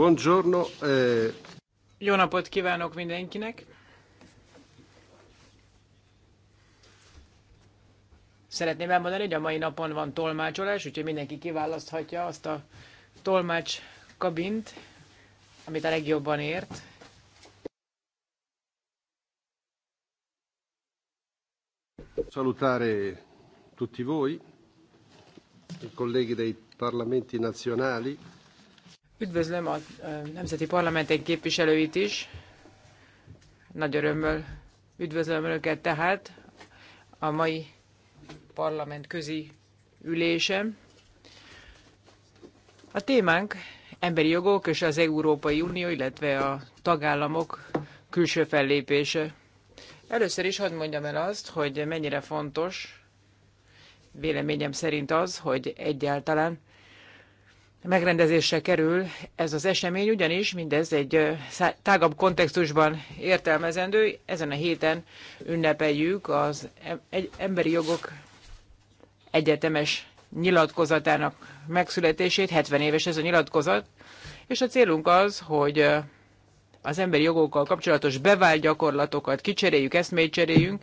Buongiorno. Eh... Jó napot kívánok mindenkinek. Szeretném elmondani, hogy a mai napon van tolmácsolás, úgyhogy mindenki kiválaszthatja azt a tolmács kabint, amit a legjobban ért. Salutare tutti voi, i colleghi dei parlamenti nazionali. Üdvözlöm a Nemzeti Parlamentek képviselőit is. Nagy örömmel üdvözlöm Önöket tehát a mai parlament közi ülésem. A témánk emberi jogok és az Európai Unió, illetve a tagállamok külső fellépése. Először is hadd mondjam el azt, hogy mennyire fontos véleményem szerint az, hogy egyáltalán megrendezésre kerül ez az esemény, ugyanis mindez egy tágabb kontextusban értelmezendő. Ezen a héten ünnepeljük az emberi jogok egyetemes nyilatkozatának megszületését, 70 éves ez a nyilatkozat, és a célunk az, hogy az emberi jogokkal kapcsolatos bevált gyakorlatokat kicseréljük, eszmét cseréljünk,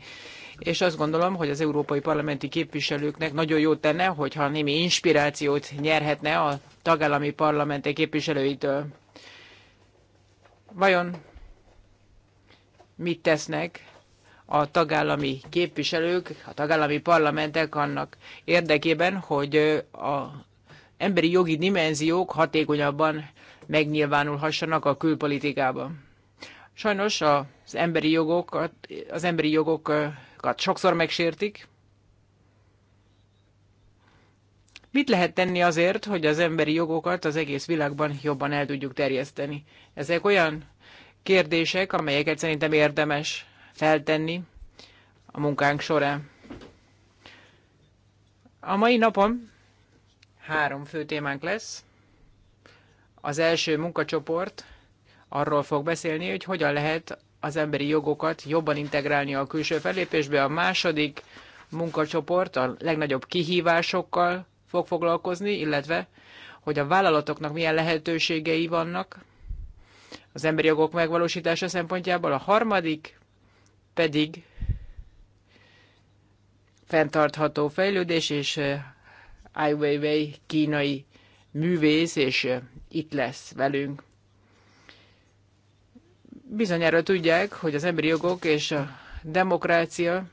és azt gondolom, hogy az európai parlamenti képviselőknek nagyon jót tenne, hogyha némi inspirációt nyerhetne a tagállami parlamenti képviselőitől. Vajon mit tesznek a tagállami képviselők, a tagállami parlamentek annak érdekében, hogy a emberi jogi dimenziók hatékonyabban megnyilvánulhassanak a külpolitikában. Sajnos az emberi, jogokat, az emberi jogok sokszor megsértik. Mit lehet tenni azért, hogy az emberi jogokat az egész világban jobban el tudjuk terjeszteni? Ezek olyan kérdések, amelyeket szerintem érdemes feltenni a munkánk során. A mai napon három fő témánk lesz. Az első munkacsoport arról fog beszélni, hogy hogyan lehet az emberi jogokat jobban integrálni a külső fellépésbe. A második munkacsoport a legnagyobb kihívásokkal fog foglalkozni, illetve hogy a vállalatoknak milyen lehetőségei vannak az emberi jogok megvalósítása szempontjából. A harmadik pedig fenntartható fejlődés, és eh, Ai Weiwei kínai művész, és eh, itt lesz velünk Bizonyára tudják, hogy az emberi jogok és a demokrácia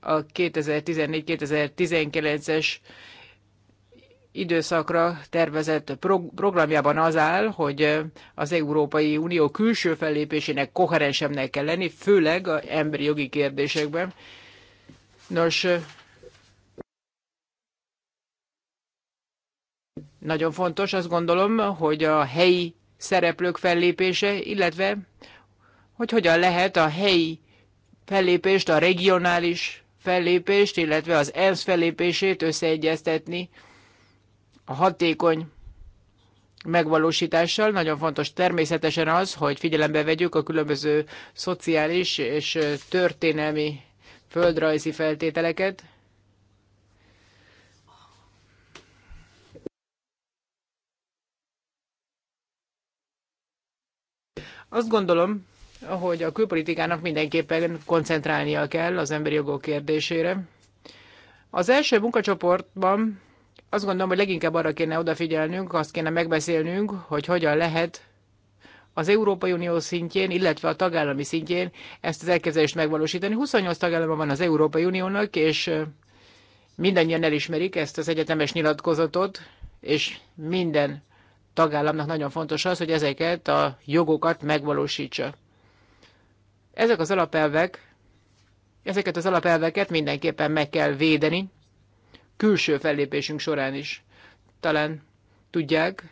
a 2014-2019-es időszakra tervezett programjában az áll, hogy az Európai Unió külső fellépésének koherensebbnek kell lenni, főleg a emberi jogi kérdésekben. Nos, nagyon fontos, azt gondolom, hogy a helyi szereplők fellépése, illetve hogy hogyan lehet a helyi fellépést, a regionális fellépést, illetve az ENSZ fellépését összeegyeztetni a hatékony megvalósítással. Nagyon fontos természetesen az, hogy figyelembe vegyük a különböző szociális és történelmi földrajzi feltételeket. Azt gondolom, hogy a külpolitikának mindenképpen koncentrálnia kell az emberi jogok kérdésére. Az első munkacsoportban azt gondolom, hogy leginkább arra kéne odafigyelnünk, azt kéne megbeszélnünk, hogy hogyan lehet az Európai Unió szintjén, illetve a tagállami szintjén ezt az elképzelést megvalósítani. 28 tagállama van az Európai Uniónak, és mindannyian elismerik ezt az egyetemes nyilatkozatot, és minden tagállamnak nagyon fontos az, hogy ezeket a jogokat megvalósítsa. Ezek az alapelvek, ezeket az alapelveket mindenképpen meg kell védeni, külső fellépésünk során is. Talán tudják,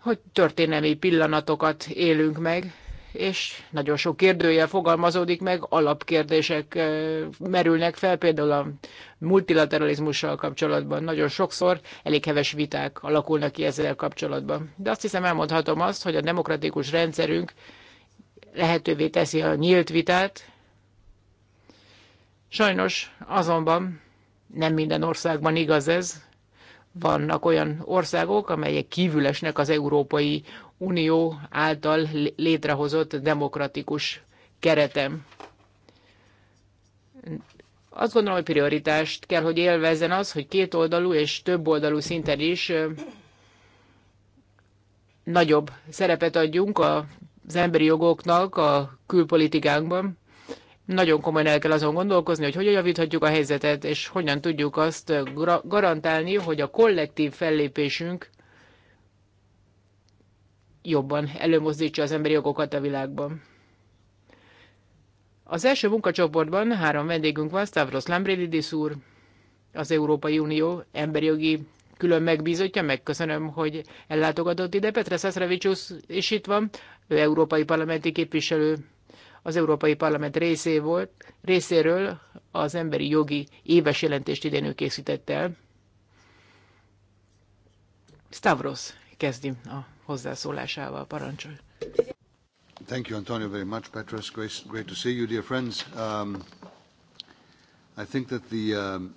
hogy történelmi pillanatokat élünk meg, és nagyon sok kérdője fogalmazódik meg, alapkérdések merülnek fel, például a multilateralizmussal kapcsolatban. Nagyon sokszor elég heves viták alakulnak ki ezzel kapcsolatban. De azt hiszem elmondhatom azt, hogy a demokratikus rendszerünk lehetővé teszi a nyílt vitát. Sajnos azonban nem minden országban igaz ez, vannak olyan országok, amelyek kívülesnek az Európai Unió által létrehozott demokratikus keretem. Azt gondolom, hogy prioritást kell, hogy élvezzen az, hogy kétoldalú és többoldalú szinten is nagyobb szerepet adjunk az emberi jogoknak a külpolitikánkban. Nagyon komolyan el kell azon gondolkozni, hogy hogyan javíthatjuk a helyzetet, és hogyan tudjuk azt garantálni, hogy a kollektív fellépésünk jobban előmozdítsa az emberi jogokat a világban. Az első munkacsoportban három vendégünk van, Stavros Lambrilidis úr, az Európai Unió emberi jogi külön megbízottja, megköszönöm, hogy ellátogatott ide. Petra Szaszravicsusz is itt van, ő európai parlamenti képviselő, az Európai Parlament részé volt, részéről az emberi jogi éves jelentést idén ő készített el. Stavros kezdjünk. a hozzászólásával. Parancsolj! Thank you, Antonio, very much, Petros. Great to see you, dear friends. Um, I think that the, um,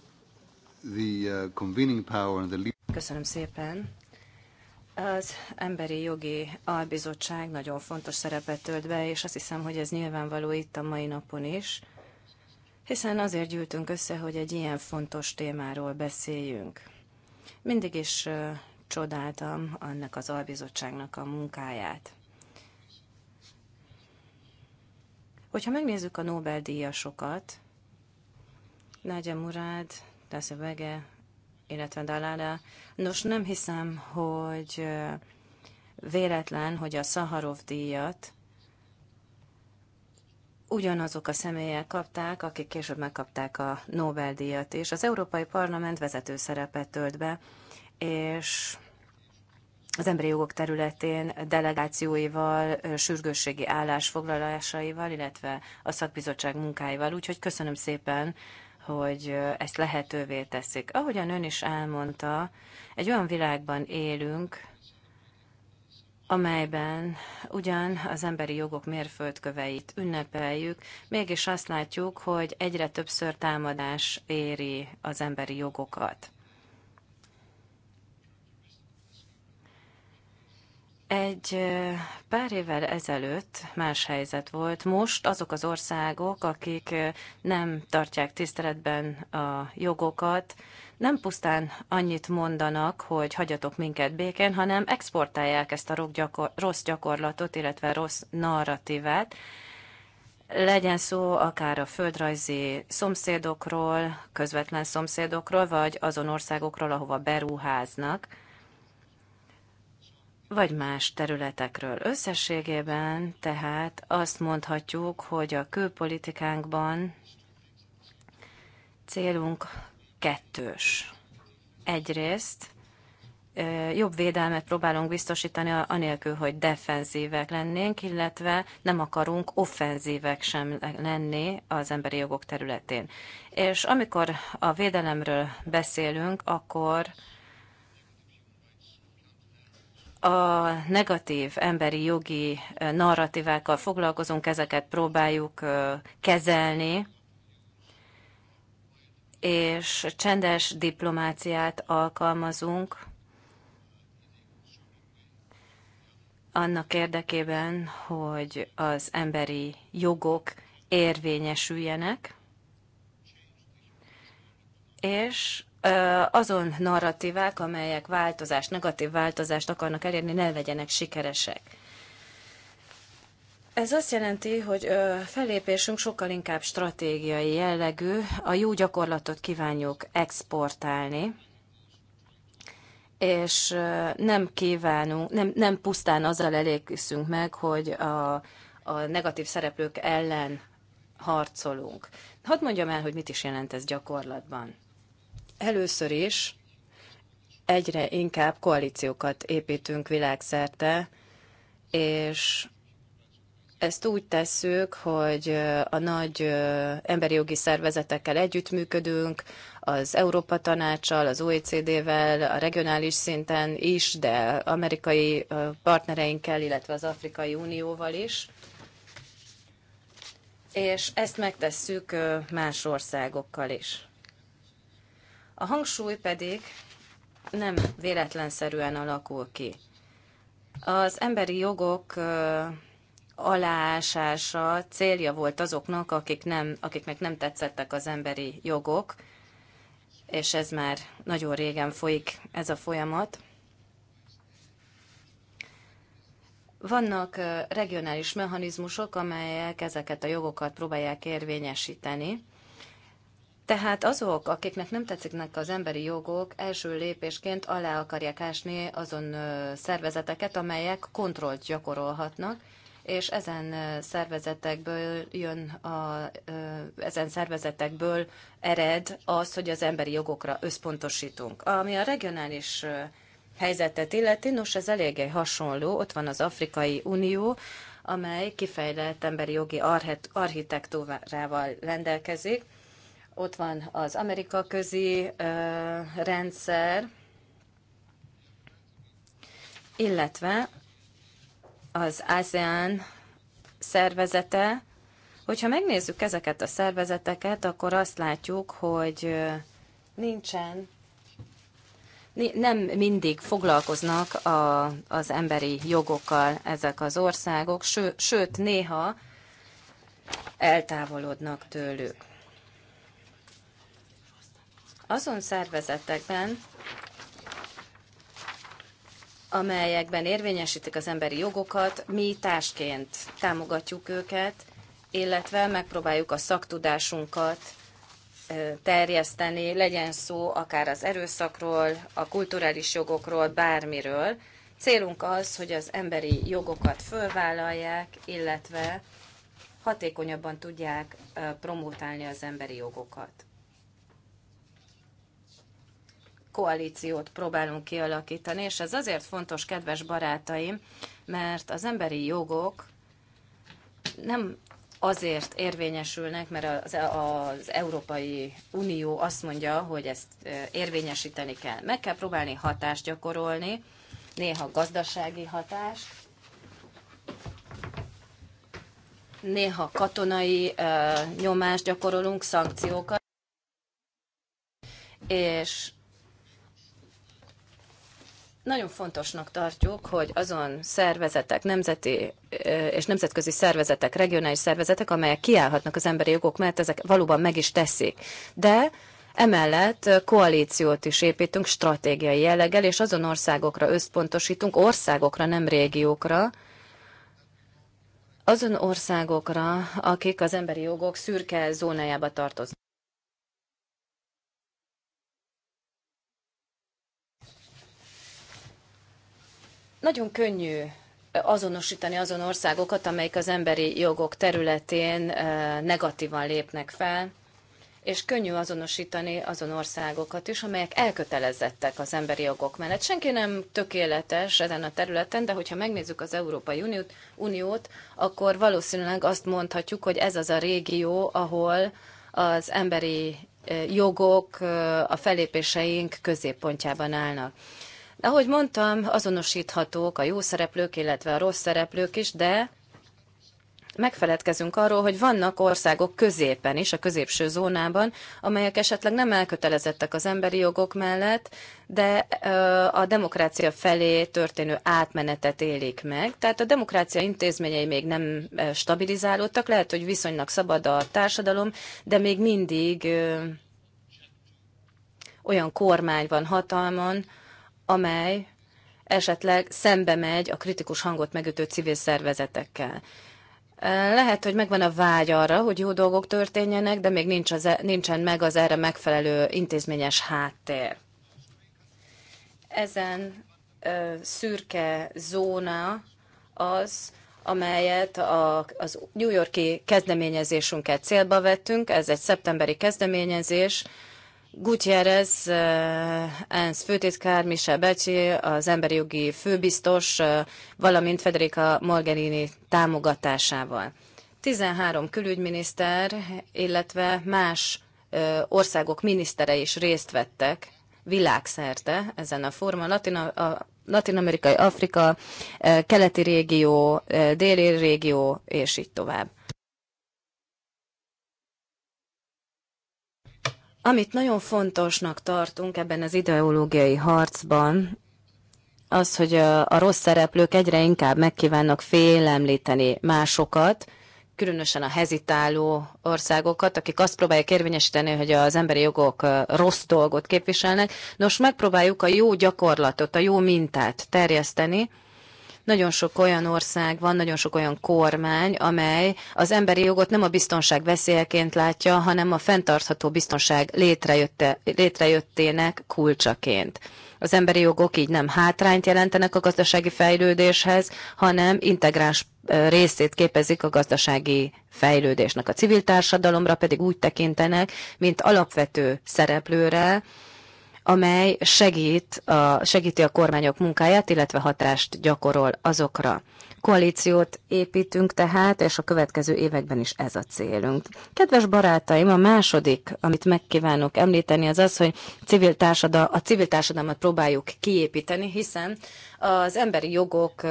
the uh, convening power and the... Köszönöm szépen. Az Emberi Jogi Albizottság nagyon fontos szerepet tölt be, és azt hiszem, hogy ez nyilvánvaló itt a mai napon is, hiszen azért gyűltünk össze, hogy egy ilyen fontos témáról beszéljünk. Mindig is csodáltam annak az albizottságnak a munkáját. Hogyha megnézzük a Nobel-díjasokat, Nagy Murad, Dassia Vege, illetve Dalala, nos nem hiszem, hogy véletlen, hogy a Szaharov díjat ugyanazok a személyek kapták, akik később megkapták a Nobel-díjat, és az Európai Parlament vezető szerepet tölt be és az emberi jogok területén delegációival, sürgősségi állásfoglalásaival, illetve a szakbizottság munkáival. Úgyhogy köszönöm szépen, hogy ezt lehetővé teszik. Ahogyan ön is elmondta, egy olyan világban élünk, amelyben ugyan az emberi jogok mérföldköveit ünnepeljük, mégis azt látjuk, hogy egyre többször támadás éri az emberi jogokat. Egy pár évvel ezelőtt más helyzet volt. Most azok az országok, akik nem tartják tiszteletben a jogokat, nem pusztán annyit mondanak, hogy hagyjatok minket békén, hanem exportálják ezt a rossz, rossz gyakorlatot, illetve rossz narratívát. Legyen szó akár a földrajzi szomszédokról, közvetlen szomszédokról, vagy azon országokról, ahova beruháznak vagy más területekről. Összességében tehát azt mondhatjuk, hogy a külpolitikánkban célunk kettős. Egyrészt jobb védelmet próbálunk biztosítani, anélkül, hogy defenzívek lennénk, illetve nem akarunk offenzívek sem lenni az emberi jogok területén. És amikor a védelemről beszélünk, akkor a negatív emberi jogi narratívákkal foglalkozunk, ezeket próbáljuk kezelni, és csendes diplomáciát alkalmazunk annak érdekében, hogy az emberi jogok érvényesüljenek, és azon narratívák, amelyek változást, negatív változást akarnak elérni, ne legyenek sikeresek. Ez azt jelenti, hogy felépésünk sokkal inkább stratégiai jellegű, a jó gyakorlatot kívánjuk exportálni, és nem kívánunk, nem, nem pusztán azzal elégszünk meg, hogy a, a negatív szereplők ellen harcolunk. Hadd mondjam el, hogy mit is jelent ez gyakorlatban. Először is egyre inkább koalíciókat építünk világszerte, és ezt úgy tesszük, hogy a nagy emberi jogi szervezetekkel együttműködünk, az Európa Tanácssal, az OECD-vel, a regionális szinten is, de amerikai partnereinkkel, illetve az Afrikai Unióval is. És ezt megtesszük más országokkal is. A hangsúly pedig nem véletlenszerűen alakul ki. Az emberi jogok aláásása célja volt azoknak, akik nem, akiknek nem tetszettek az emberi jogok, és ez már nagyon régen folyik ez a folyamat. Vannak regionális mechanizmusok, amelyek ezeket a jogokat próbálják érvényesíteni. Tehát azok, akiknek nem tetsziknek az emberi jogok, első lépésként alá akarják ásni azon szervezeteket, amelyek kontrollt gyakorolhatnak, és ezen szervezetekből jön a, ezen szervezetekből ered az, hogy az emberi jogokra összpontosítunk. Ami a regionális helyzetet illeti, nos, ez eléggé hasonló. Ott van az Afrikai Unió, amely kifejlett emberi jogi architektúrával rendelkezik, ott van az Amerika közi rendszer, illetve az ASEAN szervezete. Hogyha megnézzük ezeket a szervezeteket, akkor azt látjuk, hogy nincsen, nem mindig foglalkoznak a, az emberi jogokkal ezek az országok, ső, sőt, néha eltávolodnak tőlük azon szervezetekben, amelyekben érvényesítik az emberi jogokat, mi társként támogatjuk őket, illetve megpróbáljuk a szaktudásunkat terjeszteni, legyen szó akár az erőszakról, a kulturális jogokról, bármiről. Célunk az, hogy az emberi jogokat fölvállalják, illetve hatékonyabban tudják promotálni az emberi jogokat. koalíciót próbálunk kialakítani, és ez azért fontos, kedves barátaim, mert az emberi jogok nem azért érvényesülnek, mert az, az Európai Unió azt mondja, hogy ezt érvényesíteni kell. Meg kell próbálni hatást gyakorolni, néha gazdasági hatást, néha katonai uh, nyomást gyakorolunk, szankciókat, és nagyon fontosnak tartjuk, hogy azon szervezetek, nemzeti és nemzetközi szervezetek, regionális szervezetek, amelyek kiállhatnak az emberi jogok, mert ezek valóban meg is teszik. De Emellett koalíciót is építünk stratégiai jelleggel, és azon országokra összpontosítunk, országokra, nem régiókra, azon országokra, akik az emberi jogok szürke zónájába tartoznak. Nagyon könnyű azonosítani azon országokat, amelyik az emberi jogok területén negatívan lépnek fel, és könnyű azonosítani azon országokat is, amelyek elkötelezettek az emberi jogok mellett. Senki nem tökéletes ezen a területen, de hogyha megnézzük az Európai Uniót, akkor valószínűleg azt mondhatjuk, hogy ez az a régió, ahol az emberi jogok a felépéseink középpontjában állnak. De ahogy mondtam, azonosíthatók a jó szereplők, illetve a rossz szereplők is, de megfeledkezünk arról, hogy vannak országok középen is, a középső zónában, amelyek esetleg nem elkötelezettek az emberi jogok mellett, de a demokrácia felé történő átmenetet élik meg. Tehát a demokrácia intézményei még nem stabilizálódtak, lehet, hogy viszonylag szabad a társadalom, de még mindig olyan kormány van hatalmon, amely esetleg szembe megy a kritikus hangot megütő civil szervezetekkel. Lehet, hogy megvan a vágy arra, hogy jó dolgok történjenek, de még nincs az, e- nincsen meg az erre megfelelő intézményes háttér. Ezen ö, szürke zóna az, amelyet a, az New Yorki kezdeményezésünket célba vettünk. Ez egy szeptemberi kezdeményezés, Gutierrez, eh, ENSZ főtitkár, Michel Becsi, az emberi jogi főbiztos, eh, valamint Federica Morgherini támogatásával. 13 külügyminiszter, illetve más eh, országok minisztere is részt vettek világszerte ezen a formán. Latin, latin-amerikai Afrika, keleti régió, déli régió, és így tovább. Amit nagyon fontosnak tartunk ebben az ideológiai harcban, az, hogy a, a rossz szereplők egyre inkább megkívánnak félemlíteni másokat, különösen a hezitáló országokat, akik azt próbálják érvényesíteni, hogy az emberi jogok rossz dolgot képviselnek. Nos, megpróbáljuk a jó gyakorlatot, a jó mintát terjeszteni, nagyon sok olyan ország van, nagyon sok olyan kormány, amely az emberi jogot nem a biztonság veszélyeként látja, hanem a fenntartható biztonság létrejötte, létrejöttének kulcsaként. Az emberi jogok így nem hátrányt jelentenek a gazdasági fejlődéshez, hanem integráns részét képezik a gazdasági fejlődésnek. A civil társadalomra pedig úgy tekintenek, mint alapvető szereplőre, amely segít a, segíti a kormányok munkáját, illetve hatást gyakorol azokra. Koalíciót építünk tehát, és a következő években is ez a célunk. Kedves barátaim, a második, amit megkívánok említeni, az az, hogy civil társadal, a civil társadalmat próbáljuk kiépíteni, hiszen az emberi jogok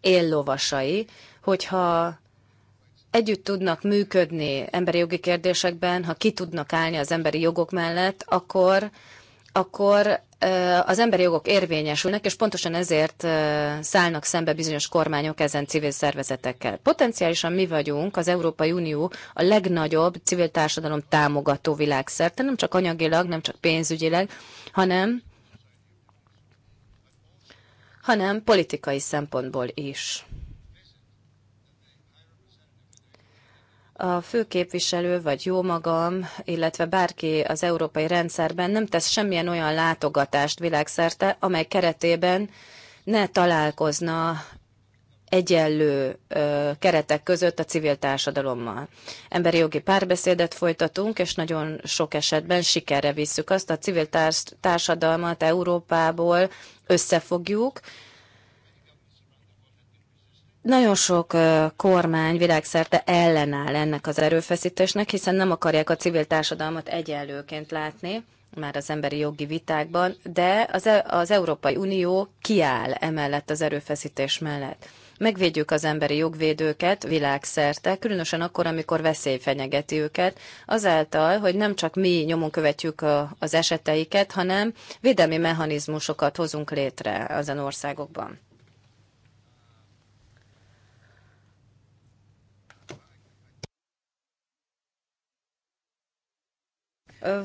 éllovasai, hogyha együtt tudnak működni emberi jogi kérdésekben, ha ki tudnak állni az emberi jogok mellett, akkor akkor az emberi jogok érvényesülnek, és pontosan ezért szállnak szembe bizonyos kormányok ezen civil szervezetekkel. Potenciálisan mi vagyunk az Európai Unió a legnagyobb civil társadalom támogató világszerte, nem csak anyagilag, nem csak pénzügyileg, hanem, hanem politikai szempontból is. a főképviselő, vagy jó magam, illetve bárki az európai rendszerben nem tesz semmilyen olyan látogatást világszerte, amely keretében ne találkozna egyenlő ö, keretek között a civil társadalommal. Emberi jogi párbeszédet folytatunk, és nagyon sok esetben sikerre visszük azt, a civil társadalmat Európából összefogjuk, nagyon sok kormány világszerte ellenáll ennek az erőfeszítésnek, hiszen nem akarják a civil társadalmat egyenlőként látni, már az emberi jogi vitákban, de az, e-, az Európai Unió kiáll emellett az erőfeszítés mellett. Megvédjük az emberi jogvédőket világszerte, különösen akkor, amikor veszély fenyegeti őket, azáltal, hogy nem csak mi nyomon követjük a, az eseteiket, hanem védelmi mechanizmusokat hozunk létre azon országokban.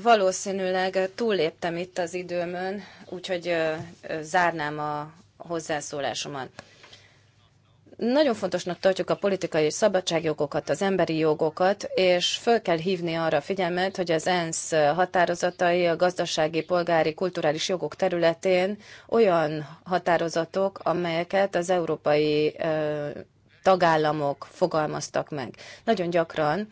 Valószínűleg túlléptem itt az időmön, úgyhogy zárnám a hozzászólásomat. Nagyon fontosnak tartjuk a politikai szabadságjogokat, az emberi jogokat, és föl kell hívni arra a figyelmet, hogy az ENSZ határozatai a gazdasági, polgári, kulturális jogok területén olyan határozatok, amelyeket az európai tagállamok fogalmaztak meg. Nagyon gyakran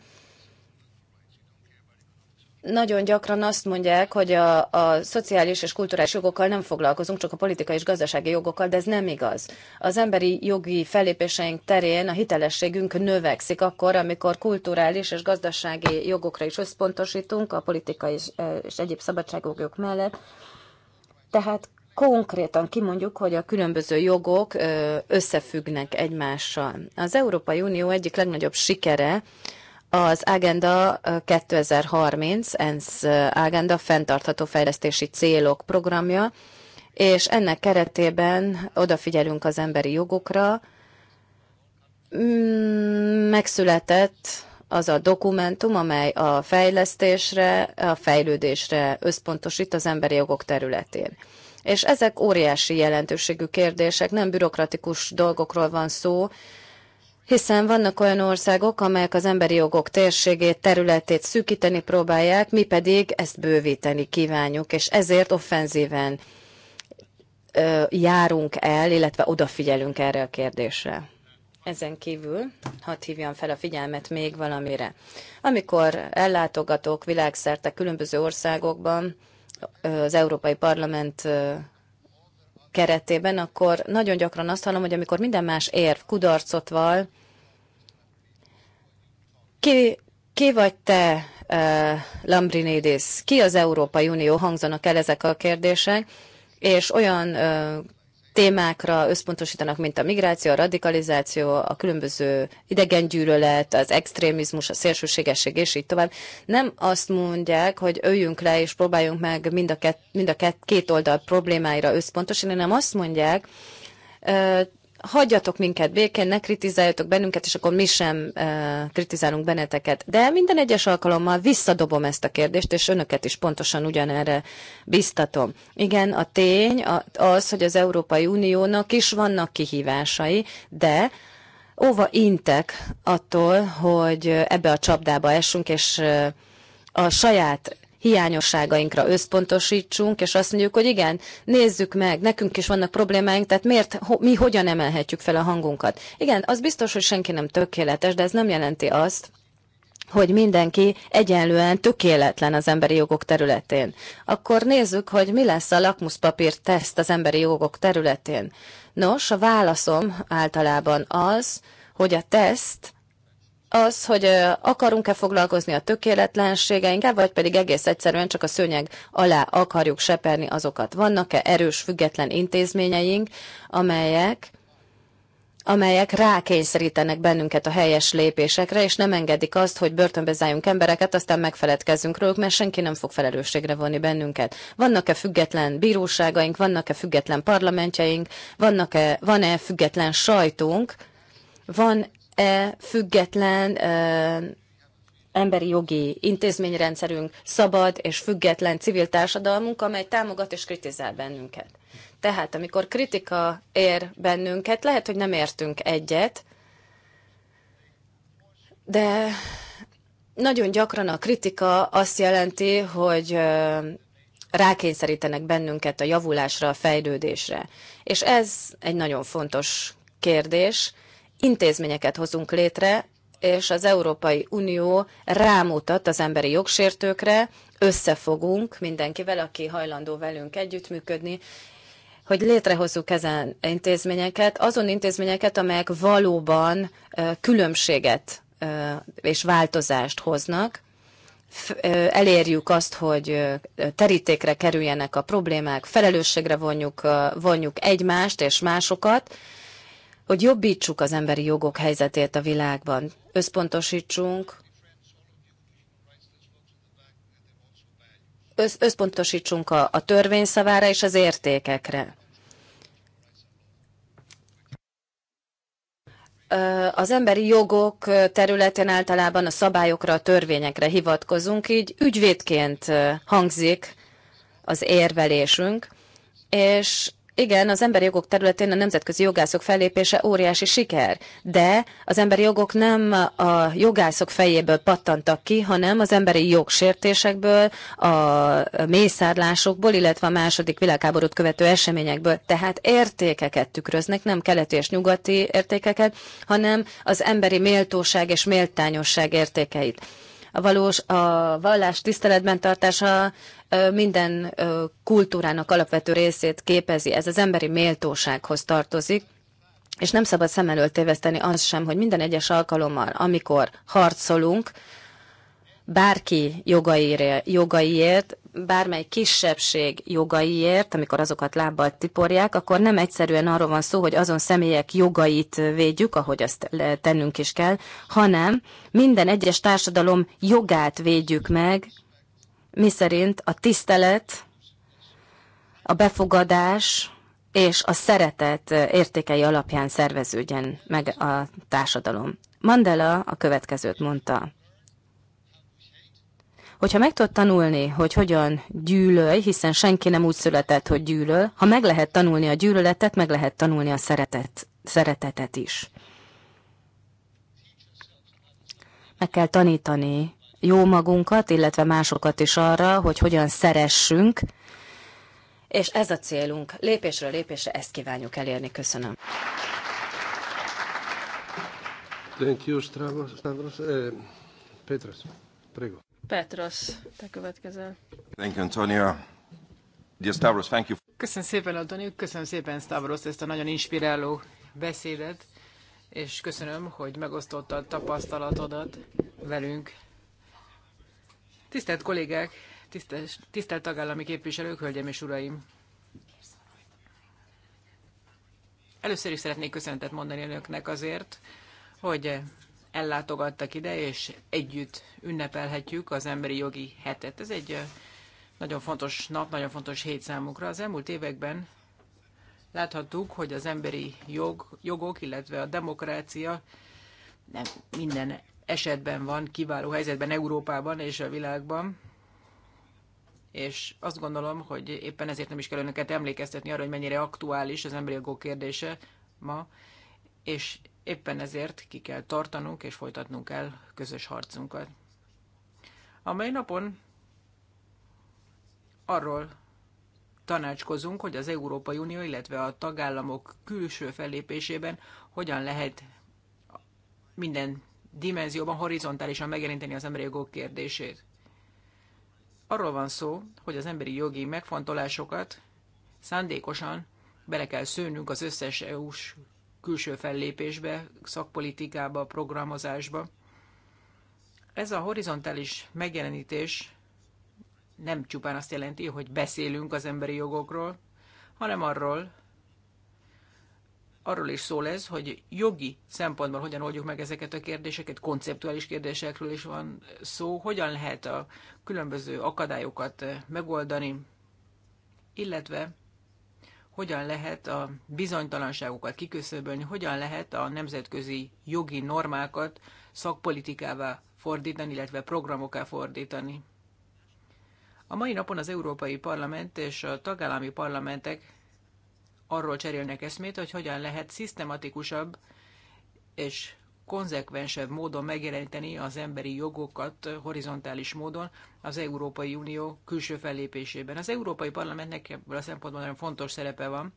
nagyon gyakran azt mondják, hogy a, a szociális és kulturális jogokkal nem foglalkozunk, csak a politikai és gazdasági jogokkal, de ez nem igaz. Az emberi jogi fellépéseink terén a hitelességünk növekszik akkor, amikor kulturális és gazdasági jogokra is összpontosítunk, a politikai és, e, és egyéb szabadságjogok mellett. Tehát konkrétan kimondjuk, hogy a különböző jogok e, összefüggnek egymással. Az Európai Unió egyik legnagyobb sikere, az Agenda 2030, ENSZ Agenda fenntartható fejlesztési célok programja, és ennek keretében odafigyelünk az emberi jogokra. Mm, megszületett az a dokumentum, amely a fejlesztésre, a fejlődésre összpontosít az emberi jogok területén. És ezek óriási jelentőségű kérdések, nem bürokratikus dolgokról van szó, hiszen vannak olyan országok, amelyek az emberi jogok térségét, területét szűkíteni próbálják, mi pedig ezt bővíteni kívánjuk, és ezért offenzíven járunk el, illetve odafigyelünk erre a kérdésre. Ezen kívül hadd hívjam fel a figyelmet még valamire. Amikor ellátogatok világszerte különböző országokban, az Európai Parlament keretében, akkor nagyon gyakran azt hallom, hogy amikor minden más érv kudarcot val, ki, ki vagy te, uh, Lambrinidis, ki az Európai Unió, hangzanak el ezek a kérdések, és olyan uh, témákra összpontosítanak, mint a migráció, a radikalizáció, a különböző idegengyűlölet, az extrémizmus, a szélsőségesség, és így tovább. Nem azt mondják, hogy öljünk le és próbáljunk meg mind a, két, mind a két oldal problémáira összpontosítani, hanem azt mondják, hagyjatok minket békén, ne kritizáljatok bennünket, és akkor mi sem uh, kritizálunk benneteket. De minden egyes alkalommal visszadobom ezt a kérdést, és önöket is pontosan ugyanerre biztatom. Igen, a tény az, hogy az Európai Uniónak is vannak kihívásai, de óva intek attól, hogy ebbe a csapdába essünk, és a saját hiányosságainkra összpontosítsunk, és azt mondjuk, hogy igen, nézzük meg, nekünk is vannak problémáink, tehát miért, ho, mi hogyan emelhetjük fel a hangunkat. Igen, az biztos, hogy senki nem tökéletes, de ez nem jelenti azt, hogy mindenki egyenlően tökéletlen az emberi jogok területén. Akkor nézzük, hogy mi lesz a lakmuszpapír teszt az emberi jogok területén. Nos, a válaszom általában az, hogy a teszt az, hogy akarunk-e foglalkozni a tökéletlenségeinkkel, vagy pedig egész egyszerűen csak a szőnyeg alá akarjuk seperni azokat. Vannak-e erős, független intézményeink, amelyek amelyek rákényszerítenek bennünket a helyes lépésekre, és nem engedik azt, hogy börtönbe zárjunk embereket, aztán megfeledkezzünk róluk, mert senki nem fog felelősségre vonni bennünket. Vannak-e független bíróságaink, vannak-e független parlamentjeink, vannak-e, van-e független sajtunk, van e független e, emberi jogi intézményrendszerünk, szabad és független civil társadalmunk, amely támogat és kritizál bennünket. Tehát, amikor kritika ér bennünket, lehet, hogy nem értünk egyet, de nagyon gyakran a kritika azt jelenti, hogy e, rákényszerítenek bennünket a javulásra, a fejlődésre. És ez egy nagyon fontos kérdés, intézményeket hozunk létre, és az Európai Unió rámutat az emberi jogsértőkre, összefogunk mindenkivel, aki hajlandó velünk együttműködni, hogy létrehozzuk ezen intézményeket, azon intézményeket, amelyek valóban különbséget és változást hoznak, elérjük azt, hogy terítékre kerüljenek a problémák, felelősségre vonjuk, vonjuk egymást és másokat, hogy jobbítsuk az emberi jogok helyzetét a világban, összpontosítsunk, össz, összpontosítsunk a, a törvényszavára és az értékekre. Az emberi jogok területén általában a szabályokra, a törvényekre hivatkozunk, így ügyvédként hangzik az érvelésünk, és igen, az emberi jogok területén a nemzetközi jogászok fellépése óriási siker, de az emberi jogok nem a jogászok fejéből pattantak ki, hanem az emberi jogsértésekből, a mészárlásokból, illetve a második világháborút követő eseményekből. Tehát értékeket tükröznek, nem keleti és nyugati értékeket, hanem az emberi méltóság és méltányosság értékeit a valós a vallás tiszteletben tartása minden kultúrának alapvető részét képezi, ez az emberi méltósághoz tartozik, és nem szabad szem elől téveszteni az sem, hogy minden egyes alkalommal, amikor harcolunk, bárki jogaiért, jogaiért, bármely kisebbség jogaiért, amikor azokat lábbal tiporják, akkor nem egyszerűen arról van szó, hogy azon személyek jogait védjük, ahogy azt tennünk is kell, hanem minden egyes társadalom jogát védjük meg, miszerint a tisztelet, a befogadás és a szeretet értékei alapján szerveződjen meg a társadalom. Mandela a következőt mondta. Hogyha meg tudod tanulni, hogy hogyan gyűlölj, hiszen senki nem úgy született, hogy gyűlöl, ha meg lehet tanulni a gyűlöletet, meg lehet tanulni a szeretet, szeretetet is. Meg kell tanítani jó magunkat, illetve másokat is arra, hogy hogyan szeressünk, és ez a célunk. Lépésről lépésre ezt kívánjuk elérni. Köszönöm. Thank you, Stavros. Stavros. Eh, Petros, prego. Petros, te következel. Thank you, Antonio. Dear Stavros, thank you. Köszönöm szépen, Antonio. Köszönöm szépen, Stavros, ezt a nagyon inspiráló beszédet, és köszönöm, hogy megosztottad tapasztalatodat velünk Tisztelt kollégák, tisztelt, tisztelt tagállami képviselők, hölgyeim és uraim! Először is szeretnék köszöntet mondani önöknek azért, hogy ellátogattak ide, és együtt ünnepelhetjük az emberi jogi hetet. Ez egy nagyon fontos nap, nagyon fontos hét számukra. Az elmúlt években láthattuk, hogy az emberi jog, jogok, illetve a demokrácia nem minden esetben van, kiváló helyzetben Európában és a világban. És azt gondolom, hogy éppen ezért nem is kell önöket emlékeztetni arra, hogy mennyire aktuális az emberi jogok kérdése ma, és éppen ezért ki kell tartanunk és folytatnunk kell közös harcunkat. A mai napon arról tanácskozunk, hogy az Európai Unió, illetve a tagállamok külső fellépésében hogyan lehet minden dimenzióban horizontálisan megjelenteni az emberi jogok kérdését. Arról van szó, hogy az emberi jogi megfontolásokat szándékosan bele kell szőnünk az összes EU-s külső fellépésbe, szakpolitikába, programozásba. Ez a horizontális megjelenítés nem csupán azt jelenti, hogy beszélünk az emberi jogokról, hanem arról, arról is szól ez, hogy jogi szempontból hogyan oldjuk meg ezeket a kérdéseket, konceptuális kérdésekről is van szó, hogyan lehet a különböző akadályokat eh, megoldani, illetve hogyan lehet a bizonytalanságokat kiköszöbölni, hogyan lehet a nemzetközi jogi normákat szakpolitikává fordítani, illetve programoká fordítani. A mai napon az Európai Parlament és a tagállami parlamentek arról cserélnek eszmét, hogy hogyan lehet szisztematikusabb és konzekvensebb módon megjeleníteni az emberi jogokat horizontális módon az Európai Unió külső fellépésében. Az Európai Parlamentnek ebből a szempontból nagyon fontos szerepe van.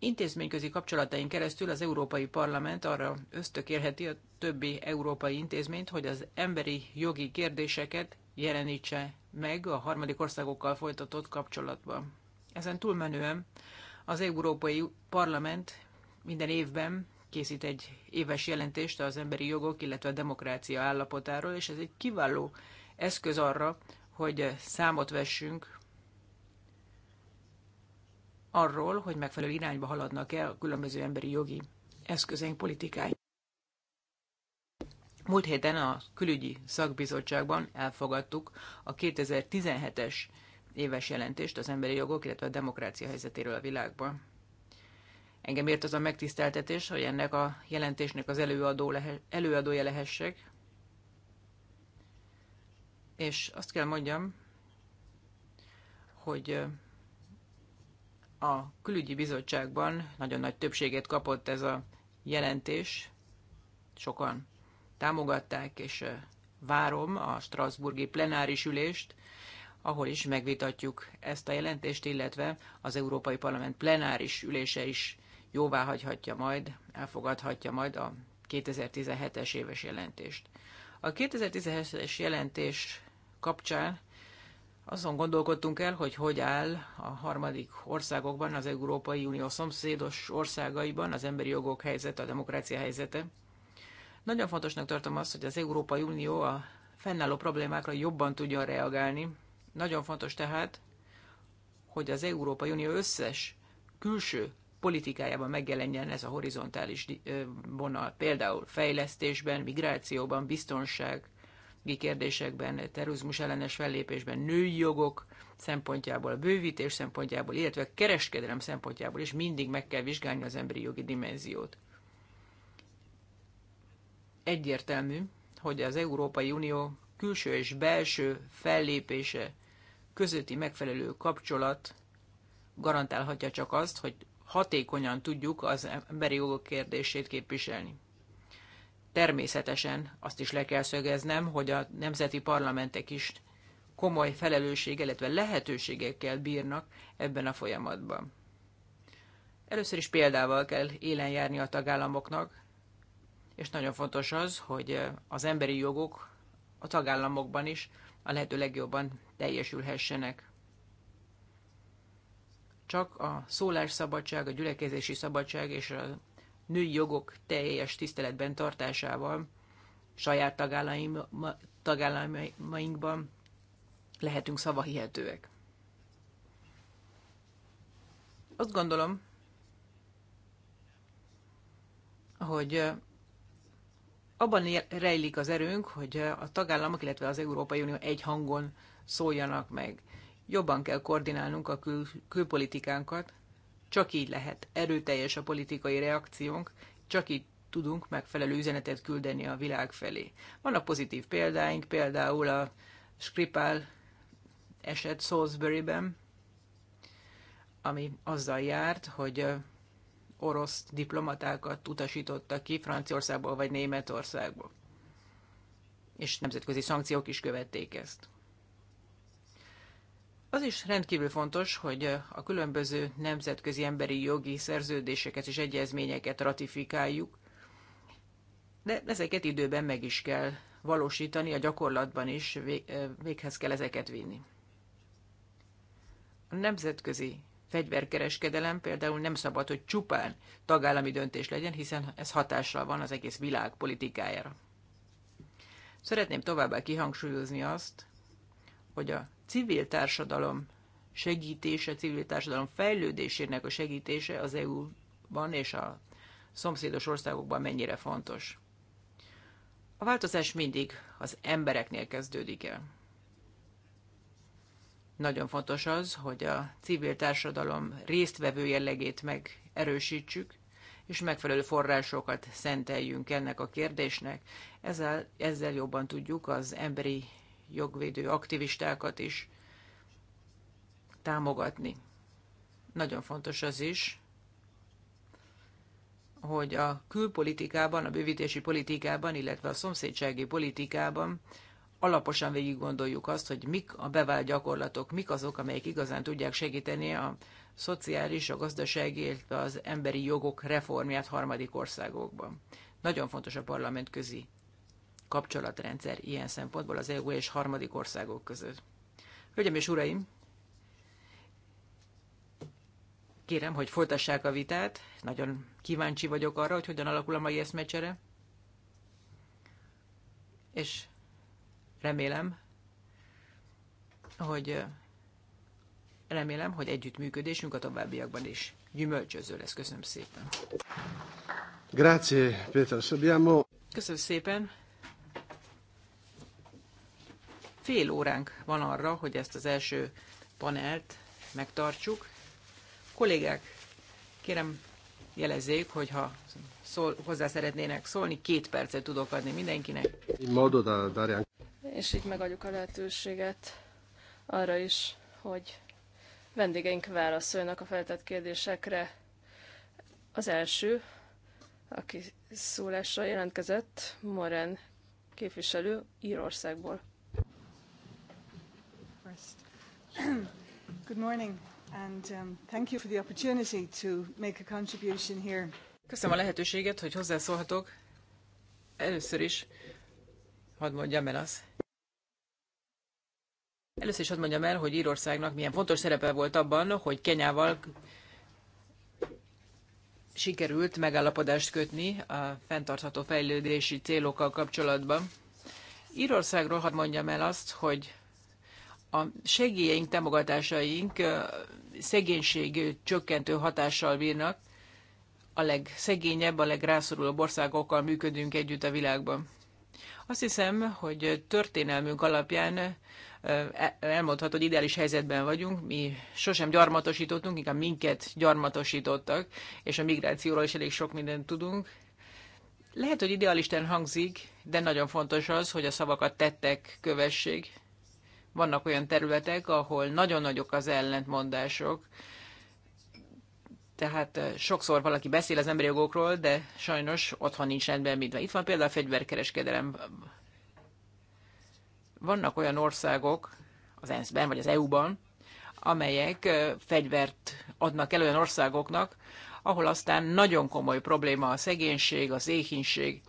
Intézményközi kapcsolataink keresztül az Európai Parlament arra ösztökélheti a többi európai intézményt, hogy az emberi jogi kérdéseket jelenítse meg a harmadik országokkal folytatott kapcsolatban. Ezen túlmenően az Európai Parlament minden évben készít egy éves jelentést az emberi jogok, illetve a demokrácia állapotáról, és ez egy kiváló eszköz arra, hogy számot vessünk arról, hogy megfelelő irányba haladnak el a különböző emberi jogi eszközeink, politikái. Múlt héten a külügyi szakbizottságban elfogadtuk a 2017-es éves jelentést az emberi jogok, illetve a demokrácia helyzetéről a világban. Engem ért az a megtiszteltetés, hogy ennek a jelentésnek az előadó lehe, előadója lehessek. És azt kell mondjam, hogy a külügyi bizottságban nagyon nagy többséget kapott ez a jelentés. Sokan támogatták, és várom a Strasburgi plenáris ülést, ahol is megvitatjuk ezt a jelentést, illetve az Európai Parlament plenáris ülése is jóvá hagyhatja majd, elfogadhatja majd a 2017-es éves jelentést. A 2017-es jelentés kapcsán azon gondolkodtunk el, hogy hogy áll a harmadik országokban, az Európai Unió szomszédos országaiban az emberi jogok helyzete, a demokrácia helyzete. Nagyon fontosnak tartom azt, hogy az Európai Unió a fennálló problémákra jobban tudjon reagálni, nagyon fontos tehát, hogy az Európai Unió összes külső politikájában megjelenjen ez a horizontális vonal, például fejlesztésben, migrációban, biztonság, kérdésekben, terrorizmus ellenes fellépésben, női jogok szempontjából, bővítés szempontjából, illetve kereskedelem szempontjából is mindig meg kell vizsgálni az emberi jogi dimenziót. Egyértelmű, hogy az Európai Unió külső és belső fellépése közötti megfelelő kapcsolat garantálhatja csak azt, hogy hatékonyan tudjuk az emberi jogok kérdését képviselni. Természetesen azt is le kell szögeznem, hogy a nemzeti parlamentek is komoly felelősség, illetve lehetőségekkel bírnak ebben a folyamatban. Először is példával kell élen járni a tagállamoknak, és nagyon fontos az, hogy az emberi jogok a tagállamokban is a lehető legjobban teljesülhessenek. Csak a szólásszabadság, a gyülekezési szabadság és a női jogok teljes tiszteletben tartásával saját tagállaim, tagállamainkban lehetünk szavahihetőek. Azt gondolom, hogy abban rejlik az erőnk, hogy a tagállamok, illetve az Európai Unió egy hangon szóljanak meg. Jobban kell koordinálnunk a kül- külpolitikánkat, csak így lehet erőteljes a politikai reakciónk, csak így tudunk megfelelő üzenetet küldeni a világ felé. a pozitív példáink, például a Skripal eset Salisbury-ben, ami azzal járt, hogy orosz diplomatákat utasítottak ki Franciaországból vagy Németországból. És nemzetközi szankciók is követték ezt. Az is rendkívül fontos, hogy a különböző nemzetközi emberi jogi szerződéseket és egyezményeket ratifikáljuk, de ezeket időben meg is kell valósítani, a gyakorlatban is véghez kell ezeket vinni. A nemzetközi fegyverkereskedelem például nem szabad, hogy csupán tagállami döntés legyen, hiszen ez hatással van az egész világ politikájára. Szeretném továbbá kihangsúlyozni azt, hogy a civil társadalom segítése, civil társadalom fejlődésének a segítése az EU-ban és a szomszédos országokban mennyire fontos. A változás mindig az embereknél kezdődik el. Nagyon fontos az, hogy a civil társadalom résztvevő jellegét megerősítsük, és megfelelő forrásokat szenteljünk ennek a kérdésnek. Ezzel, ezzel jobban tudjuk az emberi jogvédő aktivistákat is támogatni. Nagyon fontos az is, hogy a külpolitikában, a bővítési politikában, illetve a szomszédsági politikában alaposan végig gondoljuk azt, hogy mik a bevált gyakorlatok, mik azok, amelyek igazán tudják segíteni a szociális, a gazdasági, illetve az emberi jogok reformját harmadik országokban. Nagyon fontos a parlament közi kapcsolatrendszer ilyen szempontból az EU és harmadik országok között. Hölgyeim és uraim, kérem, hogy folytassák a vitát. Nagyon kíváncsi vagyok arra, hogy hogyan alakul a mai eszmecsere. És remélem, hogy remélem, hogy együttműködésünk a továbbiakban is gyümölcsöző lesz. Köszönöm szépen. Grazie, Péter Köszönöm szépen fél óránk van arra, hogy ezt az első panelt megtartsuk. Kollégák, kérem jelezzék, hogyha szól, hozzá szeretnének szólni, két percet tudok adni mindenkinek. És így megadjuk a lehetőséget arra is, hogy vendégeink válaszoljanak a feltett kérdésekre. Az első, aki szólásra jelentkezett, Moren képviselő Írországból. Good morning, and um, thank you for the opportunity to make a contribution here. Köszönöm a lehetőséget, hogy hozzászólhatok. Először is hadd mondjam el az. Először is hadd mondjam el, hogy Írországnak milyen fontos szerepe volt abban, hogy Kenyával sikerült megállapodást kötni a fenntartható fejlődési célokkal kapcsolatban. Írországról hadd mondjam el azt, hogy a segélyeink, támogatásaink szegénység csökkentő hatással bírnak. A legszegényebb, a legrászorulóbb országokkal működünk együtt a világban. Azt hiszem, hogy történelmünk alapján e, elmondhatod hogy ideális helyzetben vagyunk. Mi sosem gyarmatosítottunk, inkább minket gyarmatosítottak, és a migrációról is elég sok mindent tudunk. Lehet, hogy idealisten hangzik, de nagyon fontos az, hogy a szavakat tettek kövessék. Vannak olyan területek, ahol nagyon nagyok az ellentmondások, tehát sokszor valaki beszél az emberi jogokról, de sajnos otthon nincs rendben mindve. Itt van például a fegyverkereskedelem. Vannak olyan országok, az ENSZ-ben vagy az EU-ban, amelyek fegyvert adnak el olyan országoknak, ahol aztán nagyon komoly probléma a szegénység, az éhínség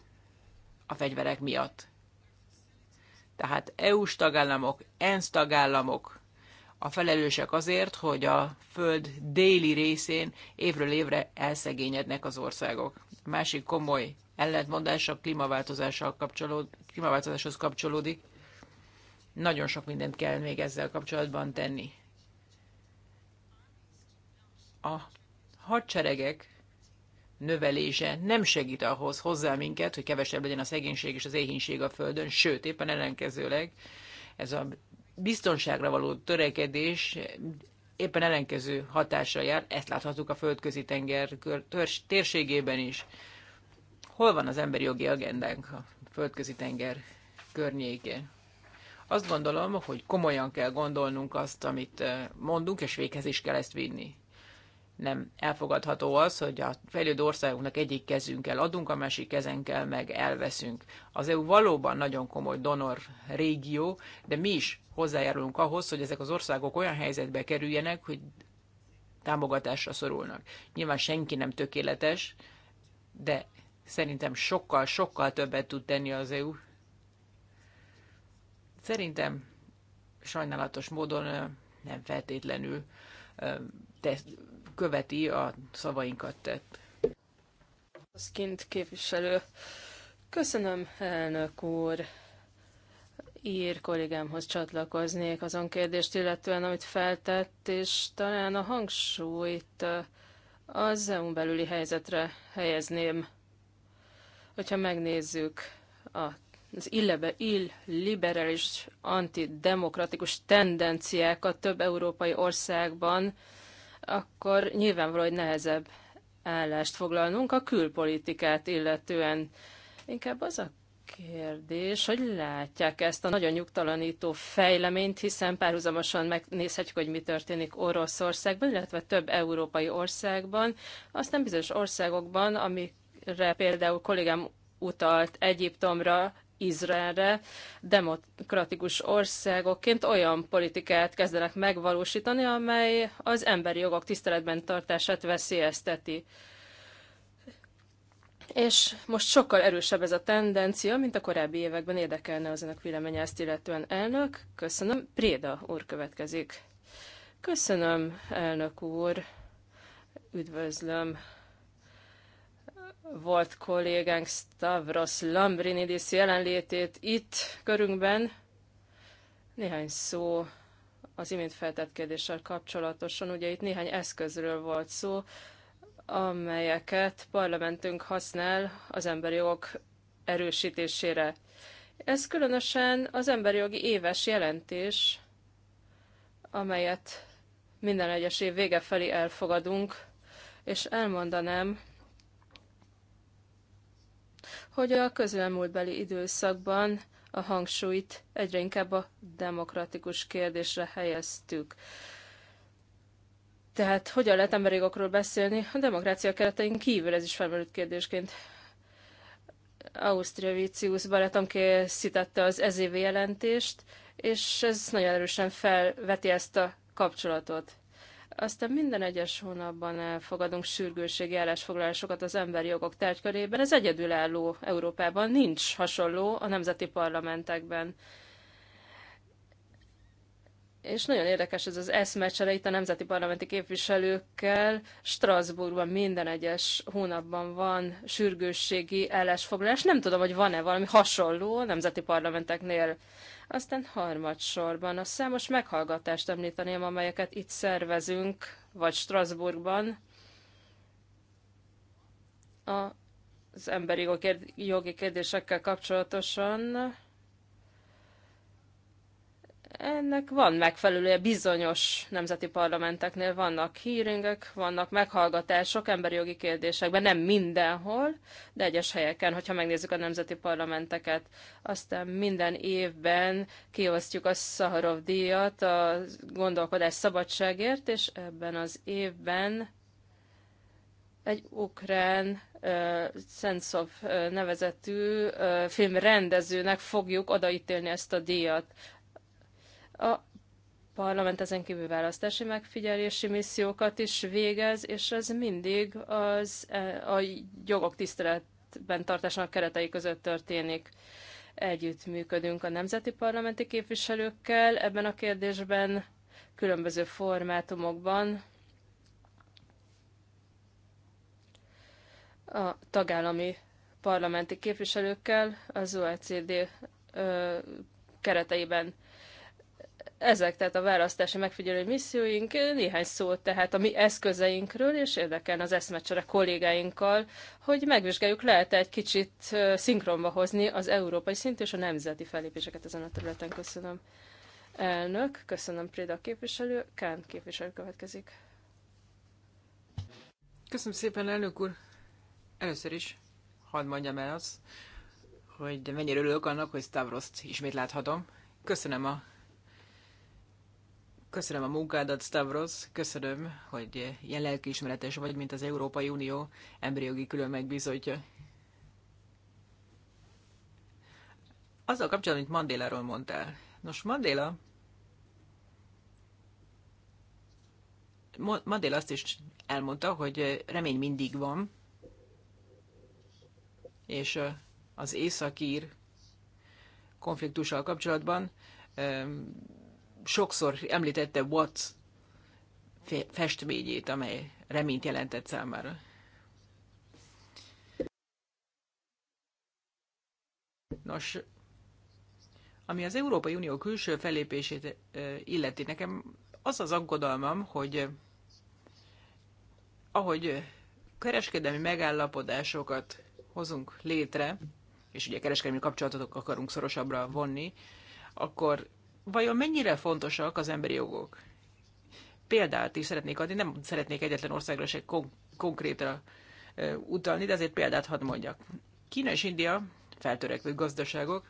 a fegyverek miatt. Tehát EU-s tagállamok, ENSZ tagállamok a felelősek azért, hogy a föld déli részén évről évre elszegényednek az országok. A másik komoly ellentmondás a klímaváltozással kapcsolód, klímaváltozáshoz kapcsolódik. Nagyon sok mindent kell még ezzel kapcsolatban tenni. A hadseregek növelése nem segít ahhoz hozzá minket, hogy kevesebb legyen a szegénység és az éhínség a Földön, sőt, éppen ellenkezőleg ez a biztonságra való törekedés éppen ellenkező hatással jár, ezt láthatjuk a földközi tenger térségében is. Hol van az emberi jogi agendánk a földközi tenger környékén? Azt gondolom, hogy komolyan kell gondolnunk azt, amit eh, mondunk, és véghez is kell ezt vinni nem elfogadható az, hogy a fejlődő országunknak egyik kezünkkel adunk, a másik kezenkkel meg elveszünk. Az EU valóban nagyon komoly donor régió, de mi is hozzájárulunk ahhoz, hogy ezek az országok olyan helyzetbe kerüljenek, hogy támogatásra szorulnak. Nyilván senki nem tökéletes, de szerintem sokkal, sokkal többet tud tenni az EU. Szerintem sajnálatos módon nem feltétlenül követi a szavainkat tett. Az kint képviselő. Köszönöm, elnök úr. Ír kollégámhoz csatlakoznék azon kérdést, illetően amit feltett, és talán a hangsúlyt eh, az EU belüli helyzetre helyezném. Hogyha megnézzük az illebe, illiberális, antidemokratikus tendenciákat több európai országban, akkor nyilvánvaló, hogy nehezebb állást foglalnunk a külpolitikát illetően. Inkább az a kérdés, hogy látják ezt a nagyon nyugtalanító fejleményt, hiszen párhuzamosan megnézhetjük, hogy mi történik Oroszországban, illetve több európai országban, aztán bizonyos országokban, amikre például kollégám utalt Egyiptomra, Izraelre demokratikus országokként olyan politikát kezdenek megvalósítani, amely az emberi jogok tiszteletben tartását veszélyezteti. És most sokkal erősebb ez a tendencia, mint a korábbi években érdekelne az önök véleménye ezt illetően elnök. Köszönöm. Préda úr következik. Köszönöm, elnök úr. Üdvözlöm volt kollégánk Stavros Lambrinidis jelenlétét itt körünkben. Néhány szó az imént feltett kérdéssel kapcsolatosan. Ugye itt néhány eszközről volt szó, amelyeket parlamentünk használ az emberi jogok erősítésére. Ez különösen az emberi jogi éves jelentés, amelyet minden egyes év vége felé elfogadunk, és elmondanám, hogy a közelmúltbeli időszakban a hangsúlyt egyre inkább a demokratikus kérdésre helyeztük. Tehát hogyan lehet emberi jogokról beszélni a demokrácia keretein kívül? Ez is felmerült kérdésként. Ausztria Vicius barátom készítette az ezévi jelentést, és ez nagyon erősen felveti ezt a kapcsolatot. Aztán minden egyes hónapban fogadunk sürgőségi állásfoglalásokat az emberi jogok tárgykörében. Ez egyedülálló Európában, nincs hasonló a nemzeti parlamentekben. És nagyon érdekes ez az eszmecsere itt a nemzeti parlamenti képviselőkkel. Strasbourgban minden egyes hónapban van sürgősségi állásfoglalás. Nem tudom, hogy van-e valami hasonló a nemzeti parlamenteknél. Aztán harmadsorban a számos meghallgatást említeném, amelyeket itt szervezünk, vagy Strasbourgban. A az emberi jogi kérdésekkel kapcsolatosan ennek van megfelelője bizonyos nemzeti parlamenteknél, vannak hearingek, vannak meghallgatások emberi jogi kérdésekben, nem mindenhol, de egyes helyeken, hogyha megnézzük a nemzeti parlamenteket. Aztán minden évben kiosztjuk a Szaharov díjat a gondolkodás szabadságért, és ebben az évben egy ukrán uh, Szentszov uh, nevezetű uh, filmrendezőnek fogjuk odaítélni ezt a díjat. A parlament ezen kívül választási megfigyelési missziókat is végez, és ez mindig az, a jogok tiszteletben tartásának keretei között történik. Együtt működünk a nemzeti parlamenti képviselőkkel ebben a kérdésben, különböző formátumokban, a tagállami parlamenti képviselőkkel az OECD ö, kereteiben. Ezek tehát a választási megfigyelő misszióink, néhány szót tehát a mi eszközeinkről, és érdekel az eszmecsere kollégáinkkal, hogy megvizsgáljuk, lehet -e egy kicsit szinkronba hozni az európai szint és a nemzeti fellépéseket ezen a területen. Köszönöm. Elnök, köszönöm Préda képviselő, Kán képviselő következik. Köszönöm szépen, elnök úr. Először is hadd mondjam el azt, hogy mennyire örülök annak, hogy Stavroszt ismét láthatom. Köszönöm a Köszönöm a munkádat, Stavros. Köszönöm, hogy ilyen lelkiismeretes vagy, mint az Európai Unió embriógi külön megbizotja. Azzal kapcsolatban, amit Mandéláról mondtál. Nos, Mandéla Mandéla azt is elmondta, hogy remény mindig van, és az északír konfliktussal kapcsolatban sokszor említette Watts festményét, amely reményt jelentett számára. Nos, ami az Európai Unió külső felépését illeti, nekem az az aggodalmam, hogy ahogy kereskedelmi megállapodásokat hozunk létre, és ugye kereskedelmi kapcsolatokat akarunk szorosabbra vonni, akkor vajon mennyire fontosak az emberi jogok? Példát is szeretnék adni, nem szeretnék egyetlen országra se kon- konkrétra utalni, de azért példát hadd mondjak. Kína és India feltörekvő gazdaságok,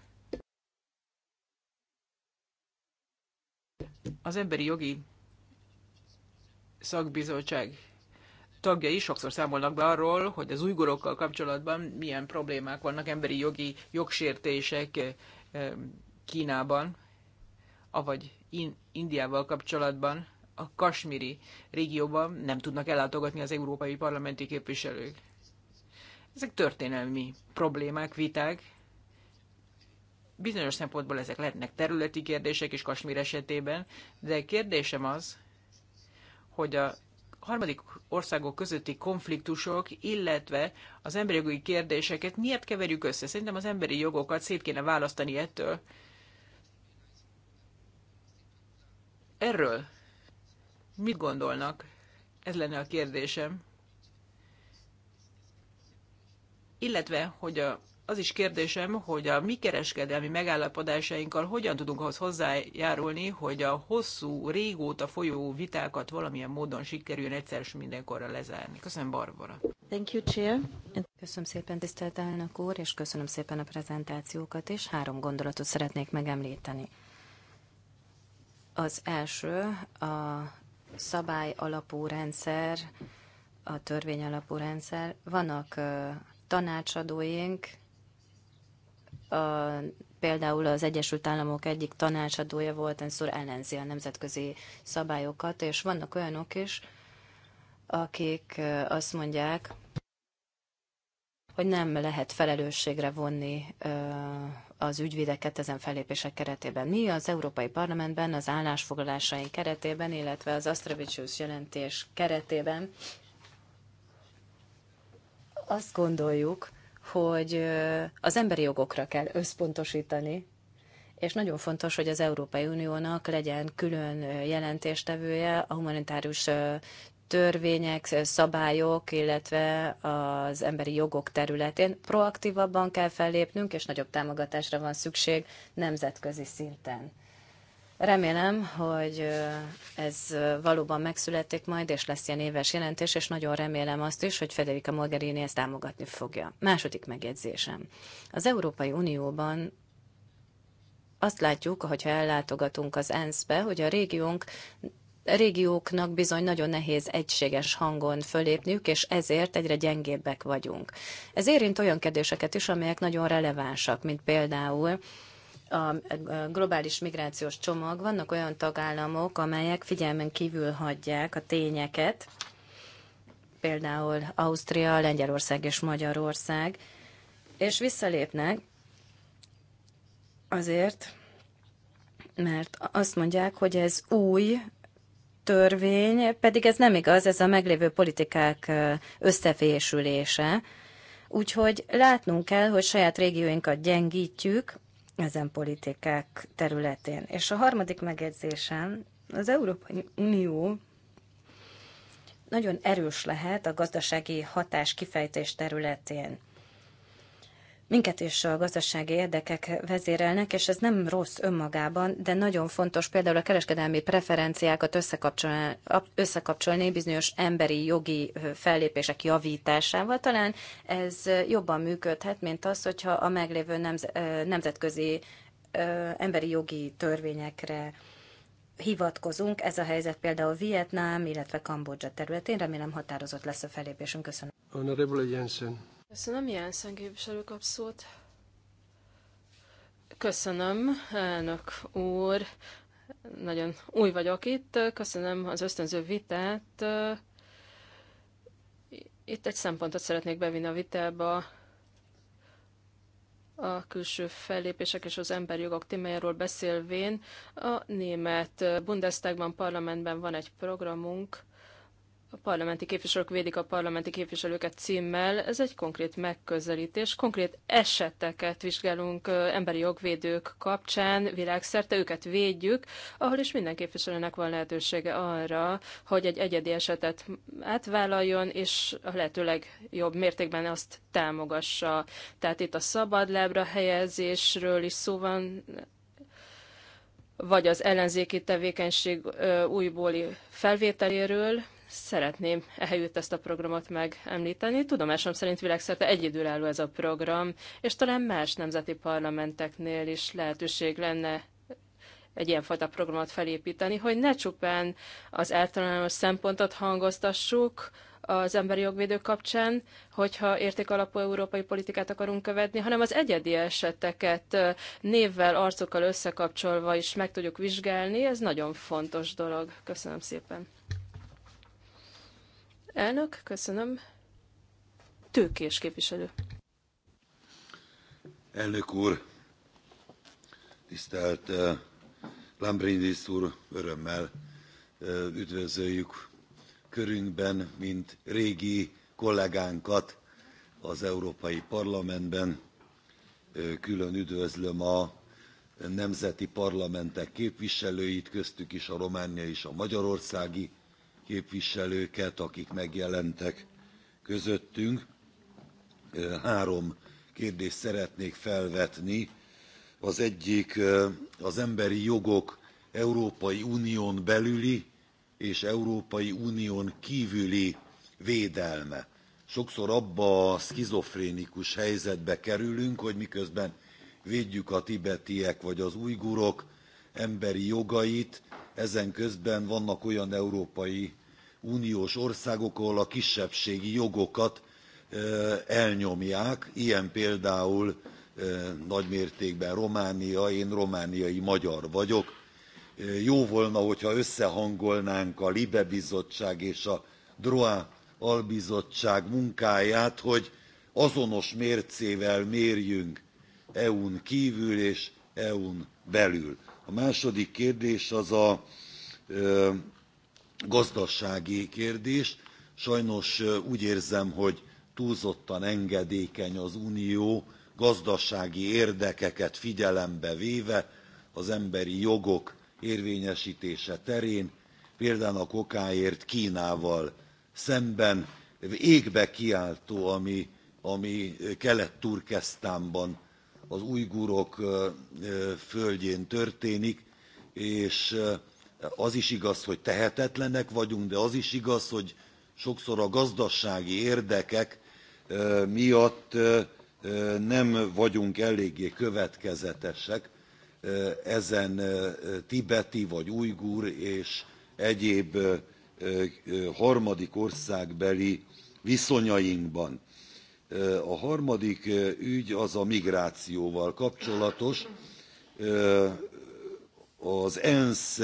az emberi jogi szakbizottság tagjai sokszor számolnak be arról, hogy az ujgurokkal kapcsolatban milyen problémák vannak, emberi jogi jogsértések Kínában avagy in, Indiával kapcsolatban a kasmiri régióban nem tudnak ellátogatni az európai parlamenti képviselők. Ezek történelmi problémák, viták. Bizonyos szempontból ezek lehetnek területi kérdések is Kasmir esetében, de kérdésem az, hogy a harmadik országok közötti konfliktusok, illetve az emberi jogi kérdéseket miért keverjük össze? Szerintem az emberi jogokat szét kéne választani ettől. Erről mit gondolnak? Ez lenne a kérdésem. Illetve, hogy a, az is kérdésem, hogy a mi kereskedelmi megállapodásainkkal hogyan tudunk ahhoz hozzájárulni, hogy a hosszú, régóta folyó vitákat valamilyen módon sikerüljön egyszer és mindenkorra lezárni. Köszönöm, Barbara. Thank you, Chair. Köszönöm szépen, tisztelt elnök úr, és köszönöm szépen a prezentációkat, és három gondolatot szeretnék megemlíteni. Az első a szabály alapú rendszer, a törvény alapú rendszer. Vannak tanácsadóink, a, például az Egyesült Államok egyik tanácsadója volt, enszor ellenzi a nemzetközi szabályokat, és vannak olyanok is, akik azt mondják, hogy nem lehet felelősségre vonni az ügyvédeket ezen fellépések keretében. Mi az Európai Parlamentben, az állásfoglalásaink keretében, illetve az Astrovicius jelentés keretében azt gondoljuk, hogy az emberi jogokra kell összpontosítani, és nagyon fontos, hogy az Európai Uniónak legyen külön jelentéstevője a humanitárius törvények, szabályok, illetve az emberi jogok területén proaktívabban kell fellépnünk, és nagyobb támogatásra van szükség nemzetközi szinten. Remélem, hogy ez valóban megszületik majd, és lesz ilyen éves jelentés, és nagyon remélem azt is, hogy Federica Mogherini ezt támogatni fogja. Második megjegyzésem. Az Európai Unióban azt látjuk, hogyha ellátogatunk az ENSZ-be, hogy a régiónk régióknak bizony nagyon nehéz egységes hangon fölépniük, és ezért egyre gyengébbek vagyunk. Ez érint olyan kérdéseket is, amelyek nagyon relevánsak, mint például a globális migrációs csomag. Vannak olyan tagállamok, amelyek figyelmen kívül hagyják a tényeket, például Ausztria, Lengyelország és Magyarország, és visszalépnek azért, mert azt mondják, hogy ez új törvény, pedig ez nem igaz, ez a meglévő politikák összefésülése. Úgyhogy látnunk kell, hogy saját régióinkat gyengítjük ezen politikák területén. És a harmadik megjegyzésem, az Európai Unió nagyon erős lehet a gazdasági hatás kifejtés területén. Minket is a gazdasági érdekek vezérelnek, és ez nem rossz önmagában, de nagyon fontos például a kereskedelmi preferenciákat összekapcsolni, összekapcsolni bizonyos emberi jogi fellépések javításával. Talán ez jobban működhet, mint az, hogyha a meglévő nemz, nemzetközi emberi jogi törvényekre hivatkozunk. Ez a helyzet például Vietnám, illetve Kambodzsa területén. Remélem határozott lesz a felépésünk. Köszönöm. Honorable Jensen. Köszönöm, Jánszán képviselő kap szót. Köszönöm, elnök úr. Nagyon új vagyok itt. Köszönöm az ösztönző vitát. Itt egy szempontot szeretnék bevinni a vitába. A külső fellépések és az emberjogok témájáról beszélvén a német Bundestagban, parlamentben van egy programunk, a parlamenti képviselők védik a parlamenti képviselőket címmel. Ez egy konkrét megközelítés. Konkrét eseteket vizsgálunk emberi jogvédők kapcsán, világszerte őket védjük, ahol is minden képviselőnek van lehetősége arra, hogy egy egyedi esetet átvállaljon, és a lehetőleg jobb mértékben azt támogassa. Tehát itt a szabadlábra helyezésről is szó van, vagy az ellenzéki tevékenység újbóli felvételéről, szeretném eljött ezt a programot megemlíteni. Tudomásom szerint világszerte egyedülálló ez a program, és talán más nemzeti parlamenteknél is lehetőség lenne egy ilyenfajta programot felépíteni, hogy ne csupán az általános szempontot hangoztassuk az emberi jogvédők kapcsán, hogyha értékalapú európai politikát akarunk követni, hanem az egyedi eseteket névvel, arcokkal összekapcsolva is meg tudjuk vizsgálni. Ez nagyon fontos dolog. Köszönöm szépen. Elnök, köszönöm. Tőkés képviselő. Elnök úr, tisztelt eh, Lambrindis úr, örömmel eh, üdvözöljük körünkben, mint régi kollégánkat az Európai Parlamentben. Eh, külön üdvözlöm a nemzeti parlamentek képviselőit, köztük is a románia és a magyarországi képviselőket, akik megjelentek közöttünk. Három kérdést szeretnék felvetni. Az egyik az emberi jogok Európai Unión belüli és Európai Unión kívüli védelme. Sokszor abba a szkizofrénikus helyzetbe kerülünk, hogy miközben védjük a tibetiek vagy az ujgurok emberi jogait, ezen közben vannak olyan európai uniós országok, ahol a kisebbségi jogokat elnyomják, ilyen például nagymértékben Románia, én romániai magyar vagyok. Jó volna, hogyha összehangolnánk a Libe bizottság és a DROA albizottság munkáját, hogy azonos mércével mérjünk EU-n kívül és EU-n belül. A második kérdés az a gazdasági kérdés. Sajnos úgy érzem, hogy túlzottan engedékeny az Unió gazdasági érdekeket figyelembe véve az emberi jogok érvényesítése terén, példának okáért Kínával szemben égbe kiáltó, ami, ami Kelet-Turkesztánban az ujgurok földjén történik, és az is igaz, hogy tehetetlenek vagyunk, de az is igaz, hogy sokszor a gazdasági érdekek miatt nem vagyunk eléggé következetesek ezen tibeti vagy ujgur és egyéb harmadik országbeli viszonyainkban. A harmadik ügy az a migrációval kapcsolatos. Az ENSZ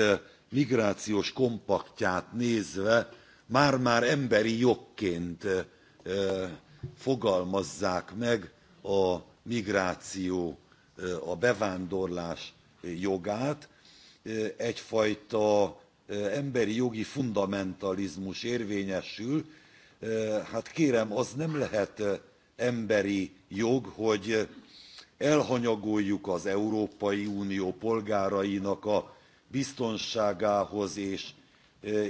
migrációs kompaktját nézve már már emberi jogként fogalmazzák meg a migráció a bevándorlás jogát egyfajta emberi jogi fundamentalizmus érvényesül hát kérem az nem lehet emberi jog hogy elhanyagoljuk az európai unió polgárainak a biztonságához és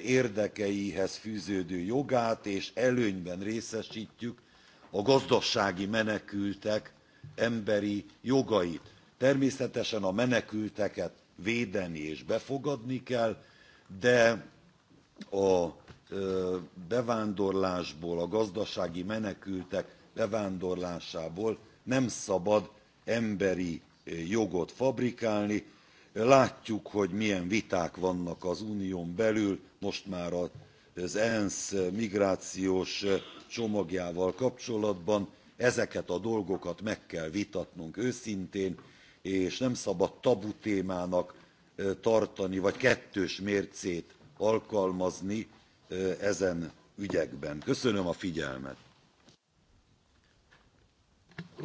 érdekeihez fűződő jogát és előnyben részestjük a gazdasági menekültek emberi jogait. természetesen a menekülteket védeni és befogadni kell de a bevándorlásból a gazdasági menekültek bevándorlásából nem szabad emberi jogot fabrikálni Látjuk, hogy milyen viták vannak az unión belül, most már az ENSZ migrációs csomagjával kapcsolatban. Ezeket a dolgokat meg kell vitatnunk őszintén, és nem szabad tabu témának eh, tartani, vagy kettős mércét alkalmazni eh, ezen ügyekben. Köszönöm a figyelmet!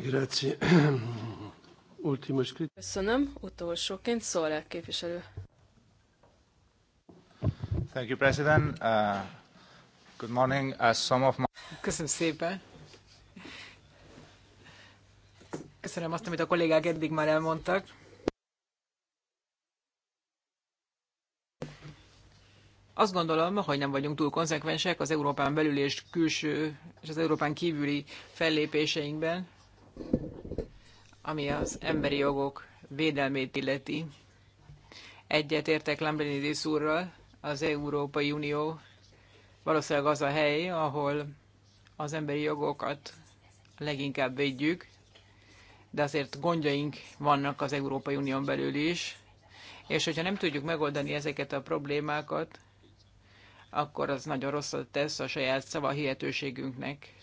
Grazie. Köszönöm. Utolsóként Szolák képviselő. Thank you, President. Uh, good morning. As uh, some of my... Köszönöm szépen. Köszönöm azt, amit a kollégák eddig már elmondtak. Azt gondolom, hogy nem vagyunk túl konzekvensek az Európán belül és külső és az Európán kívüli fellépéseinkben ami az emberi jogok védelmét illeti. Egyet értek Lambrinidis úrral, az Európai Unió valószínűleg az a hely, ahol az emberi jogokat leginkább védjük, de azért gondjaink vannak az Európai Unión belül is, és hogyha nem tudjuk megoldani ezeket a problémákat, akkor az nagyon rosszat tesz a saját szava hihetőségünknek,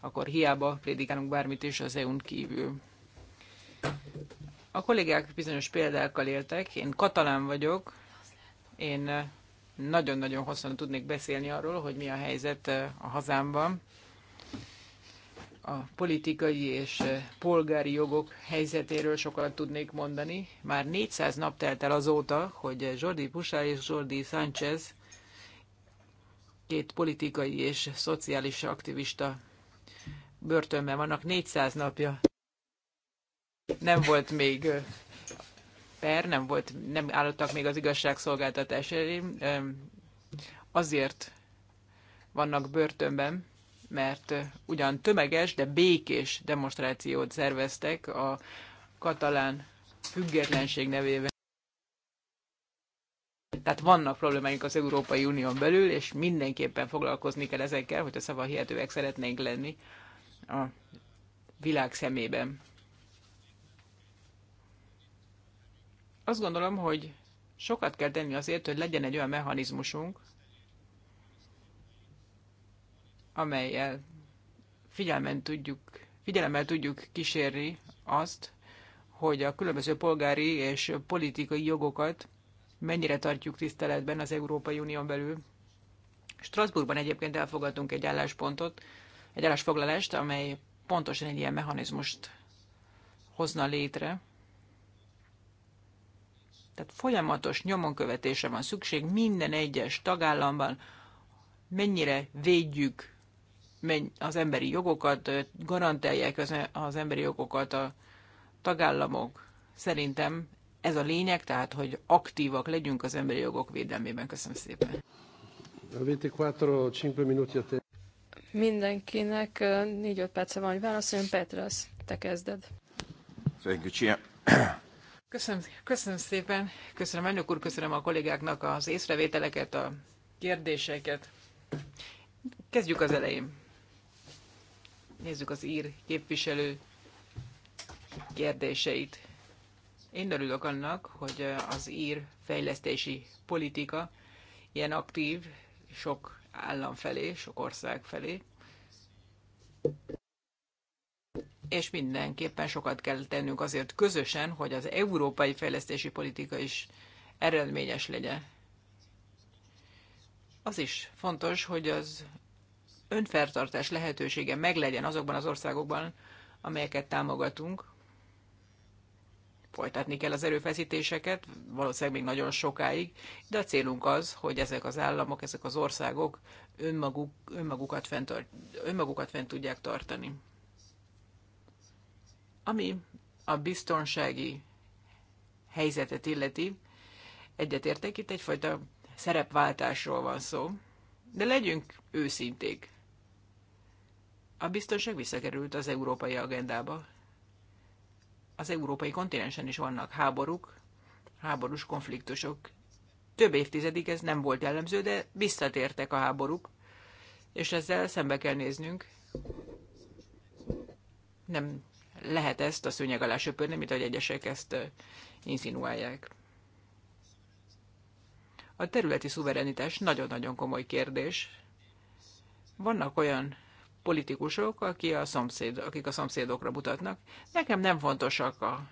akkor hiába prédikálunk bármit is az EU-n kívül. A kollégák bizonyos példákkal éltek, én katalán vagyok, én eh, nagyon-nagyon hosszan tudnék beszélni arról, hogy mi a helyzet eh, a hazámban. A politikai és eh, polgári jogok helyzetéről sokat tudnék mondani. Már 400 nap telt el azóta, hogy Jordi Pusár és Jordi Sánchez, két politikai és szociális aktivista börtönben vannak, 400 napja nem volt még per, nem, volt, nem állottak még az igazságszolgáltatás elé. Azért vannak börtönben, mert ugyan tömeges, de békés demonstrációt szerveztek a katalán függetlenség nevében. Tehát vannak problémáink az Európai Unión belül, és mindenképpen foglalkozni kell ezekkel, hogy szava hihetőek szeretnénk lenni a világ szemében. Azt gondolom, hogy sokat kell tenni azért, hogy legyen egy olyan mechanizmusunk, amelyel figyelmen tudjuk, figyelemmel tudjuk kísérni azt, hogy a különböző polgári és politikai jogokat mennyire tartjuk tiszteletben az Európai Unión belül. Strasbourgban egyébként elfogadtunk egy álláspontot, egy állásfoglalást, amely pontosan egy ilyen mechanizmust hozna létre, tehát folyamatos nyomonkövetése van szükség minden egyes tagállamban, mennyire védjük az emberi jogokat, garantálják az, e- az emberi jogokat a tagállamok. Szerintem ez a lényeg, tehát hogy aktívak legyünk az emberi jogok védelmében. Köszönöm szépen. a Mindenkinek 4-5 perce van, hogy válaszoljon. Petra, te kezded. Thank you, Köszönöm, köszönöm szépen, köszönöm elnök úr, köszönöm a kollégáknak az észrevételeket, a kérdéseket. Kezdjük az elején. Nézzük az ír képviselő kérdéseit. Én örülök annak, hogy az ír fejlesztési politika ilyen aktív sok állam felé, sok ország felé és mindenképpen sokat kell tennünk azért közösen, hogy az európai fejlesztési politika is eredményes legyen. Az is fontos, hogy az önfertartás lehetősége meglegyen azokban az országokban, amelyeket támogatunk. Folytatni kell az erőfeszítéseket, valószínűleg még nagyon sokáig, de a célunk az, hogy ezek az államok, ezek az országok önmaguk, önmagukat, fent, önmagukat fent tudják tartani. Ami a biztonsági helyzetet illeti, egyetértek, itt egyfajta szerepváltásról van szó, de legyünk őszinték. A biztonság visszakerült az európai agendába. Az európai kontinensen is vannak háborúk, háborús konfliktusok. Több évtizedig ez nem volt jellemző, de visszatértek a háborúk, és ezzel szembe kell néznünk. Nem lehet ezt a szőnyeg alá söpörni, mint ahogy egyesek ezt inszinuálják. A területi szuverenitás nagyon-nagyon komoly kérdés. Vannak olyan politikusok, aki a szomszéd, akik a szomszédokra mutatnak. Nekem nem fontosak a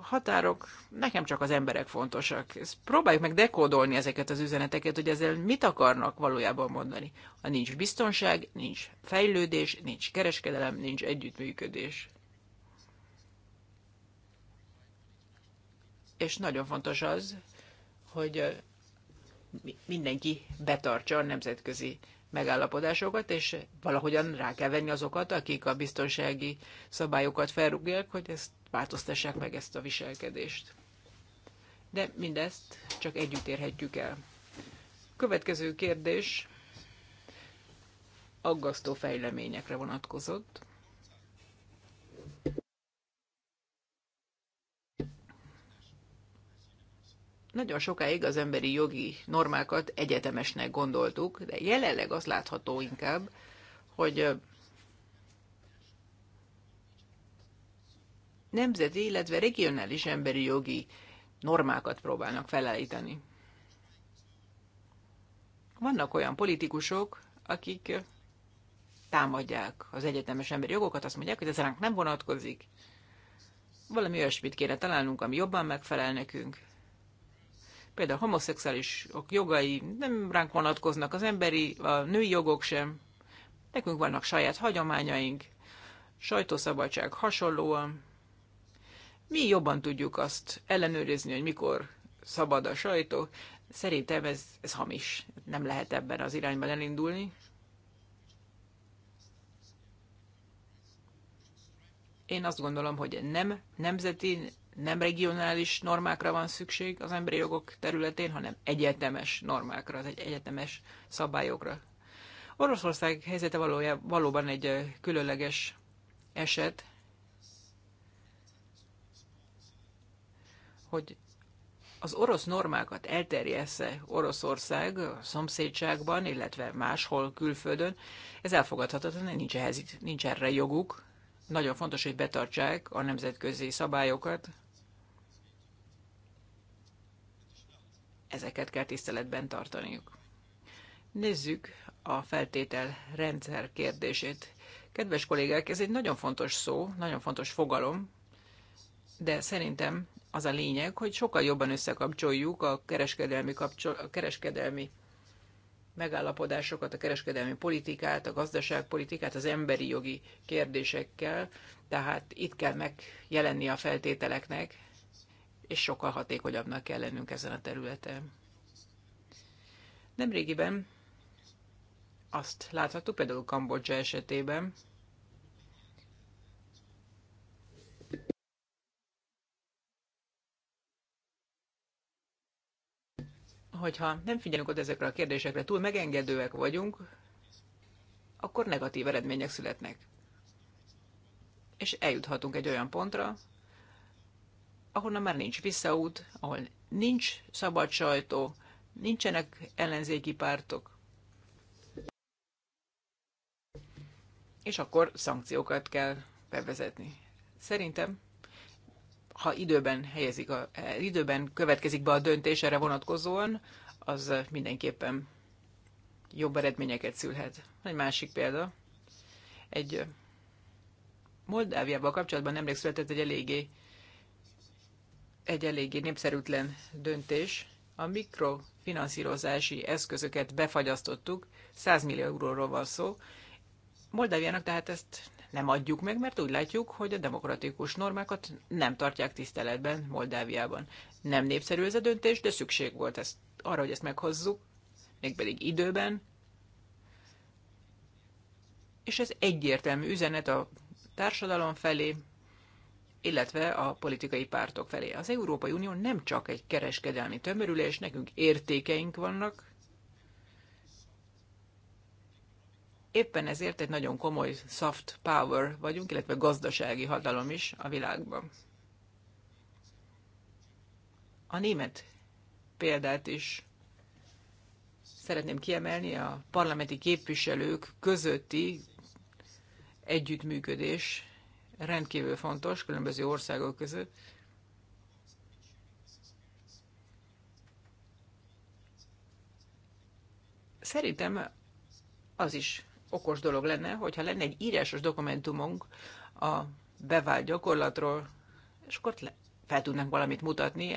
határok, nekem csak az emberek fontosak. Ezt próbáljuk meg dekódolni ezeket az üzeneteket, hogy ezzel mit akarnak valójában mondani. Ha nincs biztonság, nincs fejlődés, nincs kereskedelem, nincs együttműködés. és nagyon fontos az, hogy mindenki betartsa a nemzetközi megállapodásokat, és valahogyan rá kell venni azokat, akik a biztonsági szabályokat felrúgják, hogy ezt változtassák meg ezt a viselkedést. De mindezt csak együtt érhetjük el. Következő kérdés aggasztó fejleményekre vonatkozott. Nagyon sokáig az emberi jogi normákat egyetemesnek gondoltuk, de jelenleg az látható inkább, hogy nemzeti, illetve regionális emberi jogi normákat próbálnak felállítani. Vannak olyan politikusok, akik támadják az egyetemes emberi jogokat, azt mondják, hogy ez ránk nem vonatkozik. Valami olyasmit kéne találnunk, ami jobban megfelel nekünk. Például a homoszexuálisok jogai nem ránk vonatkoznak, az emberi, a női jogok sem. Nekünk vannak saját hagyományaink, sajtószabadság hasonlóan. Mi jobban tudjuk azt ellenőrizni, hogy mikor szabad a sajtó. Szerintem ez, ez hamis. Nem lehet ebben az irányban elindulni. Én azt gondolom, hogy nem nemzeti, nem regionális normákra van szükség az emberi jogok területén, hanem egyetemes normákra, az egy egyetemes szabályokra. Oroszország helyzete valója, valóban egy különleges eset, hogy az orosz normákat elterjessze Oroszország a szomszédságban, illetve máshol külföldön, ez elfogadhatatlan, nincs, ehhez, nincs erre joguk, nagyon fontos, hogy betartsák a nemzetközi szabályokat. Ezeket kell tiszteletben tartaniuk. Nézzük a feltétel rendszer kérdését. Kedves kollégák, ez egy nagyon fontos szó, nagyon fontos fogalom, de szerintem az a lényeg, hogy sokkal jobban összekapcsoljuk a kereskedelmi, kapcsol- a kereskedelmi megállapodásokat, a kereskedelmi politikát, a gazdaságpolitikát, az emberi jogi kérdésekkel, tehát itt kell megjelenni a feltételeknek, és sokkal hatékonyabbnak kell lennünk ezen a területen. Nemrégiben azt láthattuk, például Kambodzsa esetében, hogyha nem figyelünk oda ezekre a kérdésekre, túl megengedőek vagyunk, akkor negatív eredmények születnek. És eljuthatunk egy olyan pontra, ahonnan már nincs visszaút, ahol nincs szabad sajtó, nincsenek ellenzéki pártok. És akkor szankciókat kell bevezetni. Szerintem ha időben, helyezik a, időben következik be a döntés erre vonatkozóan, az mindenképpen jobb eredményeket szülhet. Egy másik példa. Egy Moldáviával kapcsolatban nemrég született egy eléggé, egy eléggé népszerűtlen döntés. A mikrofinanszírozási eszközöket befagyasztottuk, 100 millió euróról van szó. Moldáviának tehát ezt nem adjuk meg, mert úgy látjuk, hogy a demokratikus normákat nem tartják tiszteletben Moldáviában. Nem népszerű ez a döntés, de szükség volt ezt, arra, hogy ezt meghozzuk, mégpedig időben. És ez egyértelmű üzenet a társadalom felé, illetve a politikai pártok felé. Az Európai Unió nem csak egy kereskedelmi tömörülés, nekünk értékeink vannak, Éppen ezért egy nagyon komoly soft power vagyunk, illetve gazdasági hatalom is a világban. A német példát is szeretném kiemelni, a parlamenti képviselők közötti együttműködés rendkívül fontos különböző országok között. Szerintem az is okos dolog lenne, hogyha lenne egy írásos dokumentumunk a bevált gyakorlatról, és akkor fel tudnánk valamit mutatni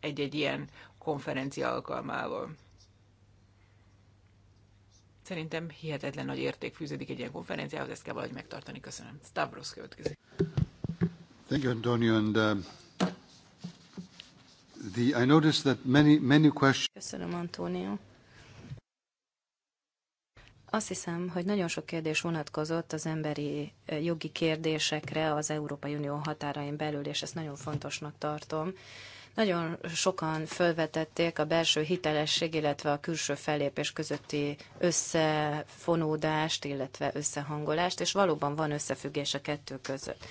egy-egy ilyen konferencia alkalmával. Szerintem hihetetlen nagy érték fűződik egy ilyen konferenciához, ezt kell valahogy megtartani. Köszönöm. Stavros következik. Thank you, Antonio. And, uh, the, I noticed that many, many questions... Köszönöm, Antonio. Azt hiszem, hogy nagyon sok kérdés vonatkozott az emberi eh, jogi kérdésekre az Európai Unió határain belül, és ezt nagyon fontosnak tartom. Nagyon sokan felvetették a belső hitelesség, illetve a külső fellépés közötti összefonódást, illetve összehangolást, és valóban van összefüggés a kettő között.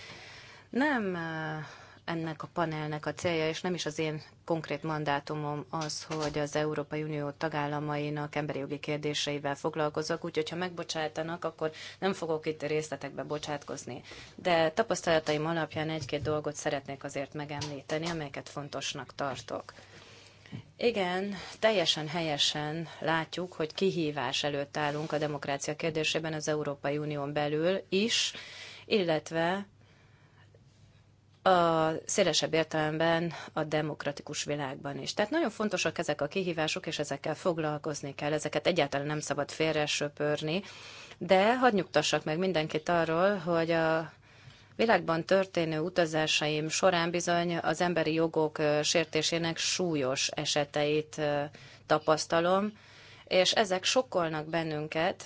Nem eh, ennek a panelnek a célja, és nem is az én konkrét mandátumom az, hogy az Európai Unió tagállamainak emberi jogi kérdéseivel foglalkozok, úgyhogy ha megbocsátanak, akkor nem fogok itt részletekbe bocsátkozni. De tapasztalataim alapján egy-két dolgot szeretnék azért megemlíteni, amelyeket fontosnak tartok. Igen, teljesen helyesen látjuk, hogy kihívás előtt állunk a demokrácia kérdésében az Európai Unión belül is, illetve a szélesebb értelemben a demokratikus világban is. Tehát nagyon fontosak ezek a kihívások, és ezekkel foglalkozni kell, ezeket egyáltalán nem szabad félre söpörni, de hadd nyugtassak meg mindenkit arról, hogy a világban történő utazásaim során bizony az emberi jogok sértésének súlyos eseteit tapasztalom, és ezek sokkolnak bennünket,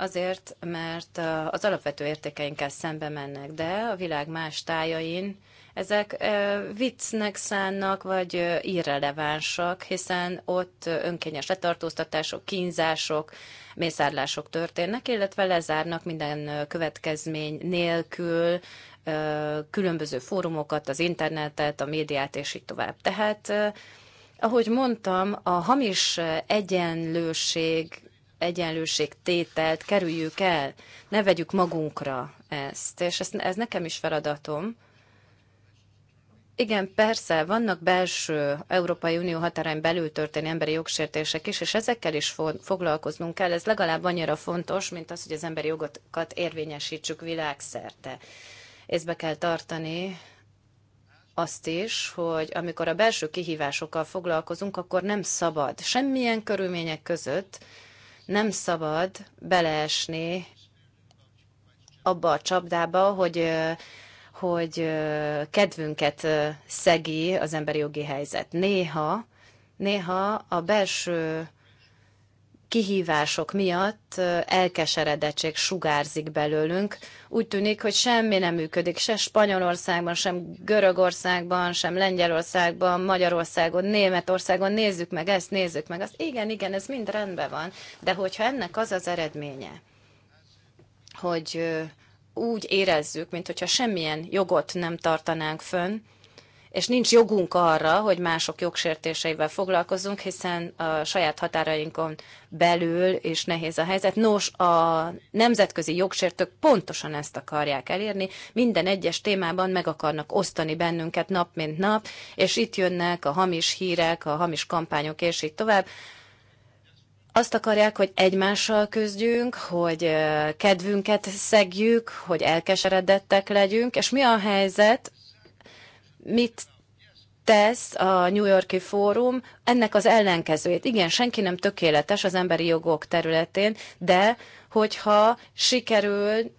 Azért, mert az alapvető értékeinkkel szembe mennek, de a világ más tájain ezek viccnek szánnak, vagy irrelevánsak, hiszen ott önkényes letartóztatások, kínzások, mészárlások történnek, illetve lezárnak minden következmény nélkül különböző fórumokat, az internetet, a médiát és így tovább. Tehát ahogy mondtam, a hamis egyenlőség egyenlőség tételt kerüljük el, ne vegyük magunkra ezt. És ez, ez nekem is feladatom. Igen, persze, vannak belső Európai Unió határain belül történő emberi jogsértések is, és ezekkel is foglalkoznunk kell. Ez legalább annyira fontos, mint az, hogy az emberi jogokat érvényesítsük világszerte. Észbe kell tartani azt is, hogy amikor a belső kihívásokkal foglalkozunk, akkor nem szabad semmilyen körülmények között nem szabad beleesni abba a csapdába, hogy hogy kedvünket szegi az emberi jogi helyzet. Néha, néha a belső kihívások miatt elkeseredettség sugárzik belőlünk. Úgy tűnik, hogy semmi nem működik, se Spanyolországban, sem Görögországban, sem Lengyelországban, Magyarországon, Németországon. Nézzük meg ezt, nézzük meg azt. Igen, igen, ez mind rendben van. De hogyha ennek az az eredménye, hogy úgy érezzük, mintha semmilyen jogot nem tartanánk fönn, és nincs jogunk arra, hogy mások jogsértéseivel foglalkozzunk, hiszen a saját határainkon belül is nehéz a helyzet. Nos, a nemzetközi jogsértők pontosan ezt akarják elérni, minden egyes témában meg akarnak osztani bennünket nap mint nap, és itt jönnek a hamis hírek, a hamis kampányok, és így tovább. Azt akarják, hogy egymással küzdjünk, hogy eh, kedvünket szegjük, hogy elkeseredettek legyünk, és mi a helyzet mit tesz a New Yorki Fórum ennek az ellenkezőjét. Igen, senki nem tökéletes az emberi jogok területén, de hogyha sikerül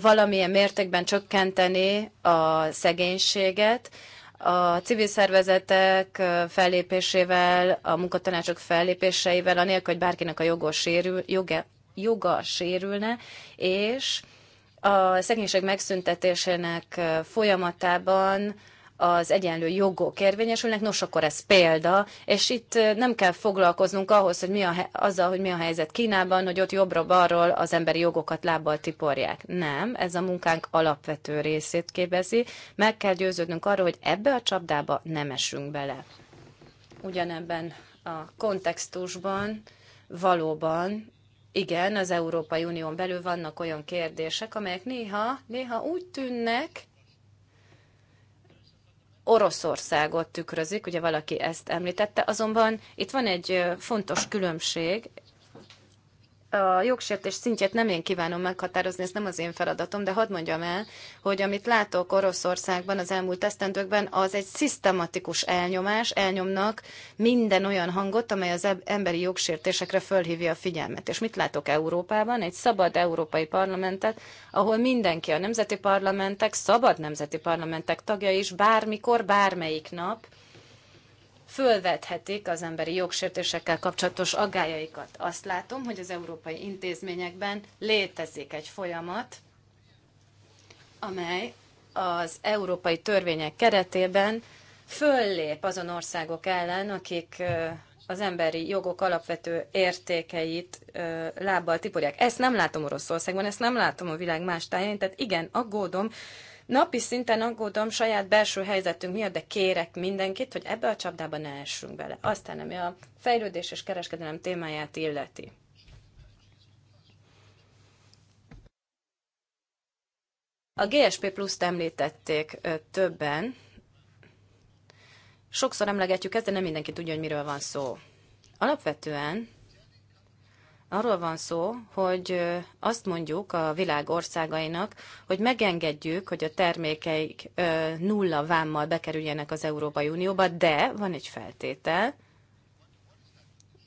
valamilyen mértékben csökkenteni a szegénységet, a civil szervezetek fellépésével, a munkatanácsok fellépéseivel, anélkül, hogy bárkinek a jogos sérül, joga, joga sérülne, és a szegénység megszüntetésének folyamatában az egyenlő jogok érvényesülnek, nos, akkor ez példa, és itt nem kell foglalkoznunk ahhoz, hogy mi a, azzal, hogy mi a helyzet Kínában, hogy ott jobbra-balról az emberi jogokat lábbal tiporják. Nem, ez a munkánk alapvető részét képezi. Meg kell győződnünk arról, hogy ebbe a csapdába nem esünk bele. Ugyanebben a kontextusban valóban igen, az Európai Unión belül vannak olyan kérdések, amelyek néha, néha úgy tűnnek, Oroszországot tükrözik, ugye valaki ezt említette, azonban itt van egy fontos különbség, a jogsértés szintjét nem én kívánom meghatározni, ez nem az én feladatom, de hadd mondjam el, hogy amit látok Oroszországban az elmúlt esztendőkben, az egy szisztematikus elnyomás, elnyomnak minden olyan hangot, amely az emberi jogsértésekre fölhívja a figyelmet. És mit látok Európában? Egy szabad európai parlamentet, ahol mindenki, a nemzeti parlamentek, szabad nemzeti parlamentek tagja is bármikor, bármelyik nap, fölvethetik az emberi jogsértésekkel kapcsolatos aggájaikat. Azt látom, hogy az európai intézményekben létezik egy folyamat, amely az európai törvények keretében föllép azon országok ellen, akik az emberi jogok alapvető értékeit lábbal tiporják. Ezt nem látom Oroszországban, ezt nem látom a világ más táján, tehát igen, aggódom, Napi szinten aggódom saját belső helyzetünk miatt, de kérek mindenkit, hogy ebbe a csapdába ne essünk bele. Aztán, ami a fejlődés és kereskedelem témáját illeti. A GSP Plus-t említették többen. Sokszor emlegetjük ezt, de nem mindenki tudja, hogy miről van szó. Alapvetően Arról van szó, hogy azt mondjuk a világ országainak, hogy megengedjük, hogy a termékeik nulla vámmal bekerüljenek az Európai Unióba, de van egy feltétel,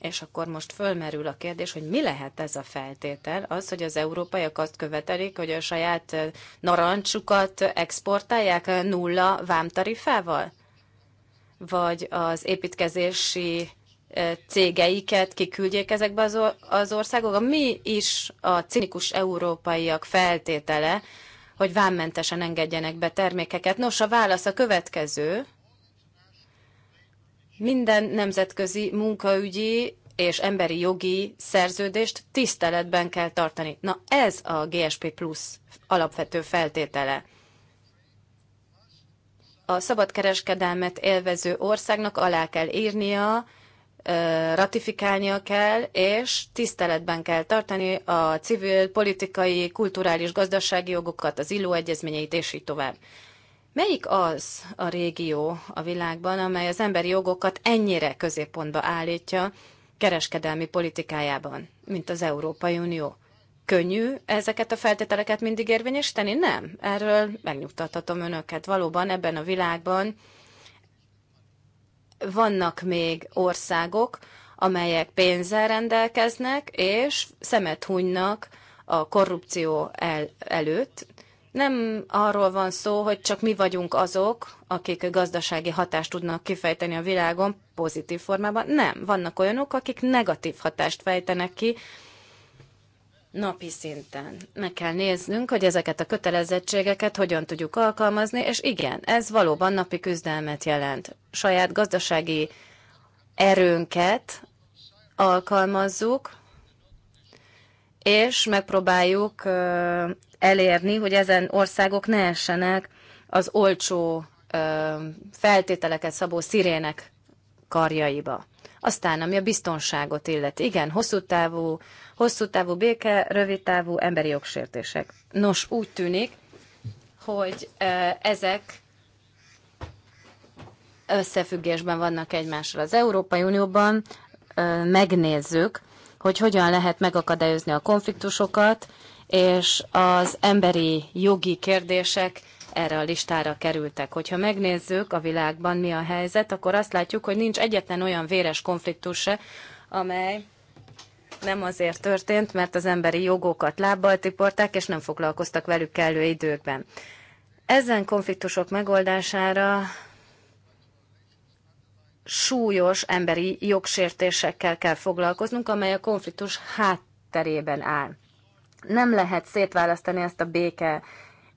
és akkor most fölmerül a kérdés, hogy mi lehet ez a feltétel? Az, hogy az európaiak azt követelik, hogy a saját narancsukat exportálják nulla vámtarifával? Vagy az építkezési cégeiket kiküldjék ezekbe az, az országokba. Mi is a cinikus európaiak feltétele, hogy vámmentesen engedjenek be termékeket? Nos, a válasz a következő. Minden nemzetközi munkaügyi és emberi jogi szerződést tiszteletben kell tartani. Na ez a GSP Plus alapvető feltétele. A szabadkereskedelmet élvező országnak alá kell írnia ratifikálnia kell, és tiszteletben kell tartani a civil, politikai, kulturális, gazdasági jogokat, az illó egyezményeit, és így tovább. Melyik az a régió a világban, amely az emberi jogokat ennyire középpontba állítja kereskedelmi politikájában, mint az Európai Unió? Könnyű ezeket a feltételeket mindig érvényesíteni? Nem. Erről megnyugtathatom önöket. Valóban ebben a világban vannak még országok, amelyek pénzzel rendelkeznek, és szemet hunynak a korrupció el, előtt. Nem arról van szó, hogy csak mi vagyunk azok, akik gazdasági hatást tudnak kifejteni a világon pozitív formában. Nem, vannak olyanok, akik negatív hatást fejtenek ki, napi szinten. Meg kell néznünk, hogy ezeket a kötelezettségeket hogyan tudjuk alkalmazni, és igen, ez valóban napi küzdelmet jelent. Saját gazdasági erőnket alkalmazzuk, és megpróbáljuk elérni, hogy ezen országok ne essenek az olcsó feltételeket szabó szirének karjaiba. Aztán, ami a biztonságot illet, igen, hosszú távú, hosszú távú béke, rövid távú emberi jogsértések. Nos, úgy tűnik, hogy ezek összefüggésben vannak egymással. Az Európai Unióban megnézzük, hogy hogyan lehet megakadályozni a konfliktusokat, és az emberi jogi kérdések erre a listára kerültek. Hogyha megnézzük a világban mi a helyzet, akkor azt látjuk, hogy nincs egyetlen olyan véres konfliktus se, amely nem azért történt, mert az emberi jogokat lábbal tiporták, és nem foglalkoztak velük kellő időkben. Ezen konfliktusok megoldására súlyos emberi jogsértésekkel kell foglalkoznunk, amely a konfliktus hátterében áll. Nem lehet szétválasztani ezt a béke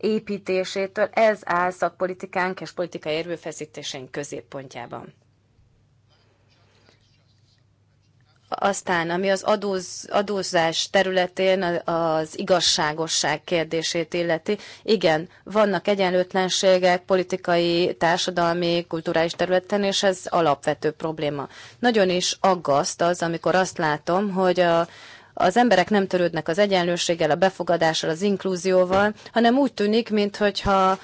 építésétől ez áll szakpolitikánk és politikai erőfeszítéseink középpontjában. Aztán, ami az adóz, adózás területén az igazságosság kérdését illeti, igen, vannak egyenlőtlenségek politikai, társadalmi, kulturális területen, és ez alapvető probléma. Nagyon is aggaszt az, amikor azt látom, hogy a, az emberek nem törődnek az egyenlőséggel, a befogadással, az inklúzióval, hanem úgy tűnik, mintha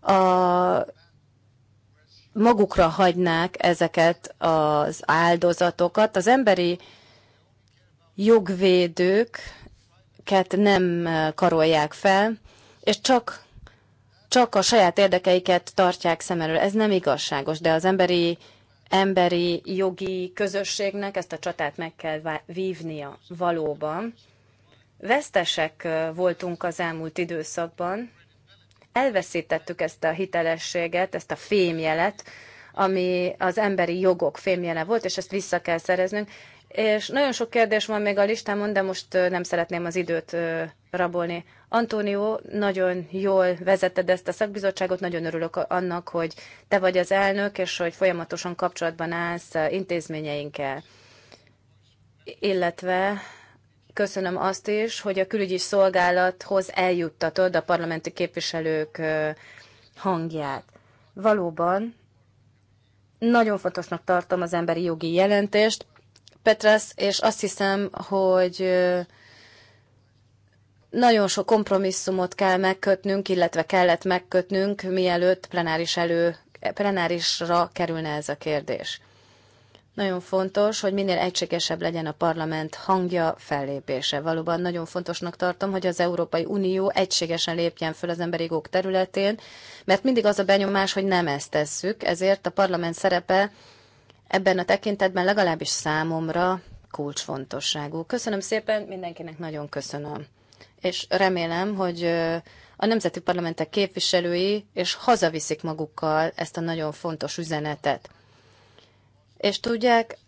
a magukra hagynák ezeket az áldozatokat. Az emberi jogvédőket nem karolják fel, és csak, csak a saját érdekeiket tartják szem elől. Ez nem igazságos, de az emberi emberi jogi közösségnek ezt a csatát meg kell vívnia valóban. Vesztesek voltunk az elmúlt időszakban, elveszítettük ezt a hitelességet, ezt a fémjelet, ami az emberi jogok fémjele volt, és ezt vissza kell szereznünk. És nagyon sok kérdés van még a listámon, de most nem szeretném az időt rabolni. Antónió, nagyon jól vezetted ezt a szakbizottságot, nagyon örülök annak, hogy te vagy az elnök, és hogy folyamatosan kapcsolatban állsz intézményeinkkel. Illetve köszönöm azt is, hogy a külügyi szolgálathoz eljuttatod a parlamenti képviselők hangját. Valóban nagyon fontosnak tartom az emberi jogi jelentést, Petras és azt hiszem, hogy nagyon sok kompromisszumot kell megkötnünk, illetve kellett megkötnünk, mielőtt plenáris elő, plenárisra kerülne ez a kérdés. Nagyon fontos, hogy minél egységesebb legyen a parlament hangja, fellépése. Valóban nagyon fontosnak tartom, hogy az Európai Unió egységesen lépjen föl az emberi jogok területén, mert mindig az a benyomás, hogy nem ezt tesszük, ezért a parlament szerepe ebben a tekintetben legalábbis számomra kulcsfontosságú. Köszönöm szépen, mindenkinek nagyon köszönöm. És remélem, hogy a nemzeti parlamentek képviselői és hazaviszik magukkal ezt a nagyon fontos üzenetet. És tudják,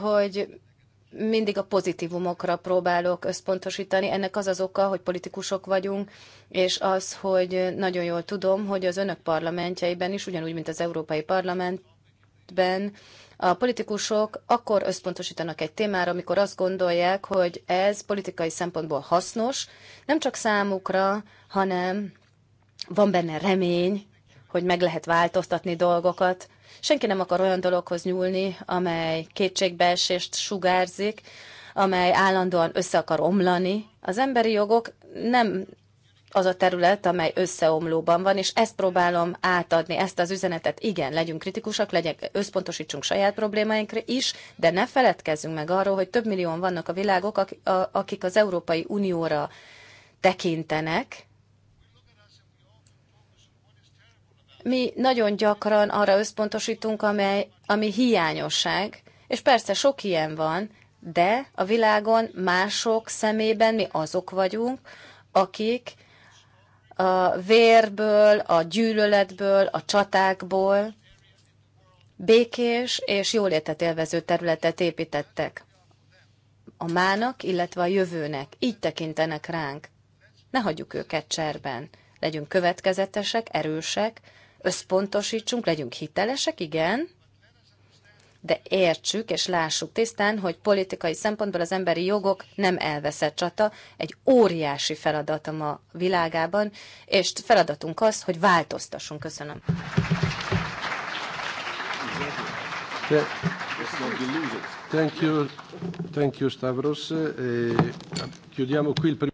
hogy mindig a pozitívumokra próbálok összpontosítani. Ennek az az oka, hogy politikusok vagyunk, és az, hogy nagyon jól tudom, hogy az önök parlamentjeiben is, ugyanúgy, mint az Európai Parlament, esetben a politikusok akkor összpontosítanak egy témára, amikor azt gondolják, hogy ez politikai szempontból hasznos, nem csak számukra, hanem van benne remény, hogy meg lehet változtatni dolgokat. Senki nem akar olyan dologhoz nyúlni, amely kétségbeesést sugárzik, amely állandóan össze akar omlani. Az emberi jogok nem az a terület, amely összeomlóban van, és ezt próbálom átadni, ezt az üzenetet. Igen, legyünk kritikusak, legyek, összpontosítsunk saját problémáinkra is, de ne feledkezzünk meg arról, hogy több millióan vannak a világok, akik az Európai Unióra tekintenek, mi nagyon gyakran arra összpontosítunk, amely, ami hiányosság, és persze sok ilyen van, de a világon mások szemében mi azok vagyunk, akik a vérből, a gyűlöletből, a csatákból békés és jólétet élvező területet építettek. A mának, illetve a jövőnek. Így tekintenek ránk. Ne hagyjuk őket cserben. Legyünk következetesek, erősek, összpontosítsunk, legyünk hitelesek, igen, de értsük és lássuk tisztán, hogy politikai szempontból az emberi jogok nem elveszett csata, egy óriási feladat a ma világában, és feladatunk az, hogy változtassunk. Köszönöm. Thank you. Thank you, Stavros. Eh,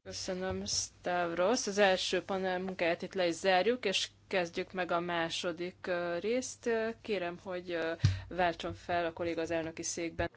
Köszönöm, Stavros. Az első panel munkáját itt le is zárjuk, és kezdjük meg a második részt. Kérem, hogy váltson fel a kolléga az elnöki székben.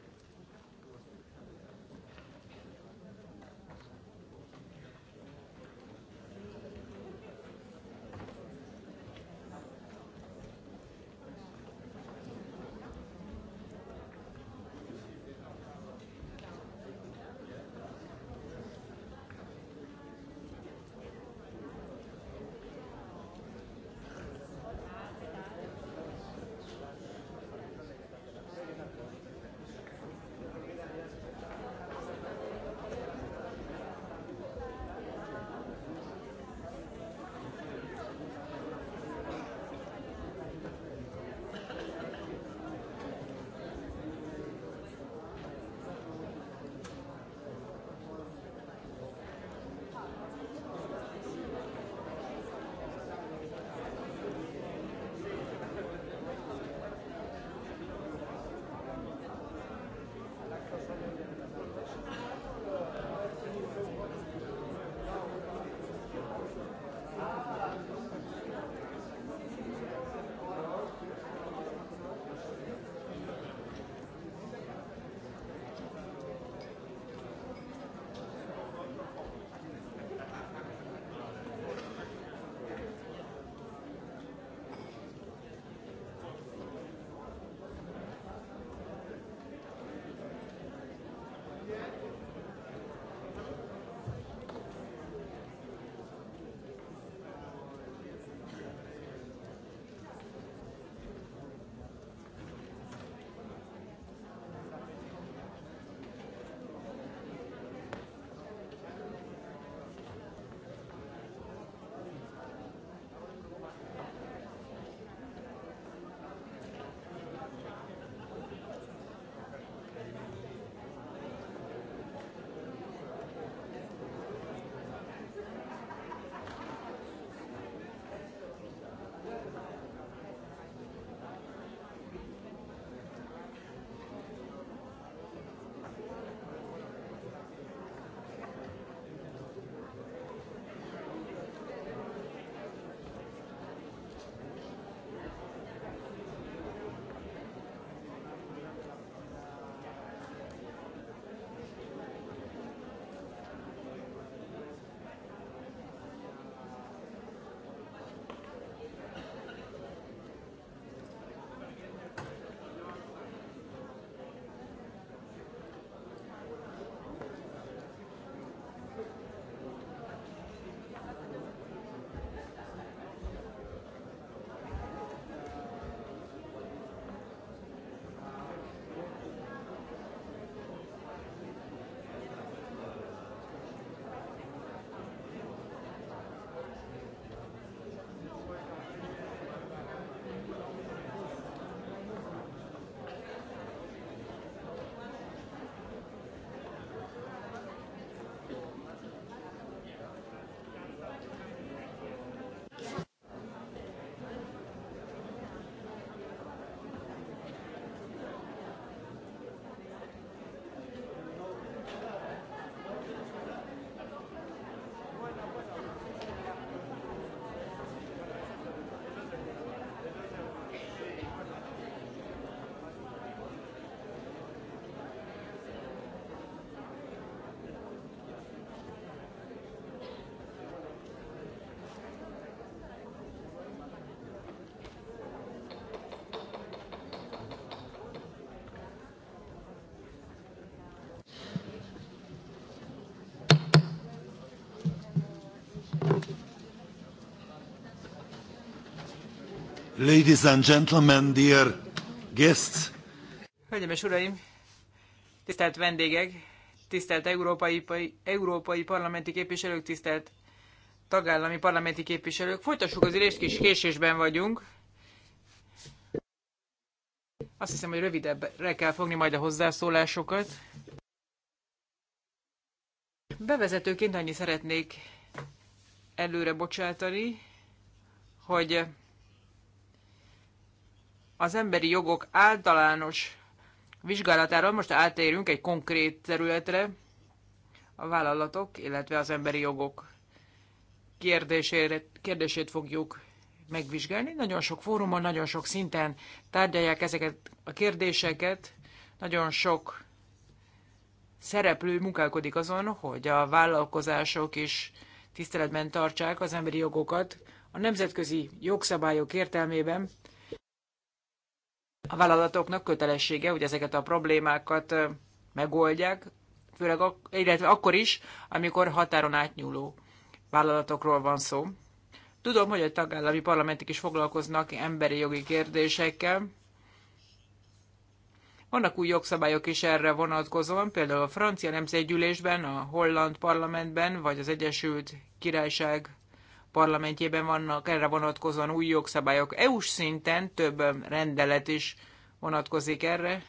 Ladies and gentlemen, dear guests. Hölgyeim és uraim, tisztelt vendégek, tisztelt európai, európai parlamenti képviselők, tisztelt tagállami parlamenti képviselők. Folytassuk az ülést, kis késésben vagyunk. Azt hiszem, hogy rövidebbre kell fogni majd a hozzászólásokat. Bevezetőként annyi szeretnék előre bocsátani, hogy az emberi jogok általános vizsgálatáról most átérünk egy konkrét területre, a vállalatok, illetve az emberi jogok kérdésére, kérdését fogjuk megvizsgálni. Nagyon sok fórumon, nagyon sok szinten tárgyalják ezeket a kérdéseket, nagyon sok szereplő munkálkodik azon, hogy a vállalkozások is tiszteletben tartsák az emberi jogokat. A nemzetközi jogszabályok értelmében a vállalatoknak kötelessége, hogy ezeket a problémákat megoldják, főleg ak- illetve akkor is, amikor határon átnyúló vállalatokról van szó. Tudom, hogy a tagállami parlamentek is foglalkoznak emberi jogi kérdésekkel. Vannak új jogszabályok is erre vonatkozóan, például a francia nemzetgyűlésben, a holland parlamentben, vagy az Egyesült Királyság parlamentjében vannak erre vonatkozóan új jogszabályok. EU-s szinten több um, rendelet is vonatkozik erre.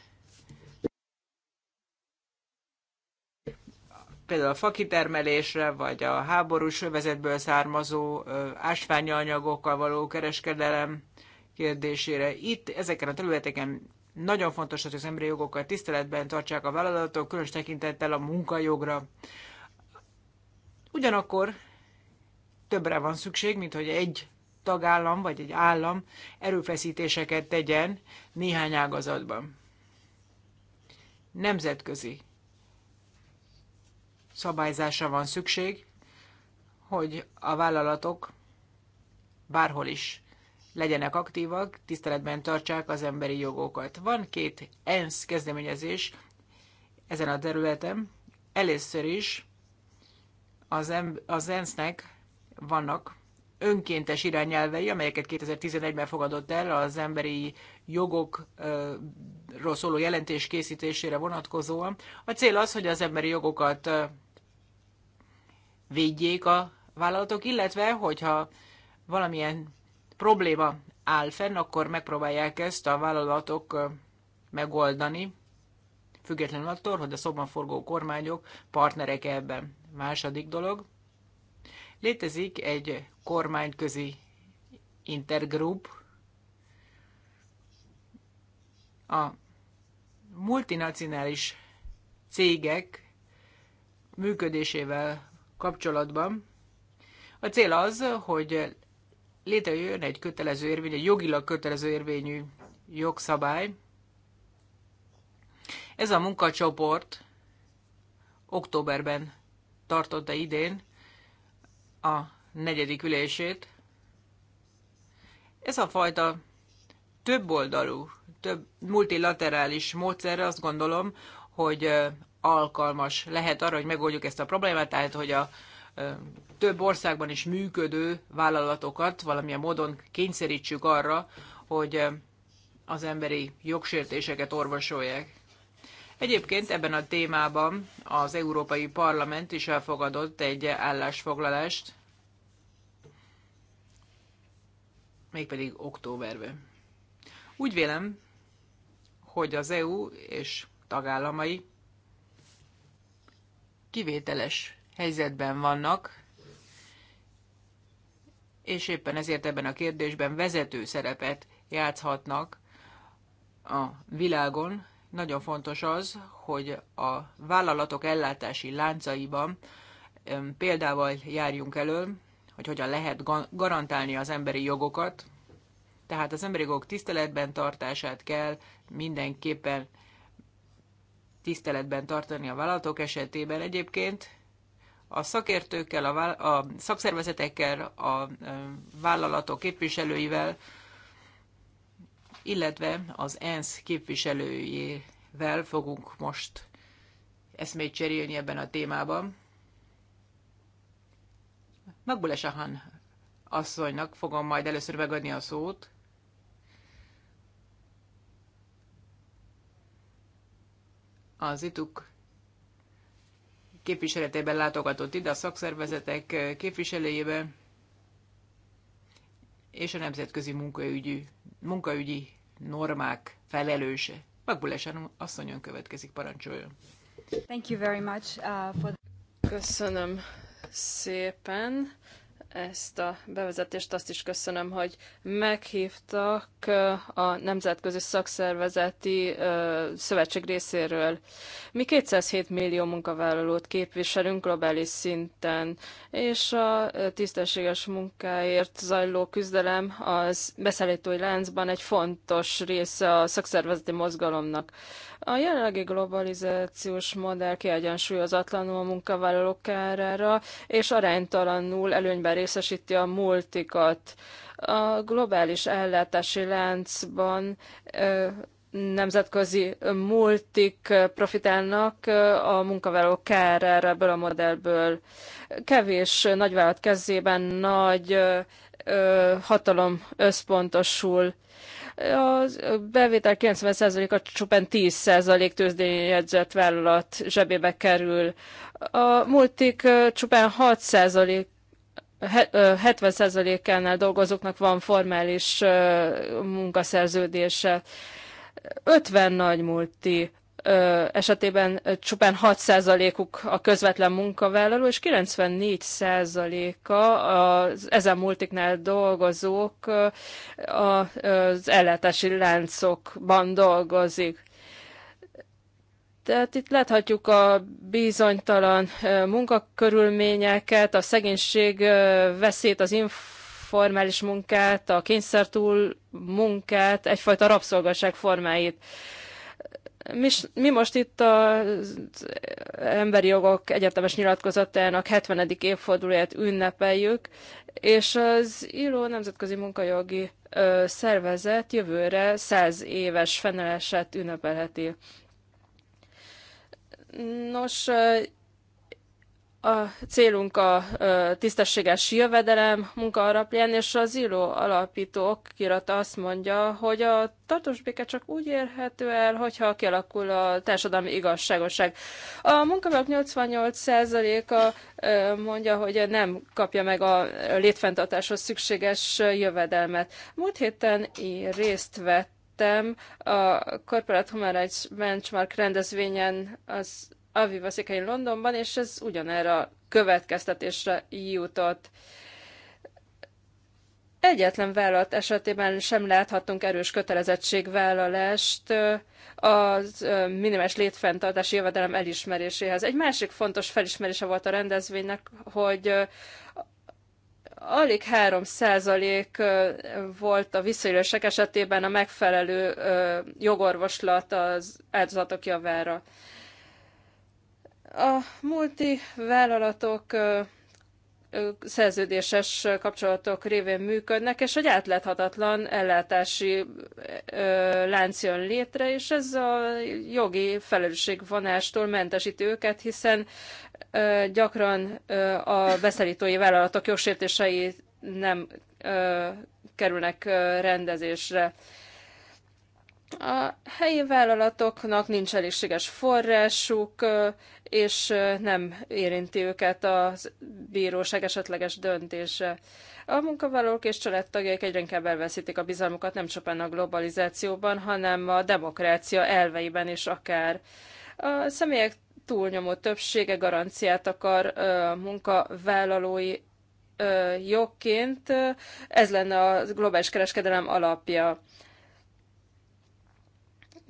Például a fakitermelésre, vagy a háborús övezetből származó ásványanyagokkal való kereskedelem kérdésére. Itt ezeken a területeken nagyon fontos, hogy az emberi jogokat tiszteletben tartsák a vállalatok, különös tekintettel a munkajogra. Ugyanakkor többre van szükség, mint hogy egy tagállam vagy egy állam erőfeszítéseket tegyen néhány ágazatban. Nemzetközi szabályzásra van szükség, hogy a vállalatok bárhol is legyenek aktívak, tiszteletben tartsák az emberi jogokat. Van két ENSZ kezdeményezés ezen a területen. Először is az, az ENSZ-nek vannak önkéntes irányelvei, amelyeket 2011-ben fogadott el az emberi jogokról szóló jelentés készítésére vonatkozóan. A cél az, hogy az emberi jogokat védjék a vállalatok, illetve hogyha valamilyen probléma áll fenn, akkor megpróbálják ezt a vállalatok megoldani, függetlenül attól, hogy a szobban forgó kormányok partnerek ebben. Második dolog, Létezik egy kormányközi intergroup, a multinacionális cégek működésével kapcsolatban. A cél az, hogy létrejön egy kötelező érvény, egy jogilag kötelező érvényű jogszabály. Ez a munkacsoport októberben tartotta idén a negyedik ülését. Ez a fajta többoldalú, több multilaterális módszerre azt gondolom, hogy alkalmas lehet arra, hogy megoldjuk ezt a problémát, tehát hogy a több országban is működő vállalatokat valamilyen módon kényszerítsük arra, hogy az emberi jogsértéseket orvosolják. Egyébként ebben a témában az Európai Parlament is elfogadott egy állásfoglalást, mégpedig októberben. Úgy vélem, hogy az EU és tagállamai kivételes helyzetben vannak, és éppen ezért ebben a kérdésben vezető szerepet játszhatnak a világon, nagyon fontos az, hogy a vállalatok ellátási láncaiban példával járjunk elő, hogy hogyan lehet garantálni az emberi jogokat, tehát az emberi jogok tiszteletben tartását kell mindenképpen tiszteletben tartani a vállalatok esetében. Egyébként a szakértőkkel, a, vállal, a szakszervezetekkel, a vállalatok képviselőivel illetve az ENSZ képviselőjével fogunk most eszmét cserélni ebben a témában. Magbule Sahan asszonynak fogom majd először megadni a szót. Az ituk képviseletében látogatott ide a szakszervezetek képviselőjében és a nemzetközi munkaügyi, munkaügyi normák felelőse. Magbulesen asszonyon következik, parancsoljon. Thank you very much, uh, for... Köszönöm szépen ezt a bevezetést. Azt is köszönöm, hogy meghívtak a Nemzetközi Szakszervezeti Szövetség részéről. Mi 207 millió munkavállalót képviselünk globális szinten, és a tisztességes munkáért zajló küzdelem az beszállítói láncban egy fontos része a szakszervezeti mozgalomnak. A jelenlegi globalizációs modell kiegyensúlyozatlanul a munkavállalók kárára, és aránytalanul előnyben részesíti a multikat. A globális ellátási láncban nemzetközi multik profitálnak a munkavállalók kárára ebből a modellből. Kevés nagyvállalat kezében nagy hatalom összpontosul. A bevétel 90%-a csupán 10% tőzsdényjegyzett vállalat zsebébe kerül. A multik csupán 6% 70%-ánál dolgozóknak van formális munkaszerződése. 50 nagy multi esetében csupán 6%-uk a közvetlen munkavállaló, és 94%-a az ezen multiknál dolgozók az ellátási láncokban dolgozik. Tehát itt láthatjuk a bizonytalan munkakörülményeket, a szegénység veszélyt, az informális munkát, a kényszertúl munkát, egyfajta rabszolgaság formáit. Mi, mi most itt az emberi jogok egyetemes nyilatkozatának 70. évfordulóját ünnepeljük, és az ILO Nemzetközi Munkajogi ö, Szervezet jövőre 100 éves fennállását ünnepelheti. Nos, a célunk a tisztességes jövedelem, alapján, és az ILO alapító okirata azt mondja, hogy a tartós béke csak úgy érhető el, hogyha kialakul a társadalmi igazságosság. A munkavállalók 88%-a mondja, hogy nem kapja meg a létfenntartáshoz szükséges jövedelmet. Múlt héten én részt vettem a Corporate Human Rights Benchmark rendezvényen az Aviva székhelyen Londonban, és ez ugyanerre a következtetésre jutott. Egyetlen vállalat esetében sem láthatunk erős kötelezettségvállalást az minimális létfenntartási jövedelem elismeréséhez. Egy másik fontos felismerése volt a rendezvénynek, hogy alig 3% volt a visszaélősek esetében a megfelelő jogorvoslat az áldozatok javára. A multi vállalatok szerződéses kapcsolatok révén működnek, és egy átláthatatlan ellátási lánc jön létre, és ez a jogi felelősségvonástól mentesíti őket, hiszen gyakran a beszállítói vállalatok jogsértései nem kerülnek rendezésre. A helyi vállalatoknak nincs elégséges forrásuk, és nem érinti őket a bíróság esetleges döntése. A munkavállalók és családtagjaik egyre inkább elveszítik a bizalmukat nem csupán a globalizációban, hanem a demokrácia elveiben is akár. A személyek túlnyomó többsége garanciát akar munkavállalói jogként, ez lenne a globális kereskedelem alapja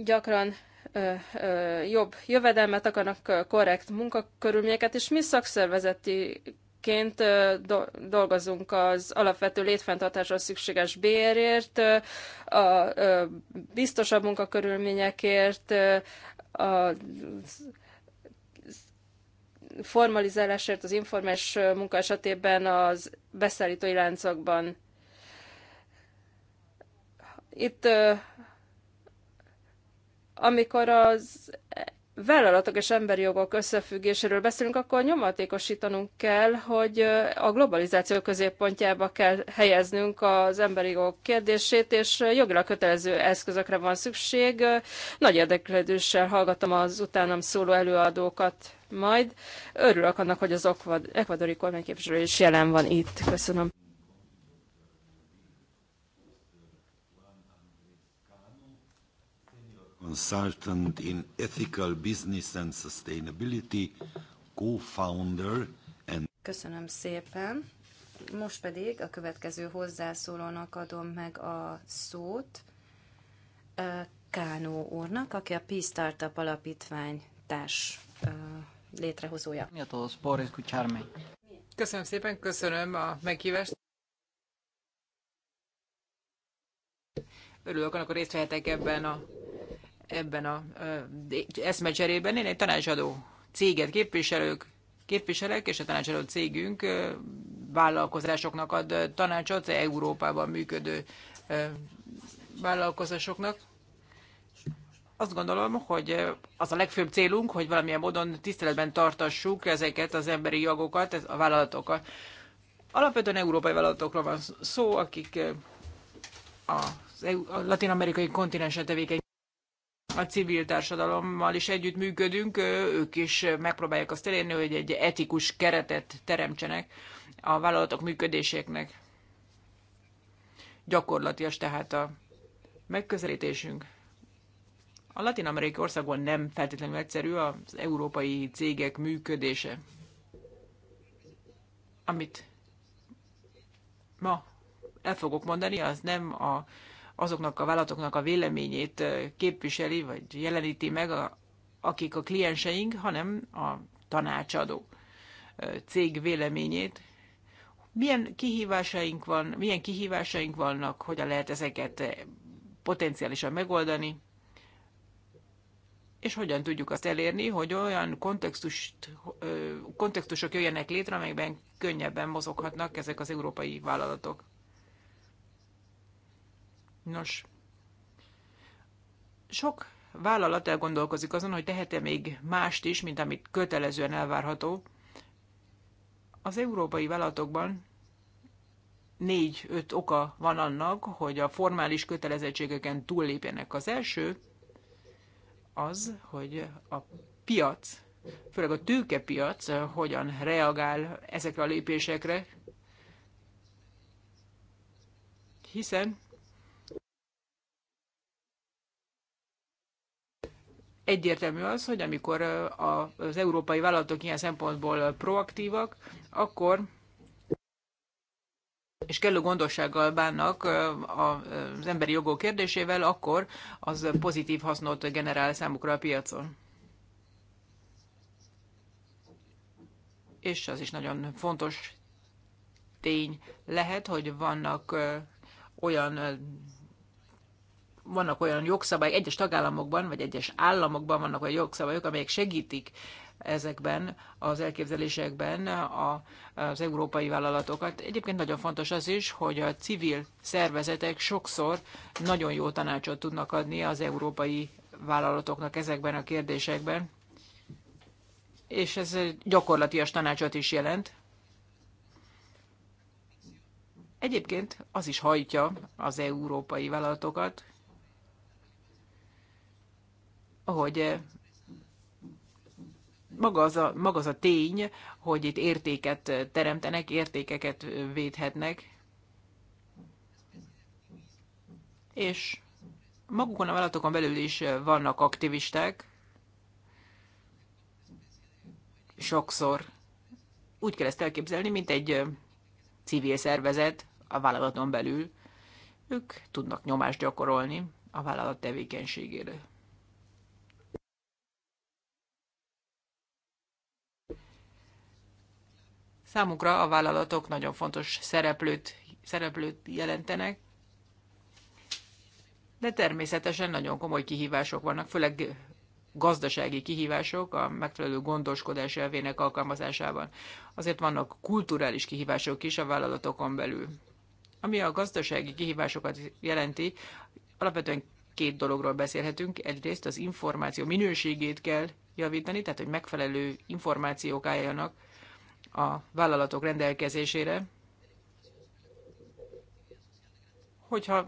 gyakran ö, ö, jobb jövedelmet akarnak, korrekt munkakörülményeket, és mi szakszervezeti ként dolgozunk az alapvető létfenntartásra szükséges bérért, a biztosabb munkakörülményekért, a formalizálásért az informális munka esetében az beszállítói láncokban. Itt amikor az vállalatok és emberi jogok összefüggéséről beszélünk, akkor nyomatékosítanunk kell, hogy a globalizáció középpontjába kell helyeznünk az emberi jogok kérdését, és jogilag kötelező eszközökre van szükség. Nagy érdeklődéssel hallgatom az utánam szóló előadókat majd. Örülök annak, hogy az ekvadori kormányképviselő is jelen van itt. Köszönöm. consultant in ethical business and sustainability, co-founder and... Köszönöm szépen. Most pedig a következő hozzászólónak adom meg a szót Kánó úrnak, aki a Peace Startup alapítvány társ létrehozója. Köszönöm szépen, köszönöm a meghívást. Örülök annak, részt vehetek ebben a ebben a eszmecserében. Én egy tanácsadó céget képviselők, képviselek, és a tanácsadó cégünk vállalkozásoknak ad tanácsot, Európában működő vállalkozásoknak. Azt gondolom, hogy az a legfőbb célunk, hogy valamilyen módon tiszteletben tartassuk ezeket az emberi jogokat, a vállalatokat. Alapvetően európai vállalatokról van szó, akik a, e a latin-amerikai kontinensen tevékeny a civil társadalommal is együtt működünk, ők is megpróbálják azt elérni, hogy egy etikus keretet teremtsenek a vállalatok működésének. Gyakorlatias tehát a megközelítésünk. A latin-amerikai országban nem feltétlenül egyszerű az európai cégek működése. Amit ma el fogok mondani, az nem a azoknak a vállalatoknak a véleményét képviseli, vagy jeleníti meg, a, akik a klienseink, hanem a tanácsadó cég véleményét. Milyen kihívásaink, van, milyen kihívásaink vannak, hogyan lehet ezeket potenciálisan megoldani, és hogyan tudjuk azt elérni, hogy olyan kontextust, kontextusok jöjjenek létre, amelyben könnyebben mozoghatnak ezek az európai vállalatok. Nos, sok vállalat elgondolkozik azon, hogy tehet-e még mást is, mint amit kötelezően elvárható. Az európai vállalatokban négy-öt oka van annak, hogy a formális kötelezettségeken túllépjenek. Az első az, hogy a piac, főleg a tőkepiac hogyan reagál ezekre a lépésekre, hiszen egyértelmű az, hogy amikor az európai vállalatok ilyen szempontból proaktívak, akkor és kellő gondossággal bánnak az emberi jogok kérdésével, akkor az pozitív hasznot generál számukra a piacon. És az is nagyon fontos tény lehet, hogy vannak olyan vannak olyan jogszabályok, egyes tagállamokban, vagy egyes államokban vannak olyan jogszabályok, amelyek segítik ezekben az elképzelésekben a, az európai vállalatokat. Egyébként nagyon fontos az is, hogy a civil szervezetek sokszor nagyon jó tanácsot tudnak adni az európai vállalatoknak ezekben a kérdésekben, és ez gyakorlatias tanácsot is jelent. Egyébként az is hajtja az európai vállalatokat, hogy eh, maga az, a, maga az a tény, hogy itt értéket eh, teremtenek, értékeket eh, védhetnek, és magukon a vállalatokon belül is vannak aktivisták, sokszor úgy kell ezt elképzelni, mint egy civil szervezet a vállalaton belül. Ők tudnak nyomást gyakorolni a vállalat tevékenységére. Számukra a vállalatok nagyon fontos szereplőt, szereplőt jelentenek, de természetesen nagyon komoly kihívások vannak, főleg gazdasági kihívások a megfelelő gondoskodás elvének alkalmazásában. Azért vannak kulturális kihívások is a vállalatokon belül. Ami a gazdasági kihívásokat jelenti, alapvetően két dologról beszélhetünk. Egyrészt az információ minőségét kell javítani, tehát hogy megfelelő információk álljanak a vállalatok rendelkezésére, hogyha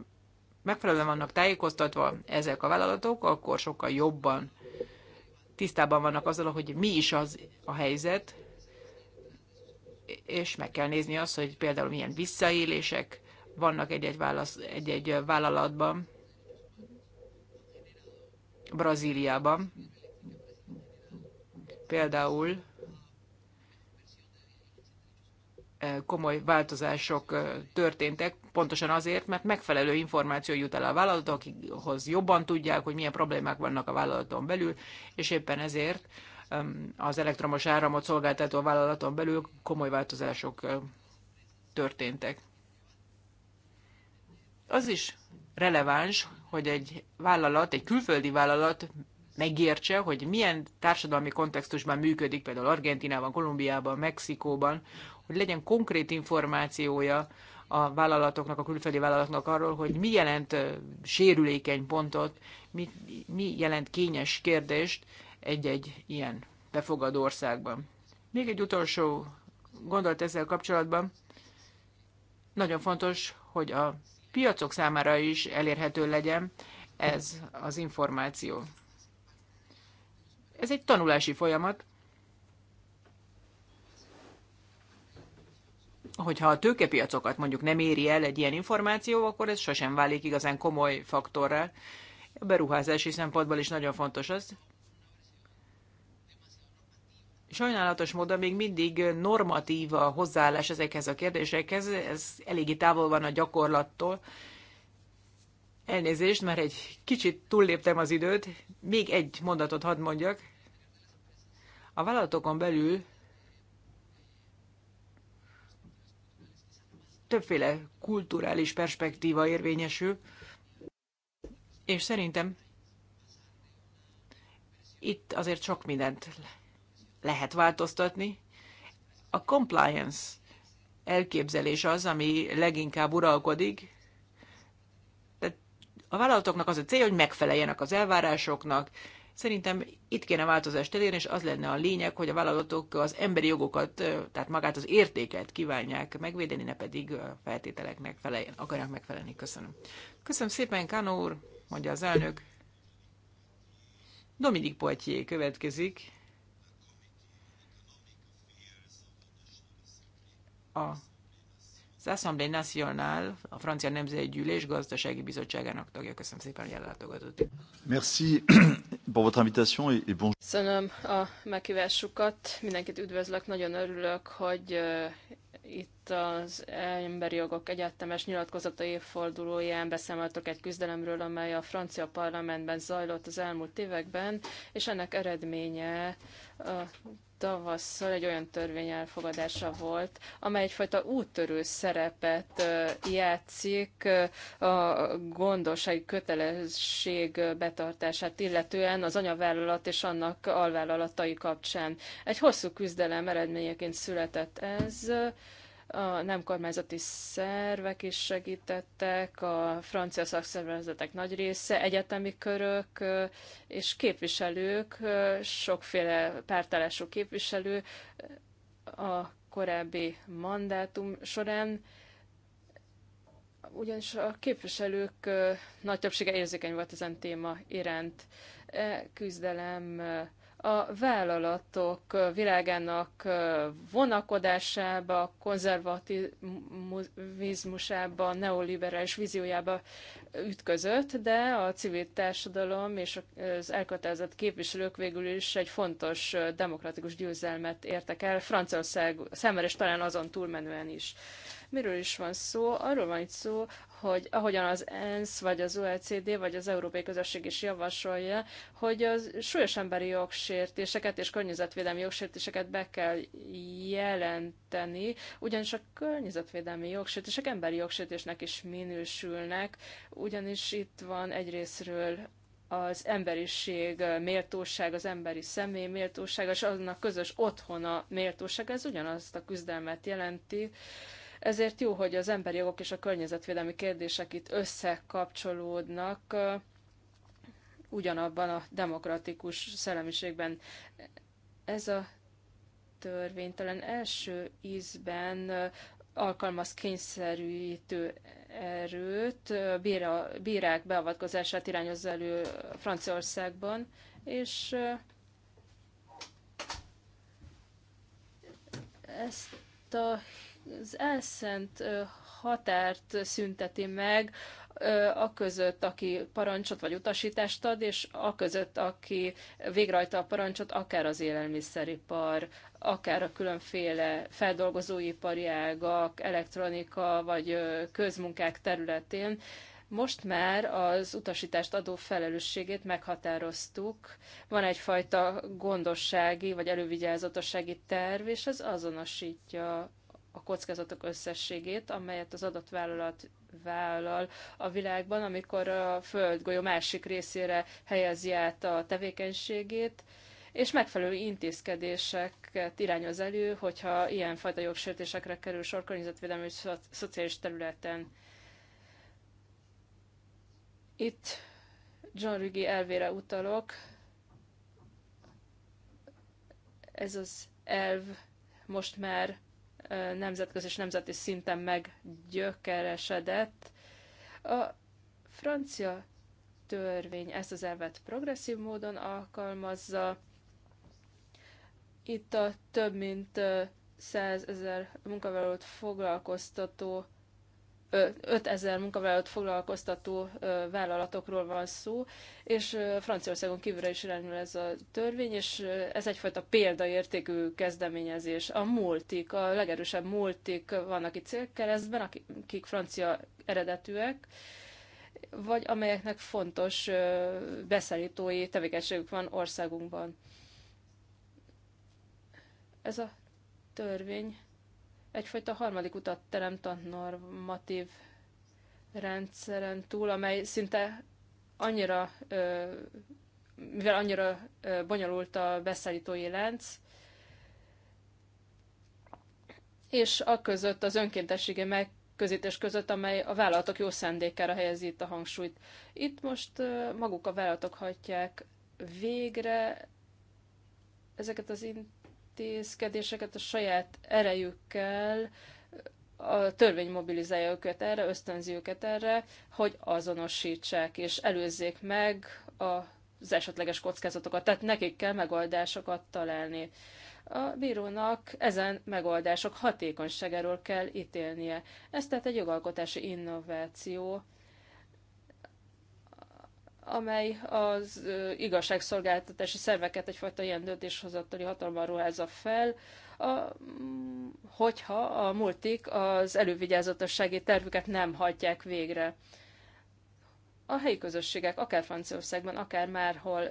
megfelelően vannak tájékoztatva ezek a vállalatok, akkor sokkal jobban tisztában vannak azzal, hogy mi is az a helyzet, és meg kell nézni azt, hogy például milyen visszaélések vannak egy-egy, válasz, egy-egy vállalatban, Brazíliában. Például komoly változások történtek, pontosan azért, mert megfelelő információ jut el a vállalatokhoz, jobban tudják, hogy milyen problémák vannak a vállalaton belül, és éppen ezért az elektromos áramot szolgáltató vállalaton belül komoly változások történtek. Az is releváns, hogy egy vállalat, egy külföldi vállalat megértse, hogy milyen társadalmi kontextusban működik, például Argentinában, Kolumbiában, Mexikóban, hogy legyen konkrét információja a vállalatoknak, a külföldi vállalatoknak arról, hogy mi jelent sérülékeny pontot, mi, mi jelent kényes kérdést egy-egy ilyen befogadó országban. Még egy utolsó gondolt ezzel kapcsolatban. Nagyon fontos, hogy a piacok számára is elérhető legyen ez az információ. Ez egy tanulási folyamat. Hogyha a tőkepiacokat mondjuk nem éri el egy ilyen információ, akkor ez sosem válik igazán komoly faktorrá. A beruházási szempontból is nagyon fontos az. Sajnálatos módon még mindig normatív a hozzáállás ezekhez a kérdésekhez, ez eléggé távol van a gyakorlattól. Elnézést, mert egy kicsit túlléptem az időt, még egy mondatot hadd mondjak. A vállalatokon belül többféle kulturális perspektíva érvényesül, és szerintem itt azért sok mindent lehet változtatni. A compliance elképzelés az, ami leginkább uralkodik. Tehát a vállalatoknak az a cél, hogy megfeleljenek az elvárásoknak, Szerintem itt kéne változást elérni, és az lenne a lényeg, hogy a vállalatok az emberi jogokat, tehát magát az értéket kívánják megvédeni, ne pedig a feltételeknek feleljen, akarják megfelelni. Köszönöm. Köszönöm szépen, Kánó úr, mondja az elnök. Dominik Poitier következik. A az Assemblée Nationale, a francia nemzeti gyűlés gazdasági bizottságának tagja. Köszönöm szépen, hogy ellátogatott. Merci pour votre invitation et bon... Köszönöm a meghívásukat, mindenkit üdvözlök, nagyon örülök, hogy uh, itt az emberi jogok egyetemes nyilatkozata évfordulóján beszámoltak egy küzdelemről, amely a francia parlamentben zajlott az elmúlt években, és ennek eredménye a tavasszal egy olyan törvény elfogadása volt, amely egyfajta úttörő szerepet játszik a gondossági kötelesség betartását, illetően az anyavállalat és annak alvállalatai kapcsán. Egy hosszú küzdelem eredményeként született ez, a nem kormányzati szervek is segítettek, a francia szakszervezetek nagy része, egyetemi körök és képviselők, sokféle pártállású képviselő a korábbi mandátum során, ugyanis a képviselők nagy többsége érzékeny volt ezen téma iránt. E küzdelem a vállalatok világának vonakodásába, konzervativizmusába, neoliberális víziójába ütközött, de a civil társadalom és az elkötelezett képviselők végül is egy fontos demokratikus győzelmet értek el Franciaország számára, és talán azon túlmenően is. Miről is van szó? Arról van itt szó, hogy ahogyan az ENSZ, vagy az OECD, vagy az Európai Közösség is javasolja, hogy az súlyos emberi jogsértéseket és környezetvédelmi jogsértéseket be kell jelenteni, ugyanis a környezetvédelmi jogsértések emberi jogsértésnek is minősülnek, ugyanis itt van egyrésztről az emberiség méltóság, az emberi személy méltóság, és annak közös otthona méltóság, ez ugyanazt a küzdelmet jelenti, ezért jó, hogy az emberi jogok és a környezetvédelmi kérdések itt összekapcsolódnak ugyanabban a demokratikus szellemiségben. Ez a törvénytelen első ízben alkalmaz kényszerűítő erőt, bíra, bírák beavatkozását irányozza elő Franciaországban, és ezt a az elszent határt szünteti meg a között, aki parancsot vagy utasítást ad, és a között, aki végrajta a parancsot, akár az élelmiszeripar, akár a különféle feldolgozóipari ágak, elektronika vagy közmunkák területén. Most már az utasítást adó felelősségét meghatároztuk. Van egyfajta gondossági vagy elővigyázatossági terv, és ez azonosítja a kockázatok összességét, amelyet az adott vállalat vállal a világban, amikor a földgolyó másik részére helyezi át a tevékenységét, és megfelelő intézkedéseket irányoz elő, hogyha ilyenfajta jogsértésekre kerül sor környezetvédelmi és szociális területen. Itt John Rügi elvére utalok. Ez az elv most már nemzetközi és nemzeti szinten meggyökeresedett. A francia törvény ezt az elvet progresszív módon alkalmazza. Itt a több mint 100 ezer munkavállalót foglalkoztató 5000 munkavállalót foglalkoztató vállalatokról van szó, és Franciaországon kívülre is irányul ez a törvény, és ez egyfajta példaértékű kezdeményezés. A multik, a legerősebb multik vannak itt célkeresztben, akik francia eredetűek, vagy amelyeknek fontos beszállítói tevékenységük van országunkban. Ez a törvény egyfajta harmadik utat teremt a normatív rendszeren túl, amely szinte annyira, mivel annyira bonyolult a beszállítói lánc, és a között az önkéntessége meg közítés között, amely a vállalatok jó szendékára helyezi itt a hangsúlyt. Itt most maguk a vállalatok hagyják végre ezeket az in- intézkedéseket a saját erejükkel, a törvény mobilizálja őket erre, ösztönzi őket erre, hogy azonosítsák és előzzék meg az esetleges kockázatokat. Tehát nekik kell megoldásokat találni. A bírónak ezen megoldások hatékonyságáról kell ítélnie. Ez tehát egy jogalkotási innováció, amely az igazságszolgáltatási szerveket egyfajta ilyen döntéshozatali hatalommal ruházza fel, a, mm, hogyha a multik az elővigyázatossági tervüket nem hajtják végre. A helyi közösségek, akár Franciaországban, akár márhol,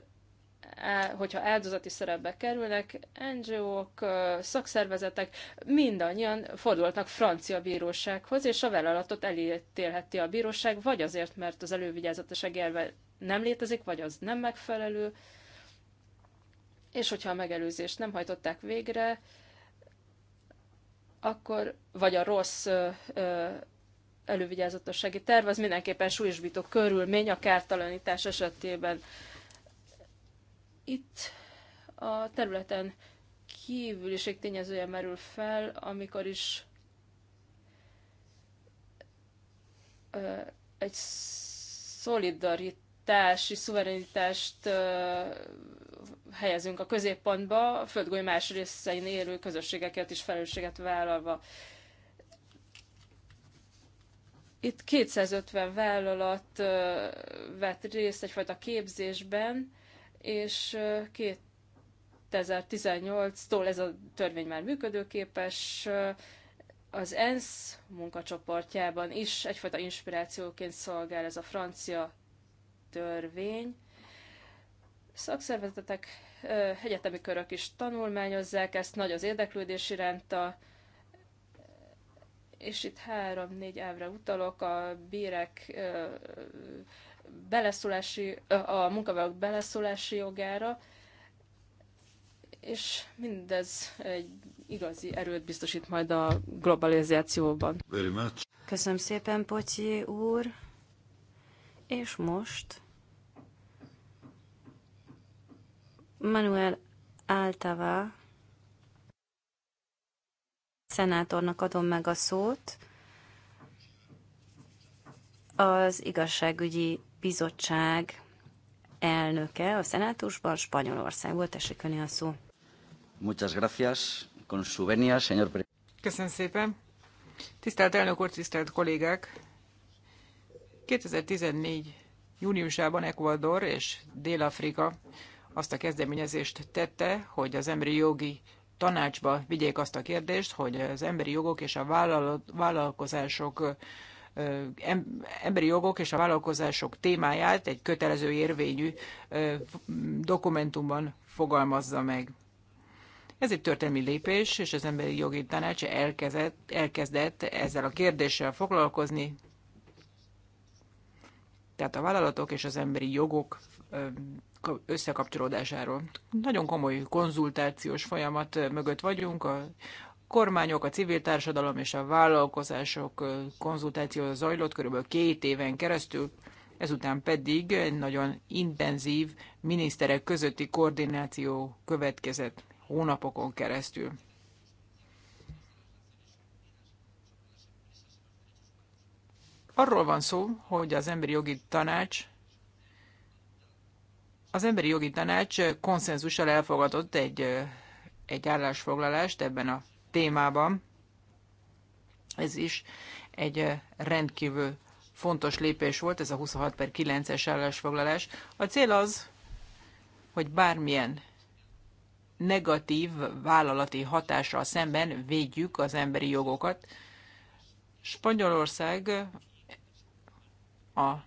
hogyha áldozati szerepbe kerülnek, NGO-k, szakszervezetek, mindannyian fordultak francia bírósághoz, és a vállalatot elítélheti a bíróság, vagy azért, mert az elővigyázatosság elve nem létezik, vagy az nem megfelelő, és hogyha a megelőzést nem hajtották végre, akkor, vagy a rossz ö, ö, elővigyázatossági terv, az mindenképpen súlyosbító körülmény a kártalanítás esetében. Itt a területen kívüliség tényezője merül fel, amikor is ö, egy szolidarit kutatási szuverenitást helyezünk a középpontba, a földgolyó más részein élő közösségeket is felelősséget vállalva. Itt 250 vállalat vett részt egyfajta képzésben, és 2018-tól ez a törvény már működőképes, az ENSZ munkacsoportjában is egyfajta inspirációként szolgál ez a francia törvény. Szakszervezetek, egyetemi körök is tanulmányozzák ezt, nagy az érdeklődés iránta, és itt három-négy ávra utalok, a bírek beleszólási, a munkavállalók beleszólási jogára, és mindez egy igazi erőt biztosít majd a globalizációban. Köszönöm szépen, Potyi úr! És most Manuel Altava szenátornak adom meg a szót az igazságügyi bizottság elnöke a szenátusban, Spanyolországból. Tessék öni a szó. Muchas gracias. Con su venia, señor Köszönöm szépen. Tisztelt elnök úr, tisztelt kollégák! 2014 júniusában Ecuador és Dél-Afrika azt a kezdeményezést tette, hogy az emberi jogi tanácsba vigyék azt a kérdést, hogy az emberi jogok és a vállalkozások emberi jogok és a vállalkozások témáját egy kötelező érvényű dokumentumban fogalmazza meg. Ez egy történelmi lépés, és az Emberi Jogi Tanács elkezdett, elkezdett ezzel a kérdéssel foglalkozni tehát a vállalatok és az emberi jogok összekapcsolódásáról. Nagyon komoly konzultációs folyamat mögött vagyunk, a kormányok, a civil társadalom és a vállalkozások konzultációja zajlott körülbelül két éven keresztül, ezután pedig egy nagyon intenzív miniszterek közötti koordináció következett hónapokon keresztül. Arról van szó, hogy az emberi jogi tanács az emberi jogi tanács konszenzussal elfogadott egy, egy állásfoglalást ebben a témában. Ez is egy rendkívül fontos lépés volt, ez a 26 per 9-es állásfoglalás. A cél az, hogy bármilyen negatív vállalati hatással szemben védjük az emberi jogokat. Spanyolország a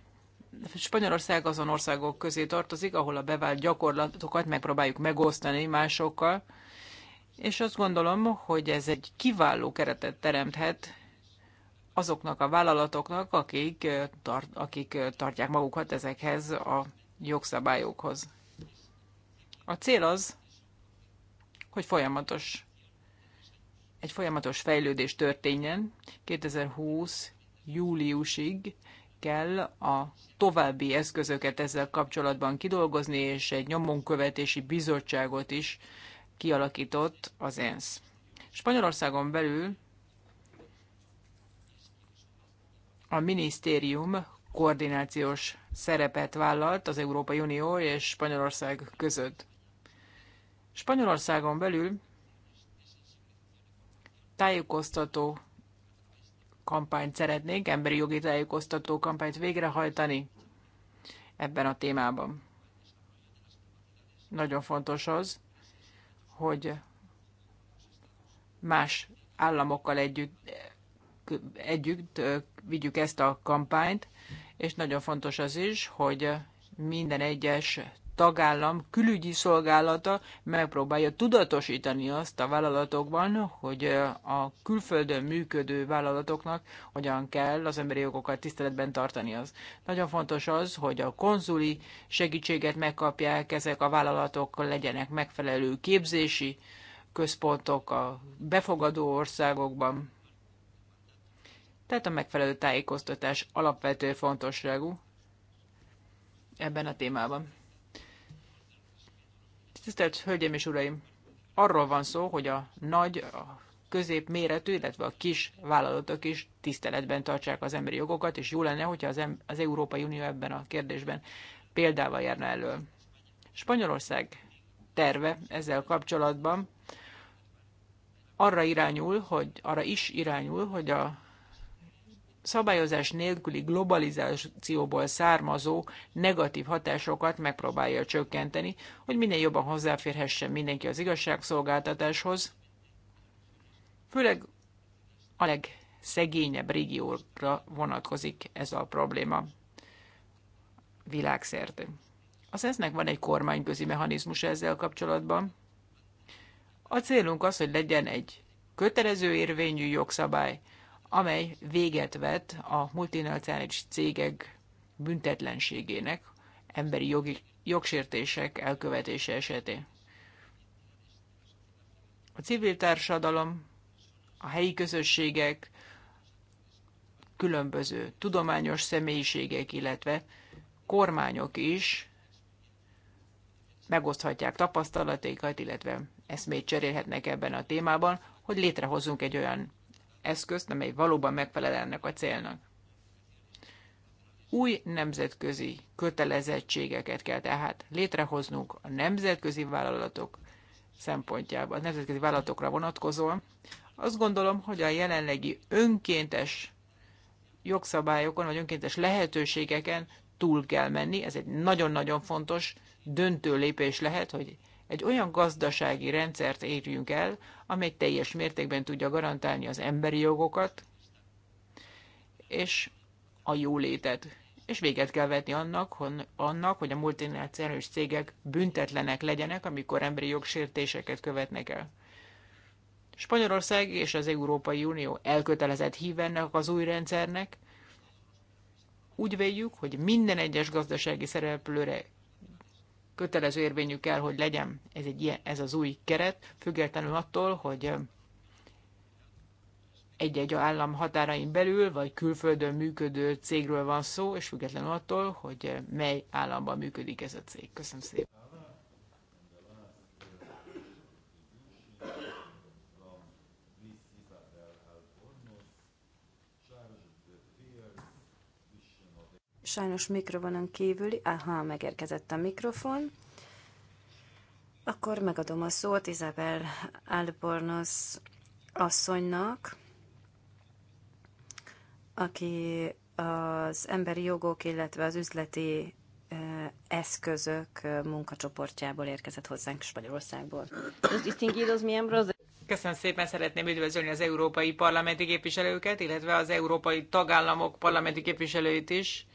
Spanyolország azon országok közé tartozik, ahol a bevált gyakorlatokat megpróbáljuk megosztani másokkal, és azt gondolom, hogy ez egy kiváló keretet teremthet azoknak a vállalatoknak, akik, tart, akik tartják magukat ezekhez a jogszabályokhoz. A cél az, hogy folyamatos, egy folyamatos fejlődés történjen 2020 júliusig kell a további eszközöket ezzel kapcsolatban kidolgozni, és egy nyomonkövetési bizottságot is kialakított az ENSZ. Spanyolországon belül a minisztérium koordinációs szerepet vállalt az Európai Unió és Spanyolország között. Spanyolországon belül tájékoztató kampányt szeretnénk, emberi jogi tájékoztató kampányt végrehajtani ebben a témában. Nagyon fontos az, hogy más államokkal együtt, együtt vigyük ezt a kampányt, és nagyon fontos az is, hogy minden egyes tagállam külügyi szolgálata megpróbálja tudatosítani azt a vállalatokban, hogy a külföldön működő vállalatoknak hogyan kell az emberi jogokat tiszteletben tartani. Az nagyon fontos az, hogy a konzuli segítséget megkapják ezek a vállalatok, legyenek megfelelő képzési központok a befogadó országokban. Tehát a megfelelő tájékoztatás alapvető fontosságú ebben a témában. Tisztelt Hölgyeim és Uraim! Arról van szó, hogy a nagy, a közép méretű, illetve a kis vállalatok is tiszteletben tartsák az emberi jogokat, és jó lenne, hogyha az, em- az Európai Unió ebben a kérdésben példával járna elő. Spanyolország terve ezzel kapcsolatban arra irányul, hogy arra is irányul, hogy a szabályozás nélküli globalizációból származó negatív hatásokat megpróbálja csökkenteni, hogy minél jobban hozzáférhessen mindenki az igazságszolgáltatáshoz, főleg a legszegényebb régióra vonatkozik ez a probléma világszerte. Az ESZ-nek van egy kormányközi mechanizmus ezzel kapcsolatban. A célunk az, hogy legyen egy kötelező érvényű jogszabály, amely véget vet a multinacionális cégek büntetlenségének emberi jogi, jogsértések elkövetése esetén. A civil társadalom, a helyi közösségek, különböző tudományos személyiségek, illetve kormányok is megoszthatják tapasztalataikat, illetve eszmét cserélhetnek ebben a témában, hogy létrehozzunk egy olyan eszközt, amely valóban megfelel ennek a célnak. Új nemzetközi kötelezettségeket kell tehát létrehoznunk a nemzetközi vállalatok szempontjában, a nemzetközi vállalatokra vonatkozóan. Azt gondolom, hogy a jelenlegi önkéntes jogszabályokon, vagy önkéntes lehetőségeken túl kell menni. Ez egy nagyon-nagyon fontos, döntő lépés lehet, hogy egy olyan gazdasági rendszert érjünk el, amely teljes mértékben tudja garantálni az emberi jogokat és a jólétet. És véget kell vetni annak, hon, annak hogy a multinacionális cégek büntetlenek legyenek, amikor emberi jogsértéseket követnek el. Spanyolország és az Európai Unió elkötelezett hívennek az új rendszernek. Úgy véljük, hogy minden egyes gazdasági szereplőre kötelező érvényű kell, hogy legyen ez, egy ilyen, ez az új keret, függetlenül attól, hogy egy-egy állam határain belül, vagy külföldön működő cégről van szó, és függetlenül attól, hogy mely államban működik ez a cég. Köszönöm szépen. Sajnos mikrofonon kívüli, aha, megérkezett a mikrofon. Akkor megadom a szót Isabel Albornoz asszonynak, aki az emberi jogok, illetve az üzleti eszközök munkacsoportjából érkezett hozzánk Spanyolországból. Köszönöm szépen, szeretném üdvözölni az európai parlamenti képviselőket, illetve az európai tagállamok parlamenti képviselőit is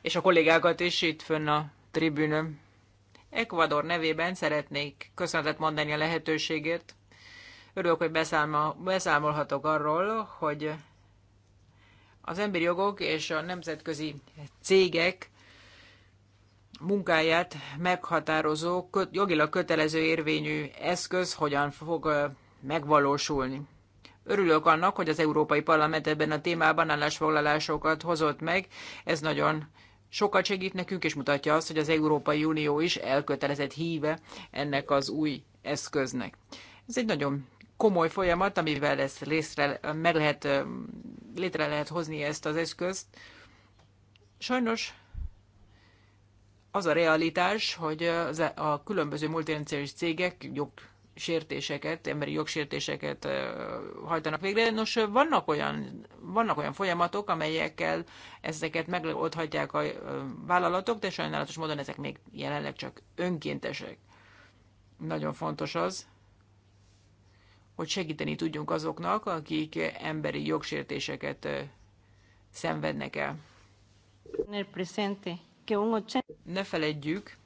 és a kollégákat is itt fönn a tribünön. Ecuador nevében szeretnék köszönetet mondani a lehetőségért. Örülök, hogy beszámol, beszámolhatok arról, hogy az emberi jogok és a nemzetközi cégek munkáját meghatározó, jogilag kötelező érvényű eszköz hogyan fog megvalósulni. Örülök annak, hogy az Európai Parlament ebben a témában állásfoglalásokat hozott meg, ez nagyon sokat segít nekünk, és mutatja azt, hogy az Európai Unió is elkötelezett híve ennek az új eszköznek. Ez egy nagyon komoly folyamat, amivel ezt részre, meg lehet, létre lehet hozni ezt az eszközt. Sajnos az a realitás, hogy e- a különböző multinacionális cégek sértéseket, emberi jogsértéseket hajtanak végre. Nos, vannak olyan, vannak olyan folyamatok, amelyekkel ezeket megoldhatják a vállalatok, de sajnálatos módon ezek még jelenleg csak önkéntesek. Nagyon fontos az, hogy segíteni tudjunk azoknak, akik emberi jogsértéseket szenvednek el. Ne felejtjük,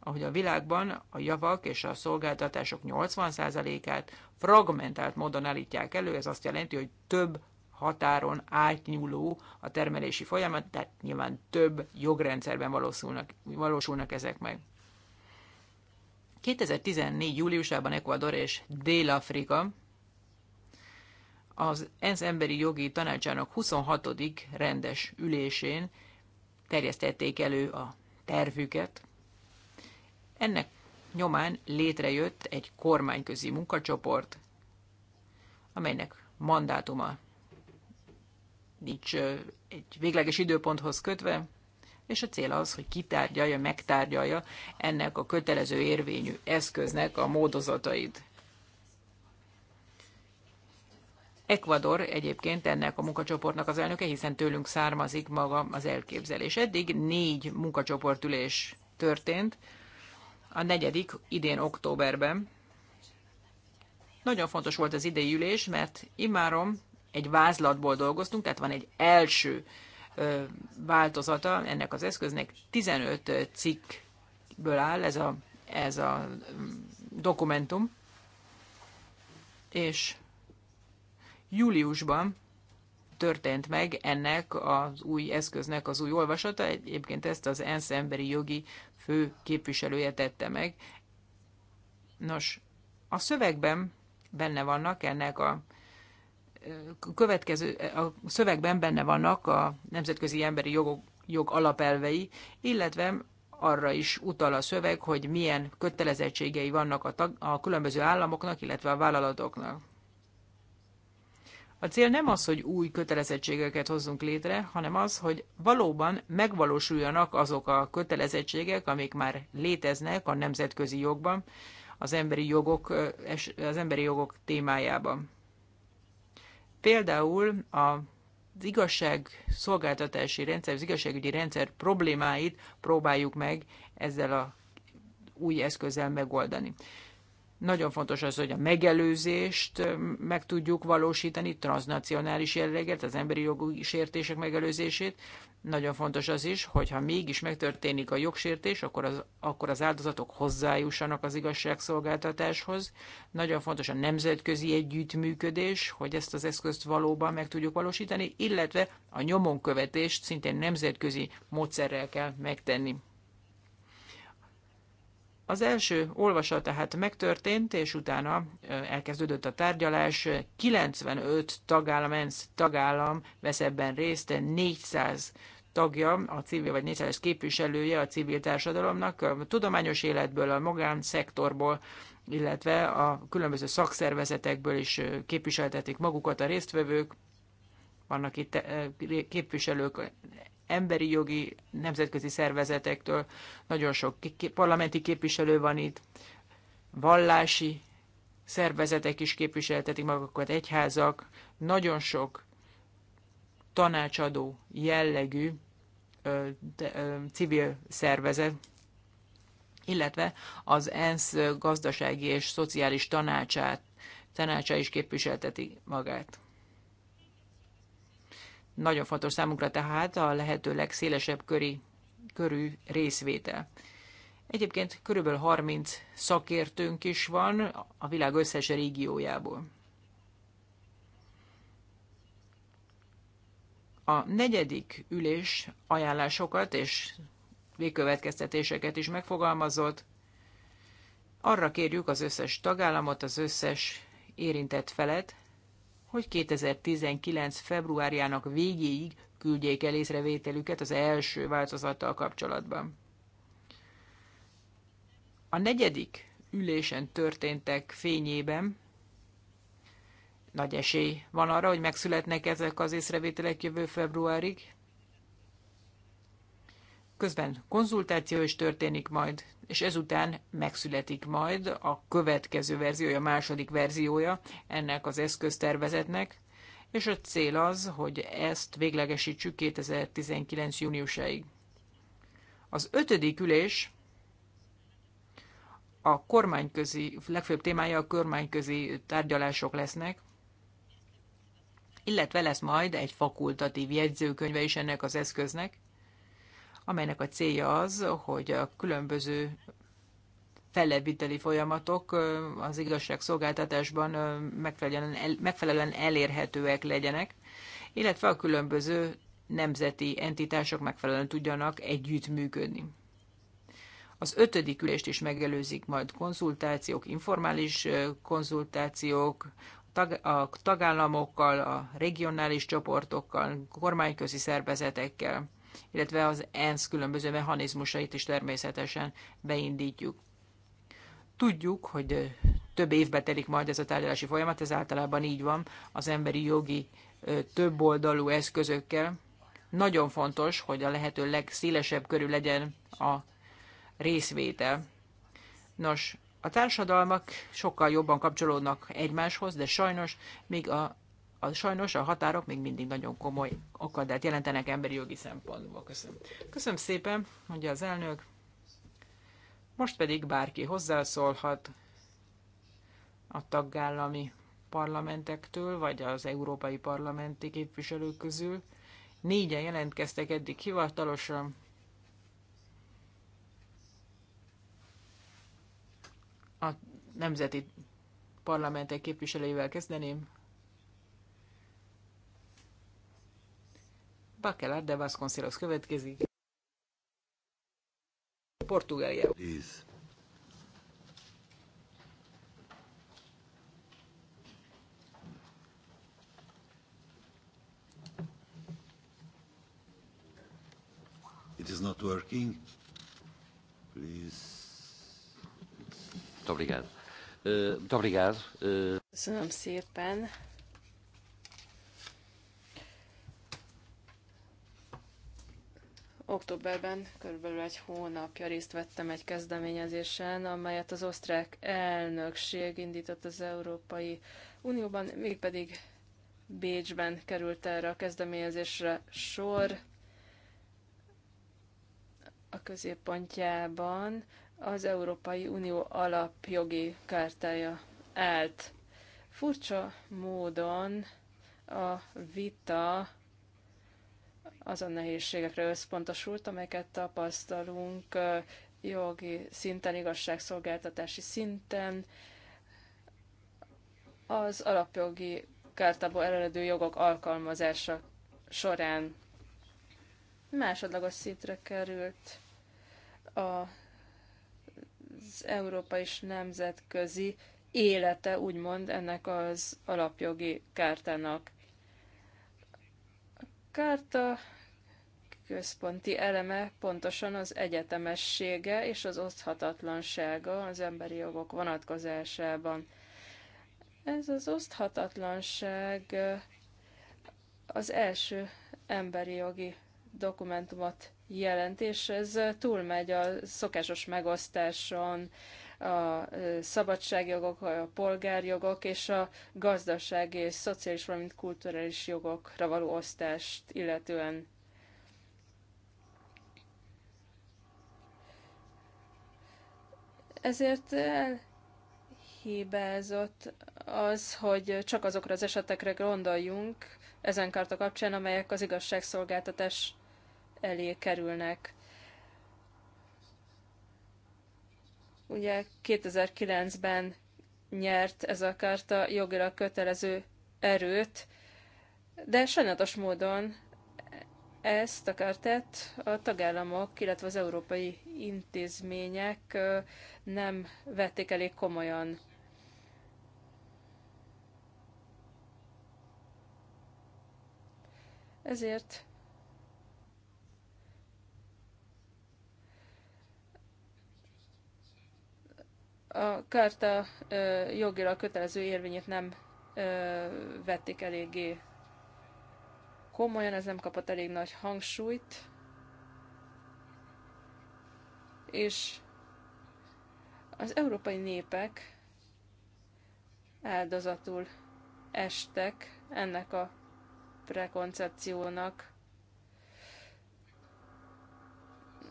ahogy a világban a javak és a szolgáltatások 80%-át fragmentált módon állítják elő, ez azt jelenti, hogy több határon átnyúló a termelési folyamat, tehát nyilván több jogrendszerben valósulnak, valósulnak ezek meg. 2014. júliusában Ecuador és Dél-Afrika az ENSZ emberi jogi tanácsának 26. rendes ülésén terjesztették elő a tervüket, ennek nyomán létrejött egy kormányközi munkacsoport, amelynek mandátuma nincs egy végleges időponthoz kötve, és a cél az, hogy kitárgyalja, megtárgyalja ennek a kötelező érvényű eszköznek a módozatait. Ecuador egyébként ennek a munkacsoportnak az elnöke, hiszen tőlünk származik maga az elképzelés. Eddig négy munkacsoportülés történt, a negyedik idén októberben. Nagyon fontos volt az idei ülés, mert immárom egy vázlatból dolgoztunk, tehát van egy első változata ennek az eszköznek. 15 cikkből áll ez a, ez a dokumentum, és júliusban történt meg ennek az új eszköznek az új olvasata. Egyébként ezt az ENSZ emberi jogi fő képviselője tette meg. Nos, a szövegben benne vannak ennek a következő, a szövegben benne vannak a nemzetközi emberi jogok, jog alapelvei, illetve arra is utal a szöveg, hogy milyen kötelezettségei vannak a, tag, a különböző államoknak, illetve a vállalatoknak. A cél nem az, hogy új kötelezettségeket hozzunk létre, hanem az, hogy valóban megvalósuljanak azok a kötelezettségek, amik már léteznek a nemzetközi jogban, az emberi jogok, az emberi jogok témájában. Például a az igazság szolgáltatási rendszer, az igazságügyi rendszer problémáit próbáljuk meg ezzel a új eszközzel megoldani. Nagyon fontos az, hogy a megelőzést meg tudjuk valósítani, transnacionális jelleget, az emberi jogi sértések megelőzését. Nagyon fontos az is, hogyha mégis megtörténik a jogsértés, akkor az, akkor az áldozatok hozzájussanak az igazságszolgáltatáshoz. Nagyon fontos a nemzetközi együttműködés, hogy ezt az eszközt valóban meg tudjuk valósítani, illetve a nyomonkövetést szintén nemzetközi módszerrel kell megtenni. Az első olvasa tehát megtörtént, és utána elkezdődött a tárgyalás. 95 tagállam, ENSZ tagállam vesz ebben részt, 400 tagja, a civil vagy 400 képviselője a civil társadalomnak, a tudományos életből, a magánszektorból, illetve a különböző szakszervezetekből is képviseltetik magukat a résztvevők, vannak itt képviselők emberi jogi nemzetközi szervezetektől, nagyon sok parlamenti képviselő van itt, vallási szervezetek is képviseltetik magukat, egyházak, nagyon sok tanácsadó jellegű ö, de, ö, civil szervezet, illetve az ENSZ gazdasági és szociális tanácsát, tanácsa is képviselteti magát. Nagyon fontos számunkra tehát a lehető legszélesebb köri, körű részvétel. Egyébként körülbelül 30 szakértőnk is van a világ összes régiójából. A negyedik ülés ajánlásokat és végkövetkeztetéseket is megfogalmazott. Arra kérjük az összes tagállamot, az összes érintett felet, hogy 2019. februárjának végéig küldjék el észrevételüket az első változattal kapcsolatban. A negyedik ülésen történtek fényében nagy esély van arra, hogy megszületnek ezek az észrevételek jövő februárig. Közben konzultáció is történik majd, és ezután megszületik majd a következő verziója, a második verziója ennek az eszköztervezetnek, és a cél az, hogy ezt véglegesítsük 2019. júniusáig. Az ötödik ülés a kormányközi, legfőbb témája a kormányközi tárgyalások lesznek, illetve lesz majd egy fakultatív jegyzőkönyve is ennek az eszköznek, amelynek a célja az, hogy a különböző felleviteli folyamatok az igazságszolgáltatásban megfelelően, megfelelően elérhetőek legyenek, illetve a különböző nemzeti entitások megfelelően tudjanak együttműködni. Az ötödik ülést is megelőzik majd konzultációk, informális konzultációk, a tagállamokkal, a regionális csoportokkal, kormányközi szervezetekkel, illetve az ENSZ különböző mechanizmusait is természetesen beindítjuk. Tudjuk, hogy több évbe telik majd ez a tárgyalási folyamat, ez általában így van az emberi jogi többoldalú eszközökkel. Nagyon fontos, hogy a lehető legszélesebb körül legyen a részvétel. Nos, a társadalmak sokkal jobban kapcsolódnak egymáshoz, de sajnos még a a, sajnos a határok még mindig nagyon komoly akadályt jelentenek emberi jogi szempontból. Köszönöm. Köszönöm szépen, mondja az elnök. Most pedig bárki hozzászólhat a tagállami parlamentektől, vagy az európai parlamenti képviselők közül. Négyen jelentkeztek eddig hivatalosan. A nemzeti parlamentek képviselőivel kezdeném. Bacelar de Vasconcelos következik. Portugália. Please. It is not working. Please. Muito obrigado. Uh, muito obrigado. Uh... Köszönöm szépen. Októberben körülbelül egy hónapja részt vettem egy kezdeményezésen, amelyet az osztrák elnökség indított az Európai Unióban, mégpedig Bécsben került erre a kezdeményezésre sor. A középpontjában az Európai Unió alapjogi kártája állt. Furcsa módon a vita azon nehézségekre összpontosult, amelyeket tapasztalunk jogi szinten, igazságszolgáltatási szinten, az alapjogi kártából eredő jogok alkalmazása során másodlagos szintre került a, az európai és nemzetközi élete, úgymond ennek az alapjogi kártának kárta központi eleme pontosan az egyetemessége és az oszthatatlansága az emberi jogok vonatkozásában. Ez az oszthatatlanság az első emberi jogi dokumentumot jelent, és ez túlmegy a szokásos megosztáson, a szabadságjogok, a polgárjogok és a gazdasági és szociális, valamint kulturális jogokra való osztást illetően. Ezért hibázott az, hogy csak azokra az esetekre gondoljunk ezen karta kapcsán, amelyek az igazságszolgáltatás elé kerülnek. Ugye 2009-ben nyert ez a kárta jogilag kötelező erőt, de sajnálatos módon ezt a kártát a tagállamok, illetve az európai intézmények nem vették elég komolyan. Ezért a kárta jogilag kötelező érvényét nem vették eléggé komolyan, ez nem kapott elég nagy hangsúlyt, és az európai népek áldozatul estek ennek a prekoncepciónak,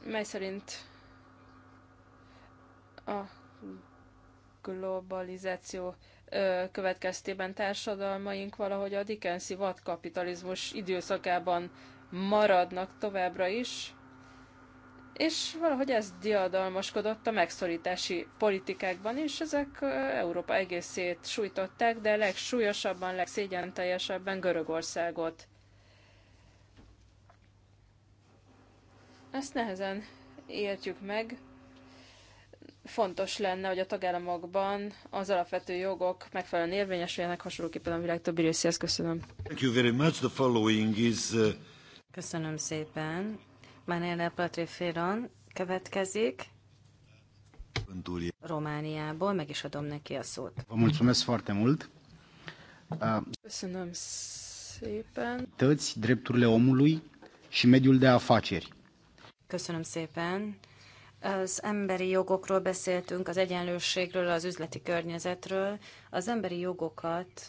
mely szerint a globalizáció következtében társadalmaink valahogy a Dickensi vadkapitalizmus időszakában maradnak továbbra is, és valahogy ez diadalmaskodott a megszorítási politikákban is, ezek Európa egészét sújtották, de legsúlyosabban, legszégyenteljesebben Görögországot. Ezt nehezen értjük meg, fontos lenne, hogy a tagállamokban az alapvető jogok megfelelően érvényesüljenek, hasonlóképpen a világ többi részéhez. Köszönöm. Thank you very much. The following is, uh... Köszönöm szépen. Patri Féron következik. Romániából, meg is adom neki a szót. Köszönöm szépen. Tăți, drepturile omului și mediul de afaceri. Köszönöm szépen. Az emberi jogokról beszéltünk, az egyenlőségről, az üzleti környezetről. Az emberi jogokat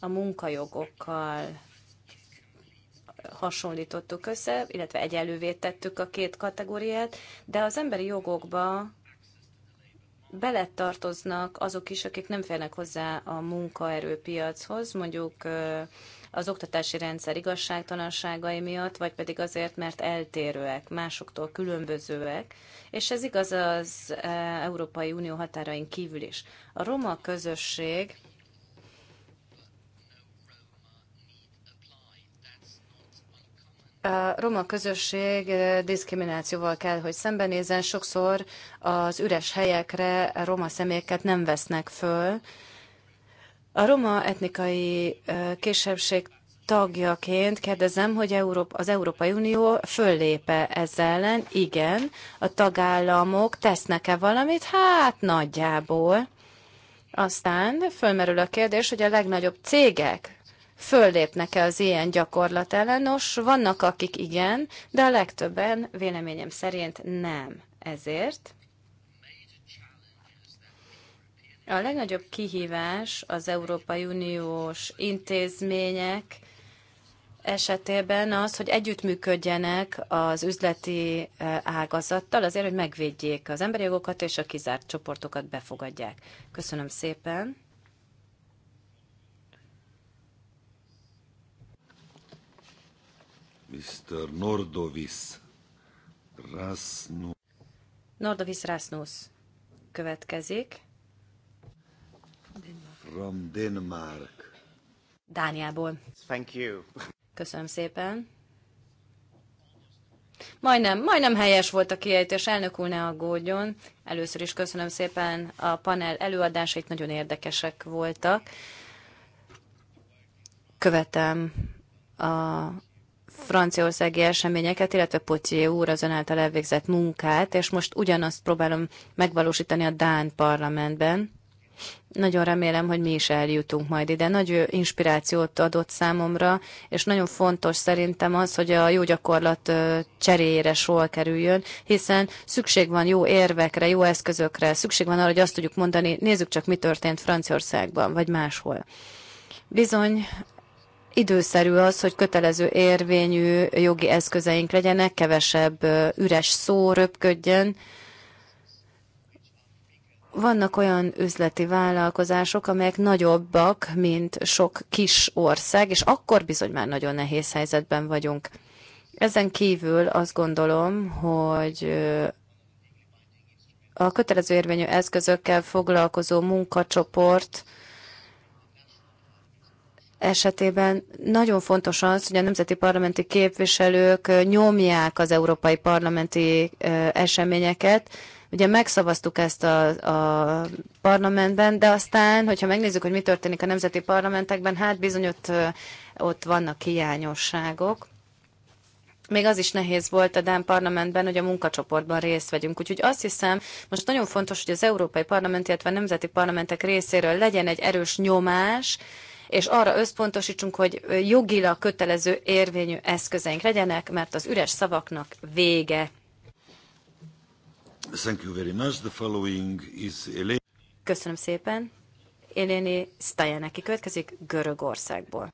a munkajogokkal hasonlítottuk össze, illetve egyenlővé tettük a két kategóriát, de az emberi jogokba beletartoznak azok is, akik nem férnek hozzá a munkaerőpiachoz, mondjuk az oktatási rendszer igazságtalanságai miatt, vagy pedig azért, mert eltérőek, másoktól különbözőek, és ez igaz az e, Európai Unió határain kívül is. A roma közösség A roma közösség e, diszkriminációval kell, hogy szembenézzen. Sokszor az üres helyekre roma személyeket nem vesznek föl, a roma etnikai kisebbség tagjaként kérdezem, hogy Európa, az Európai Unió föllépe ezzel ellen? Igen. A tagállamok tesznek-e valamit? Hát nagyjából. Aztán fölmerül a kérdés, hogy a legnagyobb cégek föllépnek-e az ilyen gyakorlat ellen? Nos, vannak akik igen, de a legtöbben véleményem szerint nem. Ezért A legnagyobb kihívás az Európai Uniós intézmények esetében az, hogy együttműködjenek az üzleti e, ágazattal azért, hogy megvédjék az emberi jogokat és a kizárt csoportokat befogadják. Köszönöm szépen. Mr. Nordovis Rasnus. Nordovis Rasnus következik. From Denmark. Dániából. Thank you. Köszönöm szépen. Majdnem, majdnem helyes volt a kiejtés, elnök úr ne aggódjon. Először is köszönöm szépen a panel előadásait, nagyon érdekesek voltak. Követem a franciaországi eseményeket, illetve Potié úr az által elvégzett munkát, és most ugyanazt próbálom megvalósítani a Dán parlamentben. Nagyon remélem, hogy mi is eljutunk majd ide. Nagy inspirációt adott számomra, és nagyon fontos szerintem az, hogy a jó gyakorlat cseréjére sor kerüljön, hiszen szükség van jó érvekre, jó eszközökre, szükség van arra, hogy azt tudjuk mondani, nézzük csak, mi történt Franciaországban, vagy máshol. Bizony, időszerű az, hogy kötelező érvényű jogi eszközeink legyenek, kevesebb üres szó röpködjön, vannak olyan üzleti vállalkozások, amelyek nagyobbak, mint sok kis ország, és akkor bizony már nagyon nehéz helyzetben vagyunk. Ezen kívül azt gondolom, hogy a kötelező érvényű eszközökkel foglalkozó munkacsoport esetében nagyon fontos az, hogy a nemzeti parlamenti képviselők nyomják az európai parlamenti eseményeket, Ugye megszavaztuk ezt a, a parlamentben, de aztán, hogyha megnézzük, hogy mi történik a nemzeti parlamentekben, hát bizony ott, ott vannak hiányosságok. Még az is nehéz volt a Dán parlamentben, hogy a munkacsoportban részt vegyünk. Úgyhogy azt hiszem, most nagyon fontos, hogy az Európai Parlament, illetve a nemzeti parlamentek részéről legyen egy erős nyomás, és arra összpontosítsunk, hogy jogilag kötelező érvényű eszközeink legyenek, mert az üres szavaknak vége. Thank you very much. The following is Eleni. Köszönöm szépen. Eleni Stajaneki következik Görögországból.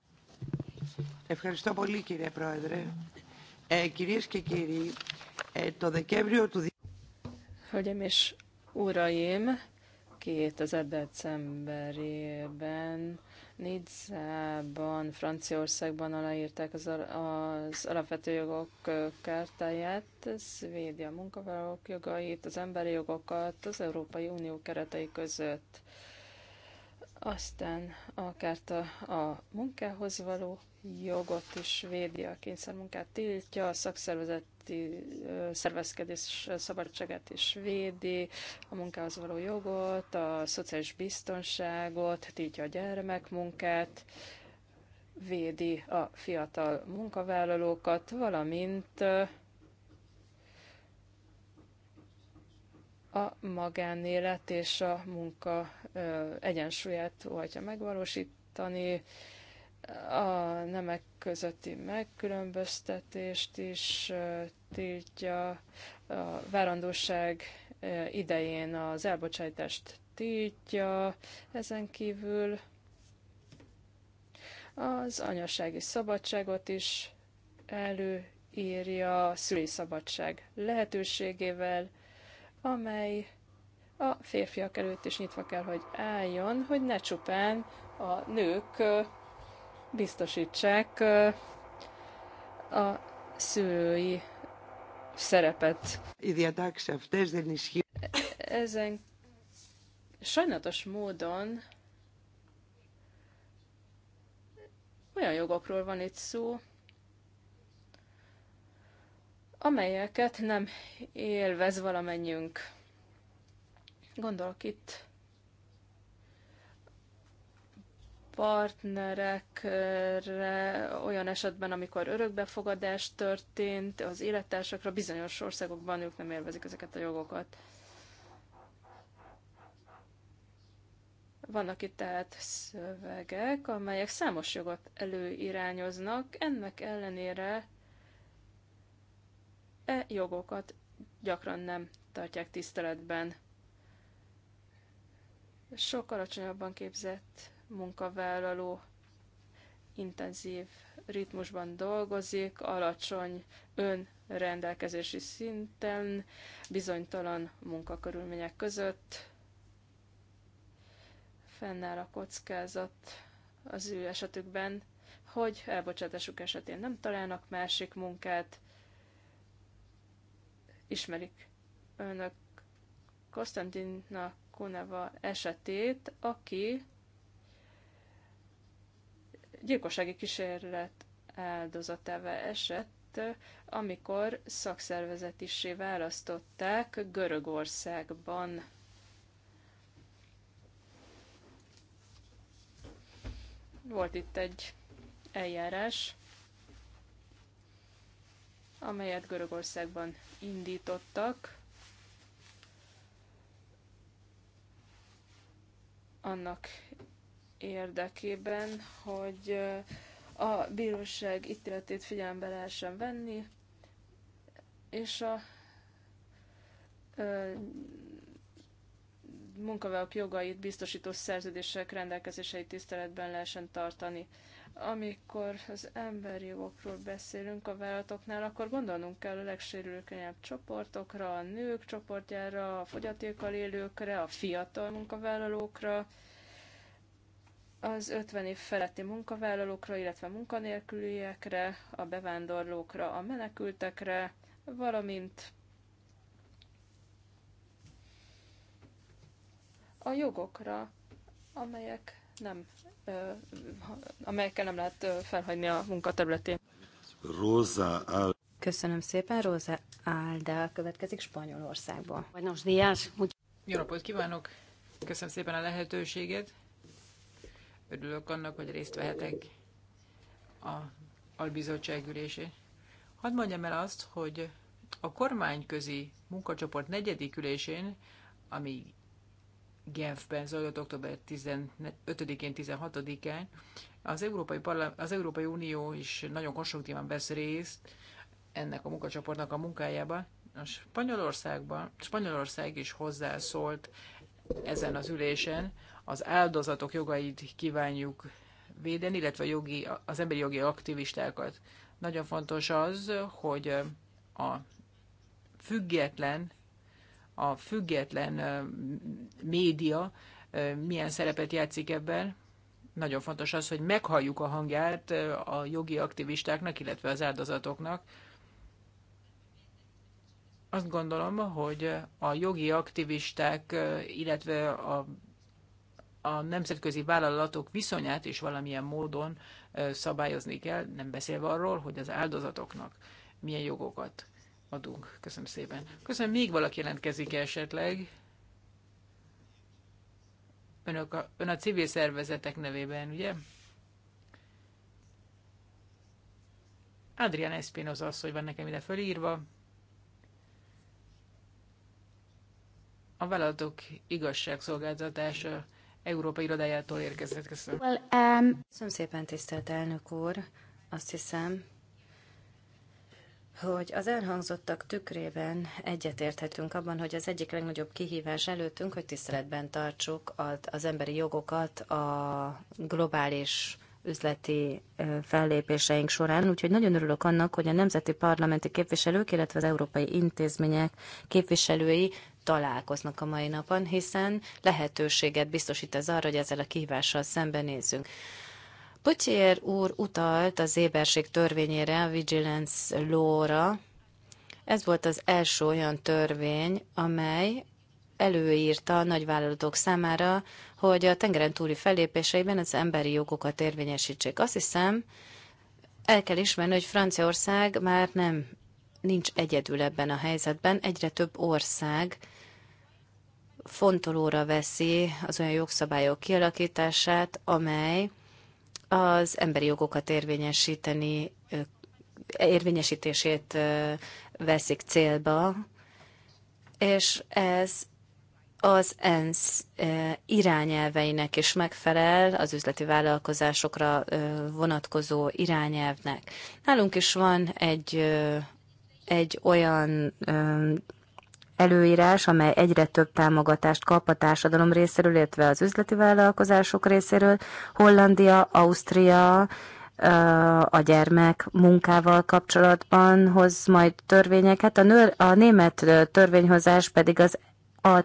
Ευχαριστώ πολύ κύριε Πρόεδρε. Ε, κυρίες και κύριοι, ε, το Δεκέμβριο του... Hölgyeim és uraim, 2000 decemberében Nidzában, Franciaországban aláírták az, az alapvető jogok kártáját, ez védi a munkavállalók jogait, az emberi jogokat az Európai Unió keretei között. Aztán a kárta a munkához való jogot is védi, a kényszermunkát tiltja, a szakszervezet nemzeti szervezkedés szabadságát is védi, a munkához való jogot, a szociális biztonságot, tiltja hát a gyermekmunkát, védi a fiatal munkavállalókat, valamint a magánélet és a munka egyensúlyát óhajtja megvalósítani, a nemek közötti megkülönböztetést is tiltja, a várandóság idején az elbocsájtást tiltja, ezen kívül az anyasági szabadságot is előírja a szüli szabadság lehetőségével, amely a férfiak előtt is nyitva kell, hogy álljon, hogy ne csupán a nők biztosítsák a szülői szerepet. Ezen sajnálatos módon olyan jogokról van itt szó, amelyeket nem élvez valamennyünk. Gondolok itt partnerekre olyan esetben, amikor örökbefogadás történt, az élettársakra bizonyos országokban ők nem élvezik ezeket a jogokat. Vannak itt tehát szövegek, amelyek számos jogot előirányoznak, ennek ellenére e jogokat gyakran nem tartják tiszteletben. Sok alacsonyabban képzett munkavállaló intenzív ritmusban dolgozik, alacsony önrendelkezési szinten, bizonytalan munkakörülmények között. Fennáll a kockázat az ő esetükben, hogy elbocsátásuk esetén nem találnak másik munkát. Ismerik önök Konstantina Kuneva esetét, aki gyilkossági kísérlet áldozatává esett, amikor szakszervezetissé választották Görögországban. Volt itt egy eljárás, amelyet Görögországban indítottak. Annak érdekében, hogy a bíróság ítéletét figyelembe lehessen venni, és a munkavállalók jogait biztosító szerződések rendelkezéseit tiszteletben lehessen tartani. Amikor az emberi jogokról beszélünk a vállalatoknál, akkor gondolnunk kell a legsérülékenyebb csoportokra, a nők csoportjára, a fogyatékkal élőkre, a fiatal munkavállalókra, az 50 év feletti munkavállalókra, illetve munkanélküliekre, a bevándorlókra, a menekültekre, valamint a jogokra, amelyek nem, amelyekkel nem lehet felhagyni a munkaterületén. Rosa Al- Köszönöm szépen, Rosa Álda következik Spanyolországból. Buenos días. Jó napot kívánok! Köszönöm szépen a lehetőséget. Örülök annak, hogy részt vehetek a albizottság ülésén. Hadd mondjam el azt, hogy a kormányközi munkacsoport negyedik ülésén, ami Genfben zajlott október 15-én, 16-án, az Európai, az Európai Unió is nagyon konstruktívan vesz részt ennek a munkacsoportnak a munkájába. A Spanyolországban, Spanyolország is hozzászólt ezen az ülésen az áldozatok jogait kívánjuk védeni, illetve jogi, az emberi jogi aktivistákat. Nagyon fontos az, hogy a független, a független média milyen szerepet játszik ebben. Nagyon fontos az, hogy meghalljuk a hangját a jogi aktivistáknak, illetve az áldozatoknak. Azt gondolom, hogy a jogi aktivisták, illetve a a nemzetközi vállalatok viszonyát is valamilyen módon szabályozni kell, nem beszélve arról, hogy az áldozatoknak milyen jogokat adunk. Köszönöm szépen. Köszönöm, még valaki jelentkezik -e esetleg? Önök a, ön a civil szervezetek nevében, ugye? Adrián Espinoza az, hogy van nekem ide fölírva. A vállalatok igazságszolgáltatása Európa irodájától érkezett. Köszönöm. Well, um... Köszönöm szépen, tisztelt elnök úr. Azt hiszem, hogy az elhangzottak tükrében egyetérthetünk abban, hogy az egyik legnagyobb kihívás előttünk, hogy tiszteletben tartsuk az emberi jogokat a globális üzleti fellépéseink során. Úgyhogy nagyon örülök annak, hogy a nemzeti parlamenti képviselők, illetve az európai intézmények képviselői találkoznak a mai napon, hiszen lehetőséget biztosít ez arra, hogy ezzel a kihívással szembenézzünk. Putyier úr utalt az éberség törvényére, a Vigilance Law-ra. Ez volt az első olyan törvény, amely előírta a nagyvállalatok számára, hogy a tengeren túli fellépéseiben az emberi jogokat érvényesítsék. Azt hiszem, el kell ismerni, hogy Franciaország már nem nincs egyedül ebben a helyzetben. Egyre több ország fontolóra veszi az olyan jogszabályok kialakítását, amely az emberi jogokat érvényesíteni, érvényesítését veszik célba, és ez az ENSZ irányelveinek is megfelel, az üzleti vállalkozásokra vonatkozó irányelvnek. Nálunk is van egy, egy olyan előírás, amely egyre több támogatást kap a társadalom részéről, illetve az üzleti vállalkozások részéről. Hollandia, Ausztria, a gyermek munkával kapcsolatban hoz majd törvényeket. A, nő, a német törvényhozás pedig az a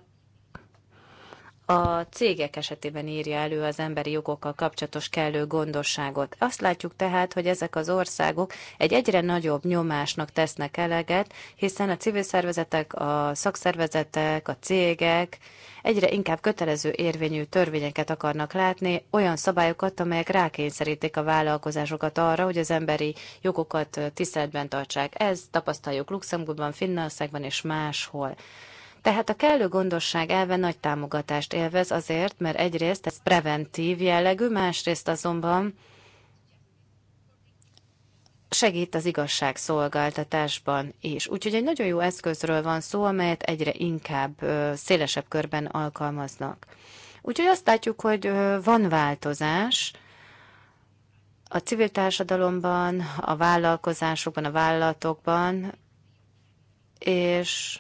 a cégek esetében írja elő az emberi jogokkal kapcsolatos kellő gondosságot. Azt látjuk tehát, hogy ezek az országok egy egyre nagyobb nyomásnak tesznek eleget, hiszen a civil szervezetek, a szakszervezetek, a cégek egyre inkább kötelező érvényű törvényeket akarnak látni, olyan szabályokat, amelyek rákényszerítik a vállalkozásokat arra, hogy az emberi jogokat tiszteletben tartsák. Ez tapasztaljuk Luxemburgban, Finnországban és máshol. Tehát a kellő gondosság elve nagy támogatást élvez azért, mert egyrészt ez preventív jellegű, másrészt azonban segít az szolgáltatásban is. Úgyhogy egy nagyon jó eszközről van szó, amelyet egyre inkább szélesebb körben alkalmaznak. Úgyhogy azt látjuk, hogy van változás a civil társadalomban, a vállalkozásokban, a vállalatokban, és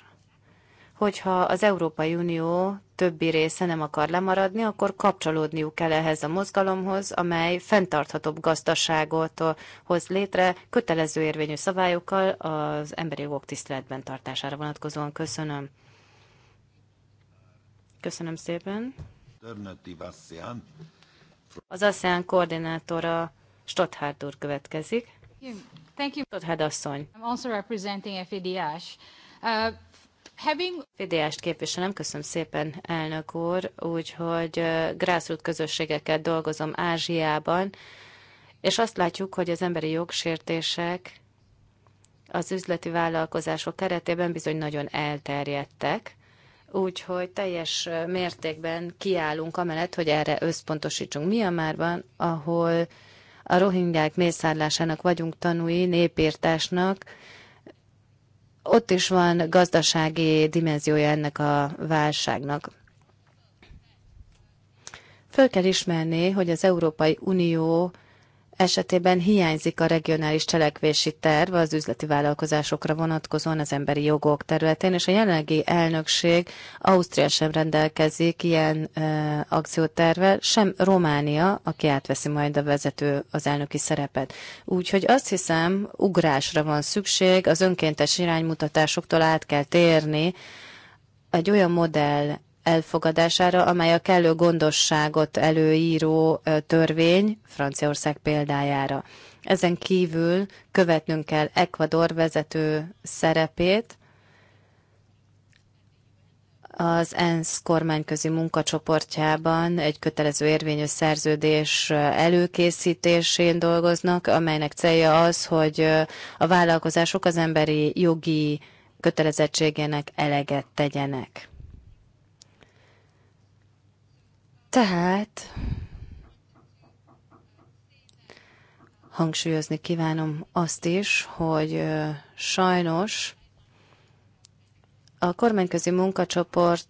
hogyha az Európai Unió többi része nem akar lemaradni, akkor kapcsolódniuk kell ehhez a mozgalomhoz, amely fenntarthatóbb gazdaságot hoz létre, kötelező érvényű szabályokkal az emberi jogok tiszteletben tartására vonatkozóan. Köszönöm. Köszönöm szépen. Az ASEAN koordinátora Stotthard úr következik. Stotthard asszony. I'm also representing Uh, having... Fidiást képviselem, köszönöm szépen, elnök úr, úgyhogy grassroot közösségeket dolgozom Ázsiában, és azt látjuk, hogy az emberi jogsértések az üzleti vállalkozások keretében bizony nagyon elterjedtek, úgyhogy teljes mértékben kiállunk amellett, hogy erre összpontosítsunk márban, ahol a rohingyák mészárlásának vagyunk tanúi, népírtásnak, ott is van gazdasági dimenziója ennek a válságnak. Föl kell ismerni, hogy az Európai Unió esetében hiányzik a regionális cselekvési terv az üzleti vállalkozásokra vonatkozóan az emberi jogok területén, és a jelenlegi elnökség Ausztria sem rendelkezik ilyen e, akciótervel, sem Románia, aki átveszi majd a vezető az elnöki szerepet. Úgyhogy azt hiszem, ugrásra van szükség, az önkéntes iránymutatásoktól át kell térni egy olyan modell elfogadására, amely a kellő gondosságot előíró törvény Franciaország példájára. Ezen kívül követnünk kell Ecuador vezető szerepét, az ENSZ kormányközi munkacsoportjában egy kötelező érvényű szerződés előkészítésén dolgoznak, amelynek célja az, hogy a vállalkozások az emberi jogi kötelezettségének eleget tegyenek. Tehát hangsúlyozni kívánom azt is, hogy sajnos a kormányközi munkacsoport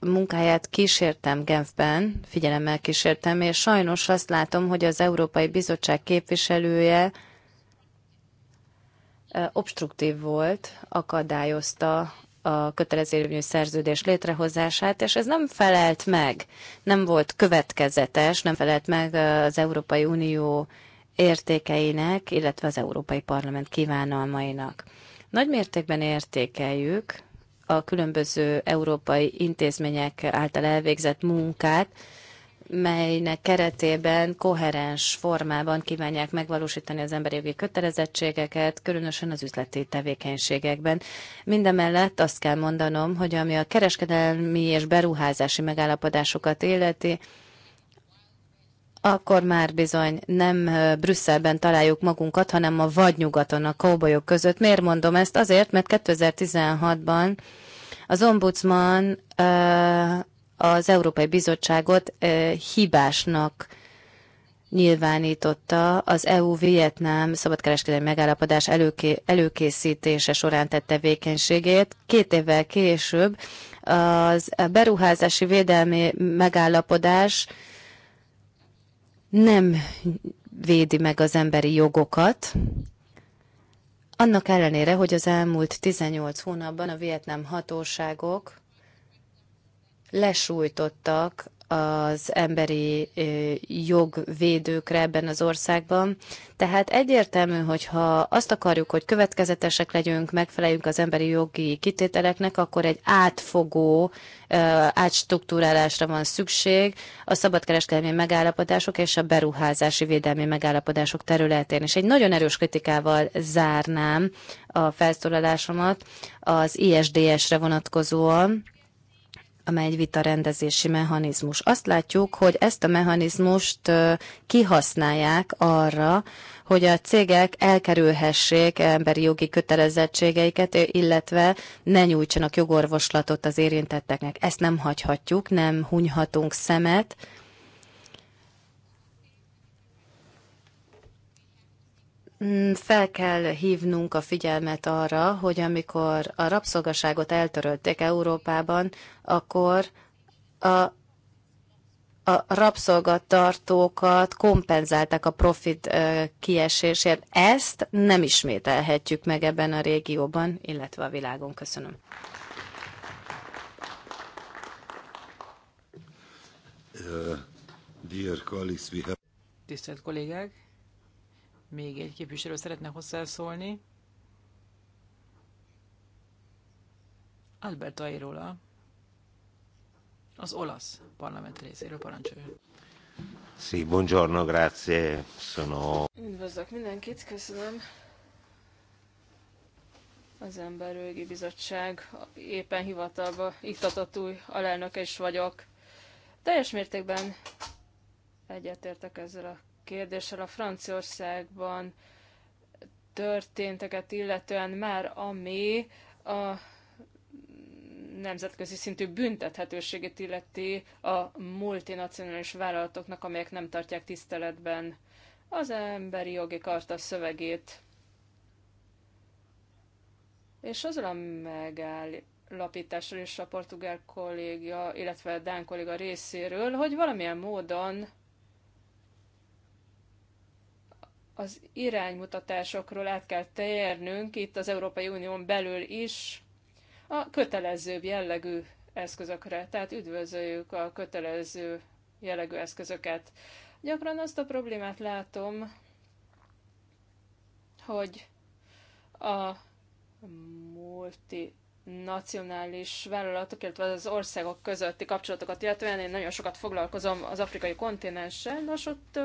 munkáját kísértem Genfben, figyelemmel kísértem, és sajnos azt látom, hogy az Európai Bizottság képviselője obstruktív volt, akadályozta a kötelező szerződés létrehozását, és ez nem felelt meg, nem volt következetes, nem felelt meg az Európai Unió értékeinek, illetve az Európai Parlament kívánalmainak. Nagy mértékben értékeljük a különböző európai intézmények által elvégzett munkát, melynek keretében koherens formában kívánják megvalósítani az emberi jogi kötelezettségeket, különösen az üzleti tevékenységekben. Mindemellett azt kell mondanom, hogy ami a kereskedelmi és beruházási megállapodásokat illeti, akkor már bizony nem Brüsszelben találjuk magunkat, hanem a vadnyugaton, a kóbolyok között. Miért mondom ezt? Azért, mert 2016-ban az ombudsman az Európai Bizottságot hibásnak nyilvánította az EU-Vietnám szabadkereskedelmi megállapodás előké, előkészítése során tett tevékenységét. Két évvel később az beruházási védelmi megállapodás nem védi meg az emberi jogokat, annak ellenére, hogy az elmúlt 18 hónapban a vietnám hatóságok lesújtottak az emberi jogvédőkre ebben az országban. Tehát egyértelmű, hogy ha azt akarjuk, hogy következetesek legyünk, megfeleljünk az emberi jogi kitételeknek, akkor egy átfogó átstruktúrálásra van szükség a szabadkereskedelmi megállapodások és a beruházási védelmi megállapodások területén. És egy nagyon erős kritikával zárnám a felszólalásomat az ISDS-re vonatkozóan amely egy vita rendezési mechanizmus. Azt látjuk, hogy ezt a mechanizmust kihasználják arra, hogy a cégek elkerülhessék emberi jogi kötelezettségeiket, illetve ne nyújtsanak jogorvoslatot az érintetteknek. Ezt nem hagyhatjuk, nem hunyhatunk szemet Mm, fel kell hívnunk a figyelmet arra, hogy amikor a rabszolgaságot eltörölték Európában, akkor a a rabszolgatartókat kompenzálták a profit kiesésért. Ezt nem ismételhetjük meg ebben a régióban, illetve a világon. Köszönöm. Uh, dear colleagues, we have... Tisztelt kollégák, még egy képviselő szeretne hozzászólni. Albert Airola, az olasz parlament részéről parancsolja. Sí, buongiorno, grazie, sono... Üdvözlök mindenkit, köszönöm. Az Emberőgi Bizottság éppen hivatalba iktatott új alelnök is vagyok. Teljes mértékben egyetértek ezzel a kérdéssel a Franciaországban történteket illetően már ami a nemzetközi szintű büntethetőségét illeti a multinacionális vállalatoknak, amelyek nem tartják tiszteletben az emberi jogi karta szövegét. És azzal a megállapítással is a portugál kolléga, illetve a dán kolléga részéről, hogy valamilyen módon az iránymutatásokról át kell térnünk itt az Európai Unión belül is a kötelezőbb jellegű eszközökre. Tehát üdvözöljük a kötelező jellegű eszközöket. Gyakran azt a problémát látom, hogy a multi nacionális vállalatok, illetve az országok közötti kapcsolatokat illetve én nagyon sokat foglalkozom az afrikai kontinenssel, nos ott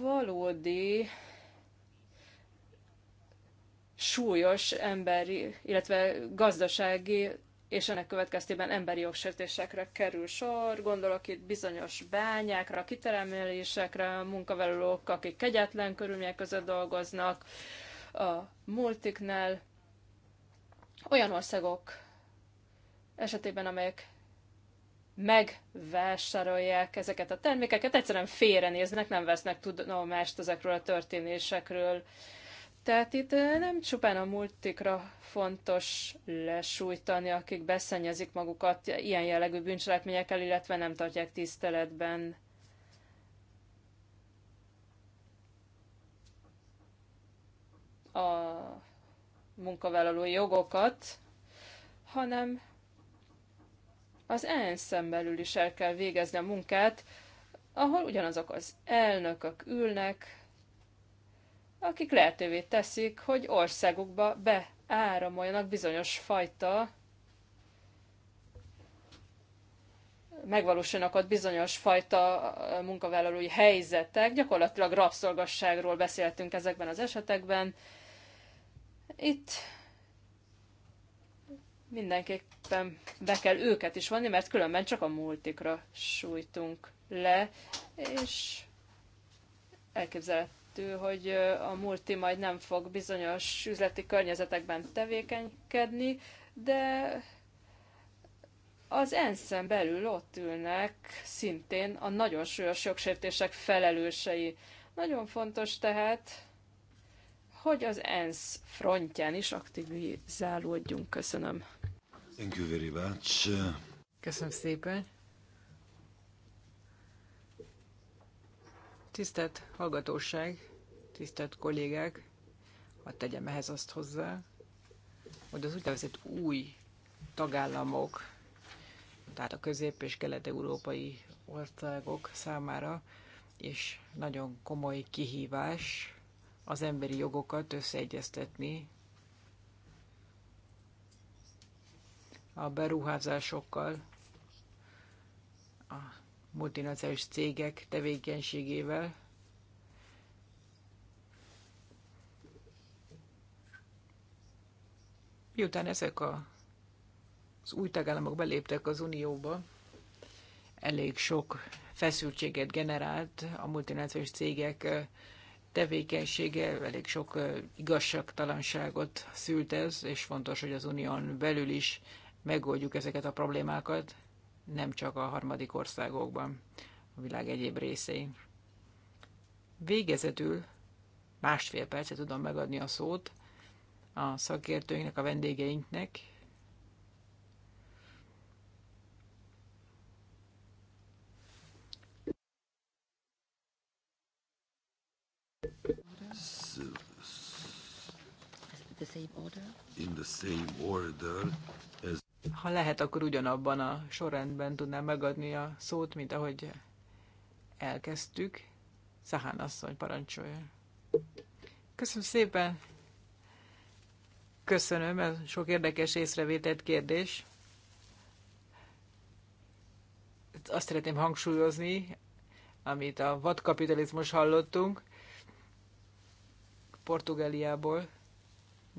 valódi súlyos emberi, illetve gazdasági és ennek következtében emberi jogsértésekre kerül sor. Gondolok itt bizonyos bányákra, kiteremelésekre, munkavállalók, akik kegyetlen körülmények között dolgoznak, a multiknál, olyan országok esetében, amelyek megvásárolják ezeket a termékeket, egyszerűen félrenéznek, nem vesznek tudomást ezekről a történésekről. Tehát itt nem csupán a multikra fontos lesújtani, akik beszennyezik magukat ilyen jellegű bűncselekményekkel, illetve nem tartják tiszteletben a munkavállalói jogokat, hanem az ENSZ-en belül is el kell végezni a munkát, ahol ugyanazok az elnökök ülnek, akik lehetővé teszik, hogy országukba beáramoljanak bizonyos fajta, megvalósulnak ott bizonyos fajta munkavállalói helyzetek. Gyakorlatilag rabszolgasságról beszéltünk ezekben az esetekben. Itt mindenképpen be kell őket is vonni, mert különben csak a multikra sújtunk le, és elképzelhető, hogy a multi majd nem fog bizonyos üzleti környezetekben tevékenykedni, de az ensz belül ott ülnek szintén a nagyon súlyos jogsértések felelősei. Nagyon fontos tehát, hogy az ENSZ frontján is aktivizálódjunk. Köszönöm. Thank you very much. Köszönöm szépen. Tisztelt hallgatóság, tisztelt kollégák, hadd tegyem ehhez azt hozzá, hogy az úgynevezett új tagállamok, tehát a közép- és kelet-európai országok számára és nagyon komoly kihívás az emberi jogokat összeegyeztetni a beruházásokkal, a multinacionális cégek tevékenységével. Miután ezek a, az új tagállamok beléptek az Unióba, elég sok feszültséget generált a multinacionális cégek tevékenysége, elég sok igazságtalanságot szült ez, és fontos, hogy az unión belül is megoldjuk ezeket a problémákat, nem csak a harmadik országokban, a világ egyéb részein. Végezetül másfél percet tudom megadni a szót a szakértőinknek, a vendégeinknek, in the same order as... Ha lehet, akkor ugyanabban a sorrendben tudnám megadni a szót, mint ahogy elkezdtük. Szahán asszony parancsolja. Köszönöm szépen! Köszönöm, ez sok érdekes észrevételt kérdés. Azt szeretném hangsúlyozni, amit a vadkapitalizmus hallottunk Portugáliából.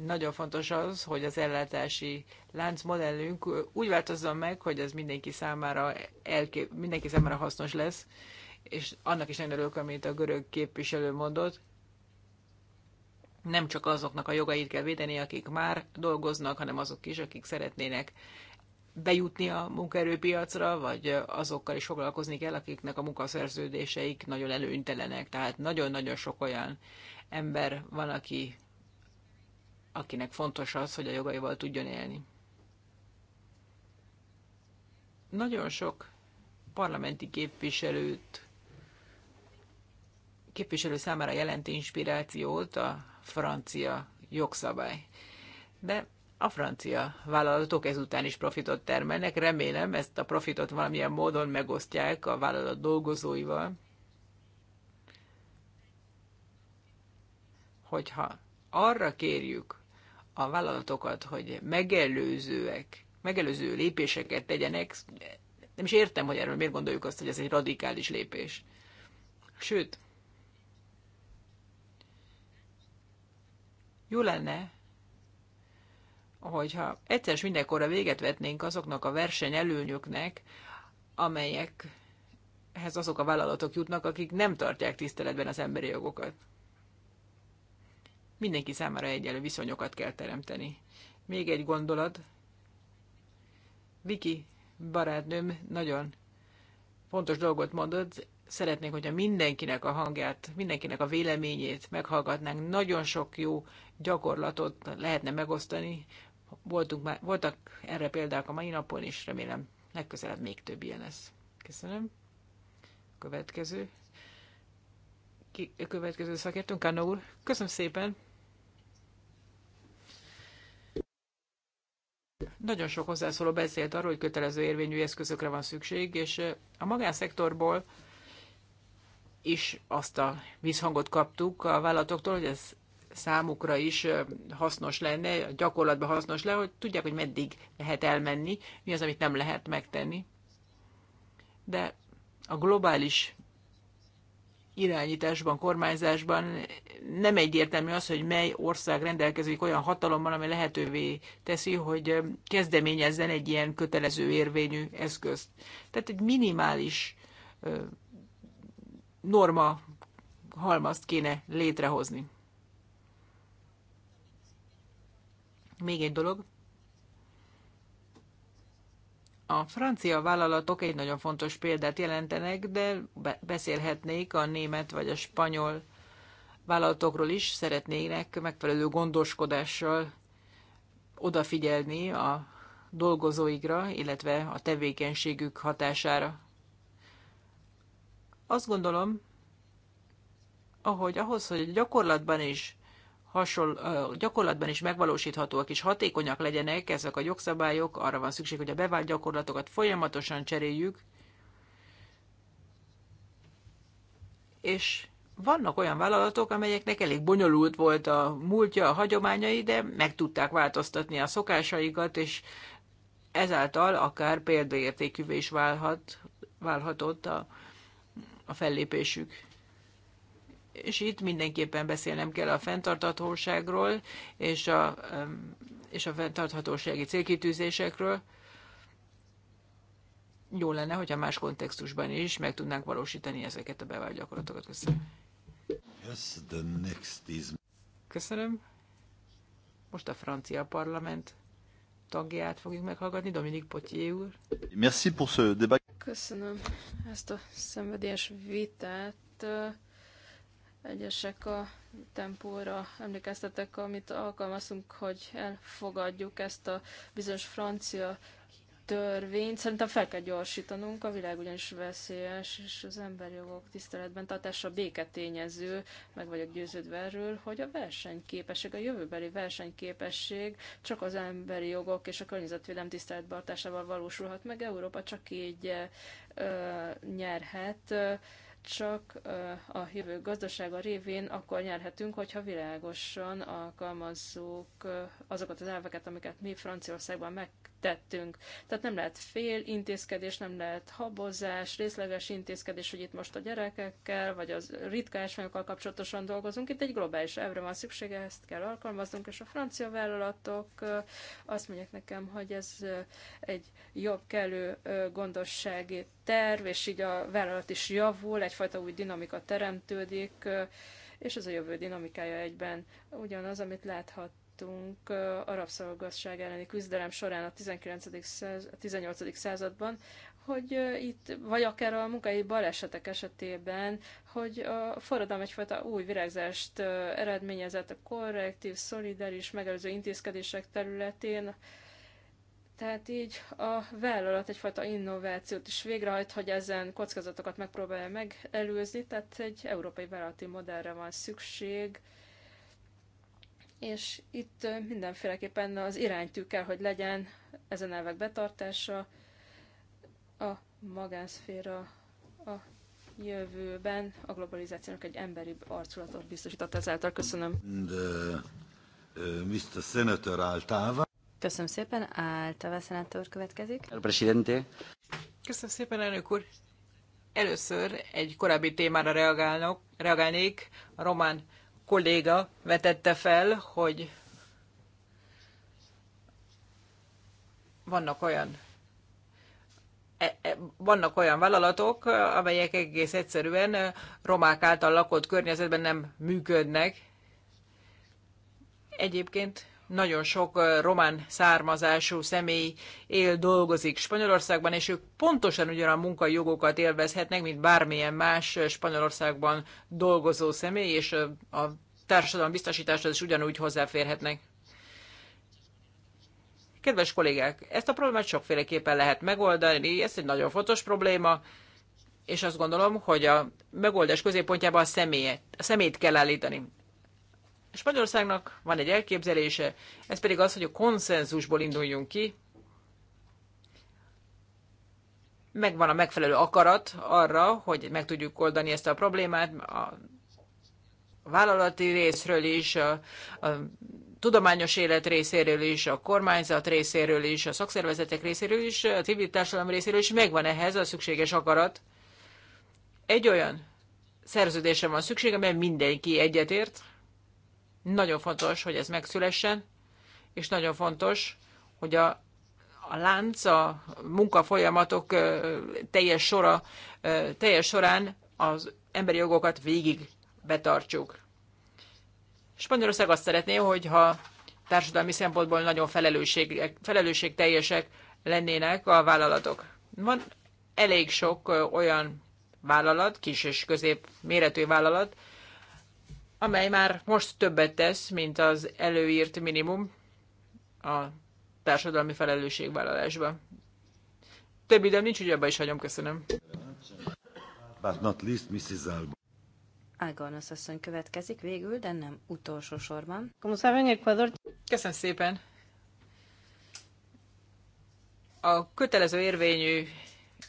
Nagyon fontos az, hogy az ellátási láncmodellünk úgy változzon meg, hogy ez mindenki számára, elkép, mindenki számára hasznos lesz, és annak is nagyon örülök, amit a görög képviselő mondott, nem csak azoknak a jogait kell védeni, akik már dolgoznak, hanem azok is, akik szeretnének bejutni a munkaerőpiacra, vagy azokkal is foglalkozni kell, akiknek a munkaszerződéseik nagyon előnytelenek. Tehát nagyon-nagyon sok olyan ember van, aki akinek fontos az, hogy a jogaival tudjon élni. Nagyon sok parlamenti képviselőt, képviselő számára jelenti inspirációt a francia jogszabály. De a francia vállalatok ezután is profitot termelnek. Remélem ezt a profitot valamilyen módon megosztják a vállalat dolgozóival. Hogyha arra kérjük a vállalatokat, hogy megelőzőek, megelőző lépéseket tegyenek, nem is értem, hogy erről miért gondoljuk azt, hogy ez egy radikális lépés. Sőt, jó lenne, hogyha egyszer mindenkorra véget vetnénk azoknak a versenyelőnyöknek, amelyekhez azok a vállalatok jutnak, akik nem tartják tiszteletben az emberi jogokat. Mindenki számára egyenlő viszonyokat kell teremteni. Még egy gondolat. Viki barátnőm nagyon fontos dolgot mondod. szeretnék, hogyha mindenkinek a hangját, mindenkinek a véleményét meghallgatnánk. Nagyon sok jó gyakorlatot lehetne megosztani. Voltunk már, voltak erre példák a mai napon is, remélem legközelebb még több ilyen lesz. Köszönöm. Következő. Ki, következő szakértőnk, Anna úr. Köszönöm szépen. Nagyon sok hozzászóló beszélt arról, hogy kötelező érvényű eszközökre van szükség, és a magánszektorból is azt a visszhangot kaptuk a vállalatoktól, hogy ez számukra is hasznos lenne, gyakorlatban hasznos le, hogy tudják, hogy meddig lehet elmenni, mi az, amit nem lehet megtenni. De a globális irányításban, kormányzásban nem egyértelmű az, hogy mely ország rendelkezik olyan hatalommal, ami lehetővé teszi, hogy kezdeményezzen egy ilyen kötelező érvényű eszközt. Tehát egy minimális norma halmazt kéne létrehozni. Még egy dolog. A francia vállalatok egy nagyon fontos példát jelentenek, de beszélhetnék a német vagy a spanyol vállalatokról is, szeretnének megfelelő gondoskodással odafigyelni a dolgozóikra, illetve a tevékenységük hatására. Azt gondolom, ahogy ahhoz, hogy gyakorlatban is hasonl, gyakorlatban is megvalósíthatóak és hatékonyak legyenek ezek a jogszabályok, arra van szükség, hogy a bevált gyakorlatokat folyamatosan cseréljük, és vannak olyan vállalatok, amelyeknek elég bonyolult volt a múltja, a hagyományai, de meg tudták változtatni a szokásaikat, és ezáltal akár példaértékűvé is válhat, válhatott a, a fellépésük és itt mindenképpen beszélnem kell a fenntarthatóságról és a, és a fenntarthatósági célkitűzésekről. Jó lenne, hogyha más kontextusban is meg tudnánk valósítani ezeket a bevált gyakorlatokat. Köszönöm. Yes, the next is... Köszönöm. Most a francia parlament tagját fogjuk meghallgatni, Dominik Potier úr. Merci pour ce débat. Köszönöm ezt a szenvedélyes vitát. Egyesek a tempóra emlékeztetek, amit alkalmazunk, hogy elfogadjuk ezt a bizonyos francia törvényt. Szerintem fel kell gyorsítanunk, a világ ugyanis veszélyes, és az emberi jogok tiszteletben tartása béketényező, meg vagyok győződve erről, hogy a versenyképesség, a jövőbeli versenyképesség csak az emberi jogok és a környezetvédelem tiszteletben valósulhat meg. Európa csak így ö, nyerhet. Ö, csak a jövő gazdasága révén akkor nyerhetünk, hogyha világosan alkalmazzuk azokat az elveket, amiket mi Franciaországban meg tettünk. Tehát nem lehet fél intézkedés, nem lehet habozás, részleges intézkedés, hogy itt most a gyerekekkel, vagy az ritka esványokkal kapcsolatosan dolgozunk. Itt egy globális elvre van szüksége, ezt kell alkalmaznunk, és a francia vállalatok azt mondják nekem, hogy ez egy jobb kellő gondossági terv, és így a vállalat is javul, egyfajta új dinamika teremtődik, és ez a jövő dinamikája egyben ugyanaz, amit láthat láttunk a rabszolgasság elleni küzdelem során a 19. Század, a 18. században, hogy itt, vagy akár a munkai balesetek esetében, hogy a forradalom egyfajta új virágzást eredményezett a korrektív, szolidaris, megelőző intézkedések területén, tehát így a vállalat egyfajta innovációt is végrehajt, hogy ezen kockázatokat megpróbálja megelőzni, tehát egy európai vállalati modellre van szükség, és itt mindenféleképpen az iránytű kell, hogy legyen ezen elvek betartása a magánszféra a jövőben a globalizációnak egy emberibb arculatot biztosított ezáltal. Köszönöm. de uh, Mr. Senator Altava. Köszönöm szépen. Altava szenátor következik. presidente. Köszönöm szépen, elnök úr. Először egy korábbi témára reagálnok, reagálnék, a román kolléga vetette fel, hogy vannak olyan e, e, vannak olyan vállalatok, amelyek egész egyszerűen romák által lakott környezetben nem működnek. Egyébként nagyon sok román származású személy él, dolgozik Spanyolországban, és ők pontosan ugyanolyan jogokat élvezhetnek, mint bármilyen más Spanyolországban dolgozó személy, és a társadalom biztosításhoz is ugyanúgy hozzáférhetnek. Kedves kollégák, ezt a problémát sokféleképpen lehet megoldani, ez egy nagyon fontos probléma, és azt gondolom, hogy a megoldás középpontjába a személyet, a szemét kell állítani. Spanyolországnak van egy elképzelése, ez pedig az, hogy a konszenzusból induljunk ki, megvan a megfelelő akarat arra, hogy meg tudjuk oldani ezt a problémát, a vállalati részről is, a, a tudományos élet részéről is, a kormányzat részéről is, a szakszervezetek részéről is, a civil társadalom részéről is megvan ehhez a szükséges akarat. Egy olyan szerződésre van szükség, amely mindenki egyetért, nagyon fontos, hogy ez megszülessen, és nagyon fontos, hogy a, a lánc, a munkafolyamatok teljes, sora, teljes során az emberi jogokat végig betartsuk. Spanyolország azt szeretné, hogyha társadalmi szempontból nagyon felelősség, felelősségteljesek lennének a vállalatok. Van elég sok olyan vállalat, kis és közép méretű vállalat, amely már most többet tesz, mint az előírt minimum a társadalmi felelősségvállalásban. Több időm nincs, ugye abba is hagyom, köszönöm. But not least Mrs. Alba. Ágalmas asszony következik végül, de nem utolsó sorban. Köszönöm szépen! A kötelező érvényű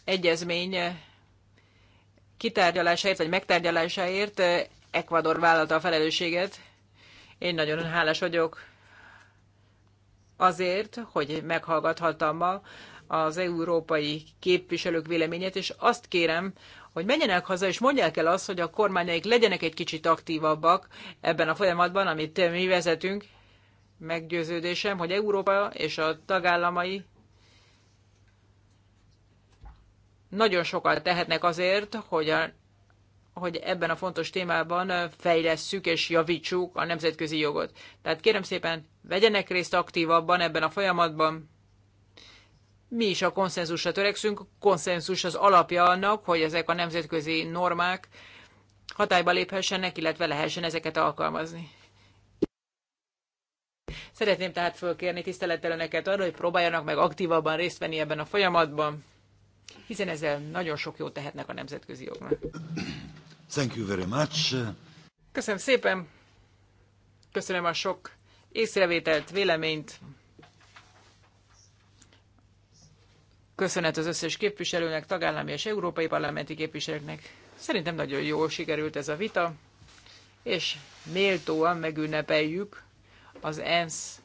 egyezmény kitárgyalásáért vagy megtárgyalásáért Ecuador vállalta a felelősséget. Én nagyon hálás vagyok azért, hogy meghallgathattam ma az európai képviselők véleményét, és azt kérem, hogy menjenek haza, és mondják el azt, hogy a kormányaik legyenek egy kicsit aktívabbak ebben a folyamatban, amit mi vezetünk. Meggyőződésem, hogy Európa és a tagállamai nagyon sokat tehetnek azért, hogy a hogy ebben a fontos témában fejlesszük és javítsuk a nemzetközi jogot. Tehát kérem szépen, vegyenek részt aktívabban ebben a folyamatban. Mi is a konszenzusra törekszünk. A konszenzus az alapja annak, hogy ezek a nemzetközi normák hatályba léphessenek, illetve lehessen ezeket alkalmazni. Szeretném tehát fölkérni tisztelettel önöket arra, hogy próbáljanak meg aktívabban részt venni ebben a folyamatban, hiszen ezzel nagyon sok jót tehetnek a nemzetközi jognak. Thank you very much. Köszönöm szépen. Köszönöm a sok észrevételt, véleményt. Köszönet az összes képviselőnek, tagállami és európai parlamenti képviselőknek. Szerintem nagyon jól sikerült ez a vita, és méltóan megünnepeljük az ENSZ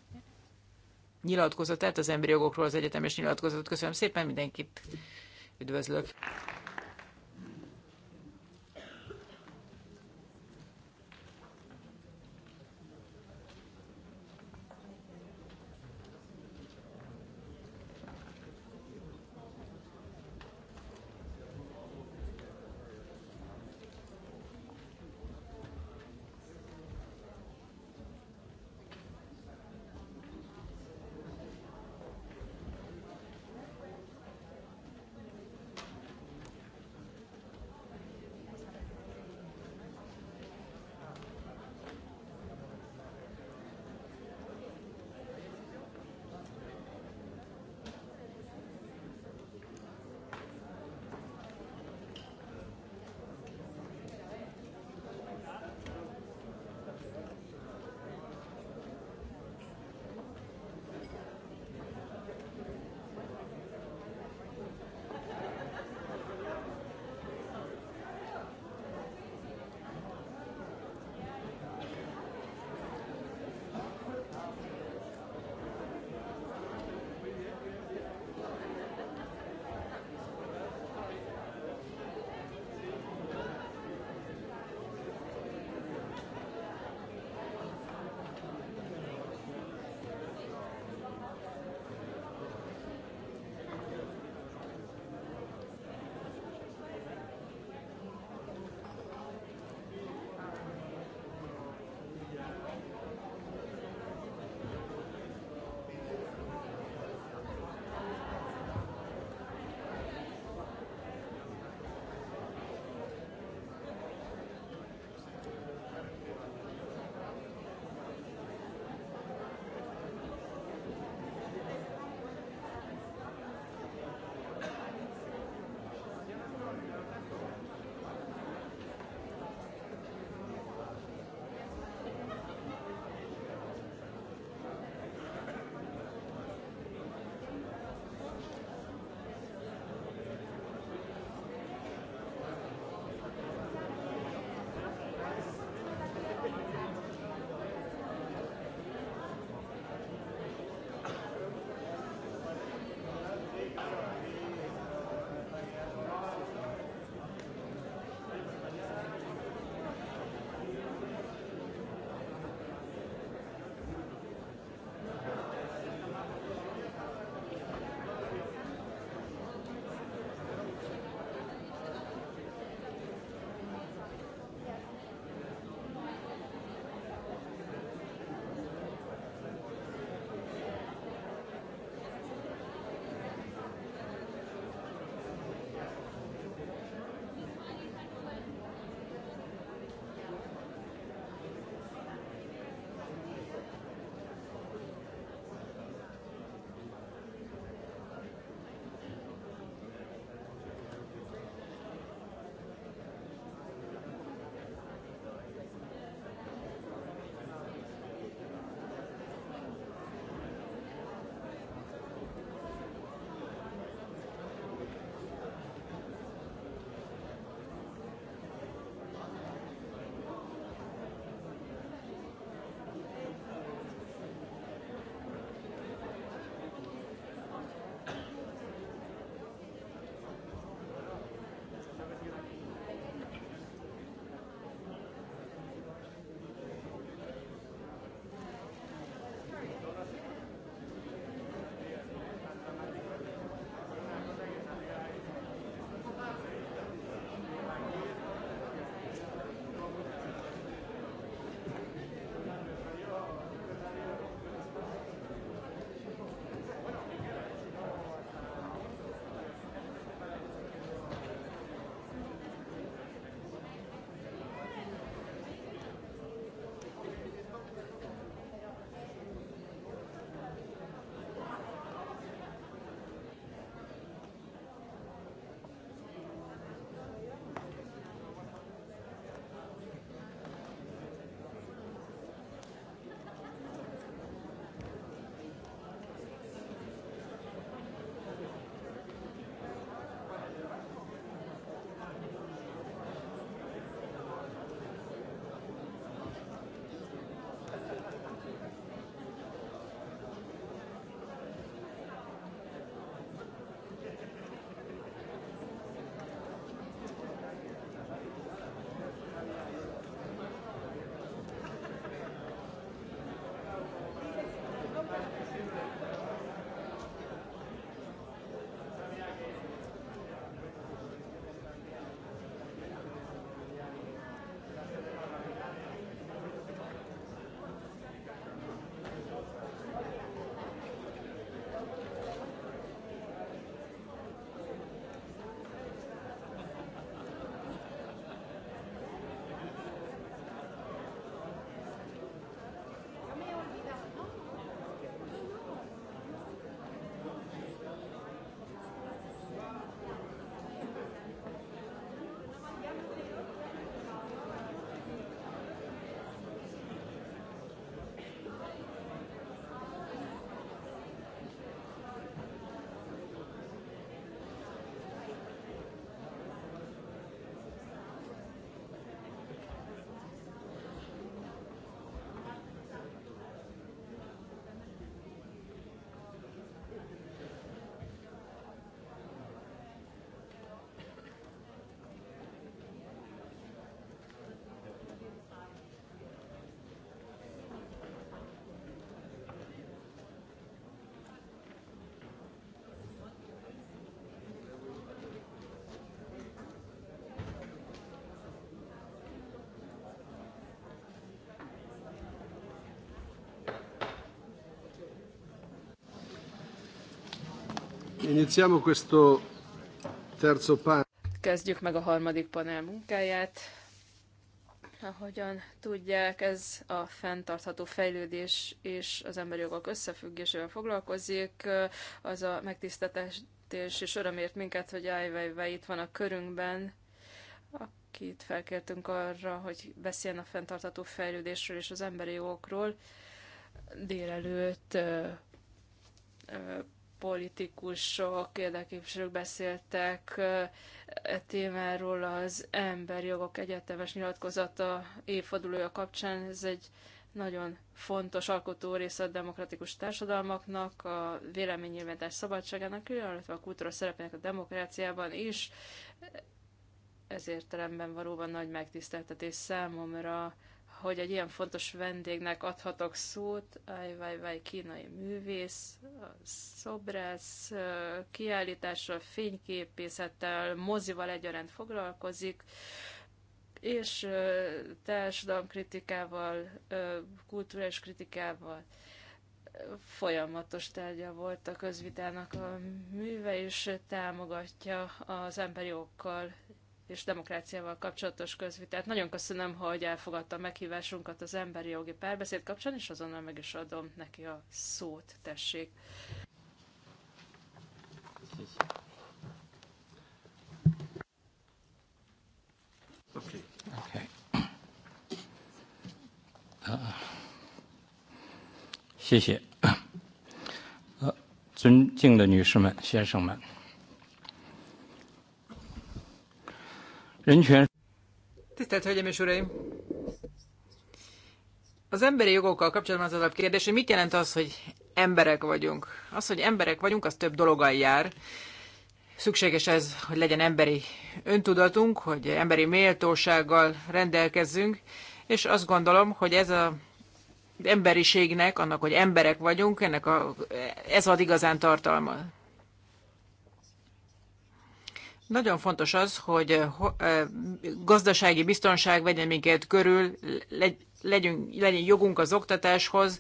nyilatkozatát, az emberi jogokról az egyetemes nyilatkozatot. Köszönöm szépen mindenkit, üdvözlök! Iniziamo questo terzo panel. Kezdjük meg a harmadik panel munkáját. Ahogyan tudják, ez a fenntartható fejlődés és az emberi jogok összefüggésével foglalkozik. Az a megtiszteltetés és örömért minket, hogy Ájvejve itt van a körünkben, akit felkértünk arra, hogy beszéljen a fenntartható fejlődésről és az emberi jogokról. Délelőtt politikusok, érdeképviselők beszéltek e témáról az Emberi Jogok Egyetemes nyilatkozata évfordulója kapcsán. Ez egy nagyon fontos alkotó része a demokratikus társadalmaknak, a véleménynyilvántás szabadságának, illetve a kultúra szerepének a demokráciában is. ezért teremben valóban nagy megtiszteltetés számomra, hogy egy ilyen fontos vendégnek adhatok szót, ajvajvaj kínai művész, szobrász, kiállítással, fényképészettel, mozival egyaránt foglalkozik, és társadalomkritikával, kulturális kritikával folyamatos tárgya volt a közvitának a műve, és támogatja az emberi jogokkal és demokráciával kapcsolatos közvitelt. Nagyon köszönöm, hogy elfogadta a meghívásunkat az emberi jogi párbeszéd kapcsán, és azonnal meg is adom neki a szót, tessék. Okay. Okay. Ah. Uh, 谢谢，尊敬的女士们、先生们。人权。Tisztelt Hölgyeim és Uraim! Az emberi jogokkal kapcsolatban az alap kérdés, hogy mit jelent az, hogy emberek vagyunk? Az, hogy emberek vagyunk, az több dologgal jár. Szükséges ez, hogy legyen emberi öntudatunk, hogy emberi méltósággal rendelkezzünk, és azt gondolom, hogy ez a emberiségnek, annak, hogy emberek vagyunk, ennek a, ez ad igazán tartalmat. Nagyon fontos az, hogy eh, eh, gazdasági biztonság vegyen minket körül, legyünk, legyen jogunk az oktatáshoz,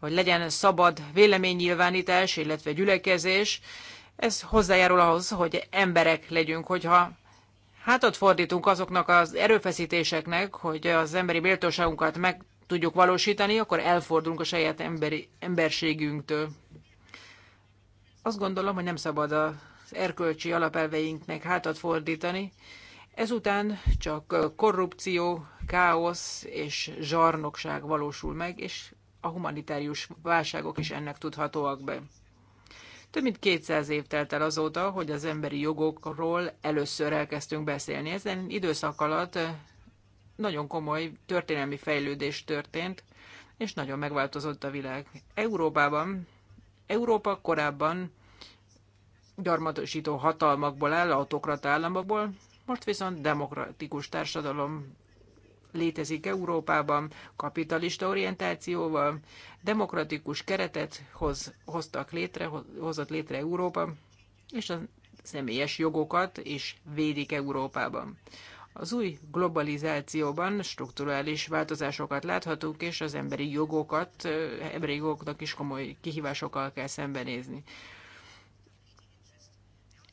hogy legyen szabad véleménynyilvánítás, illetve gyülekezés. Ez hozzájárul ahhoz, hogy emberek legyünk, hogyha hátat fordítunk azoknak az erőfeszítéseknek, hogy az emberi méltóságunkat meg tudjuk valósítani, akkor elfordulunk a saját emberi, emberségünktől. Azt gondolom, hogy nem szabad a erkölcsi alapelveinknek hátat fordítani. Ezután csak korrupció, káosz és zsarnokság valósul meg, és a humanitárius válságok is ennek tudhatóak be. Több mint 200 év telt el azóta, hogy az emberi jogokról először elkezdtünk beszélni. Ezen időszak alatt nagyon komoly történelmi fejlődés történt, és nagyon megváltozott a világ. Európában, Európa korábban gyarmatosító hatalmakból áll, autokrata államokból, most viszont demokratikus társadalom létezik Európában, kapitalista orientációval, demokratikus keretet hoz, hoztak létre, hozott létre Európa, és a személyes jogokat is védik Európában. Az új globalizációban strukturális változásokat láthatunk, és az emberi jogokat, emberi jogoknak is komoly kihívásokkal kell szembenézni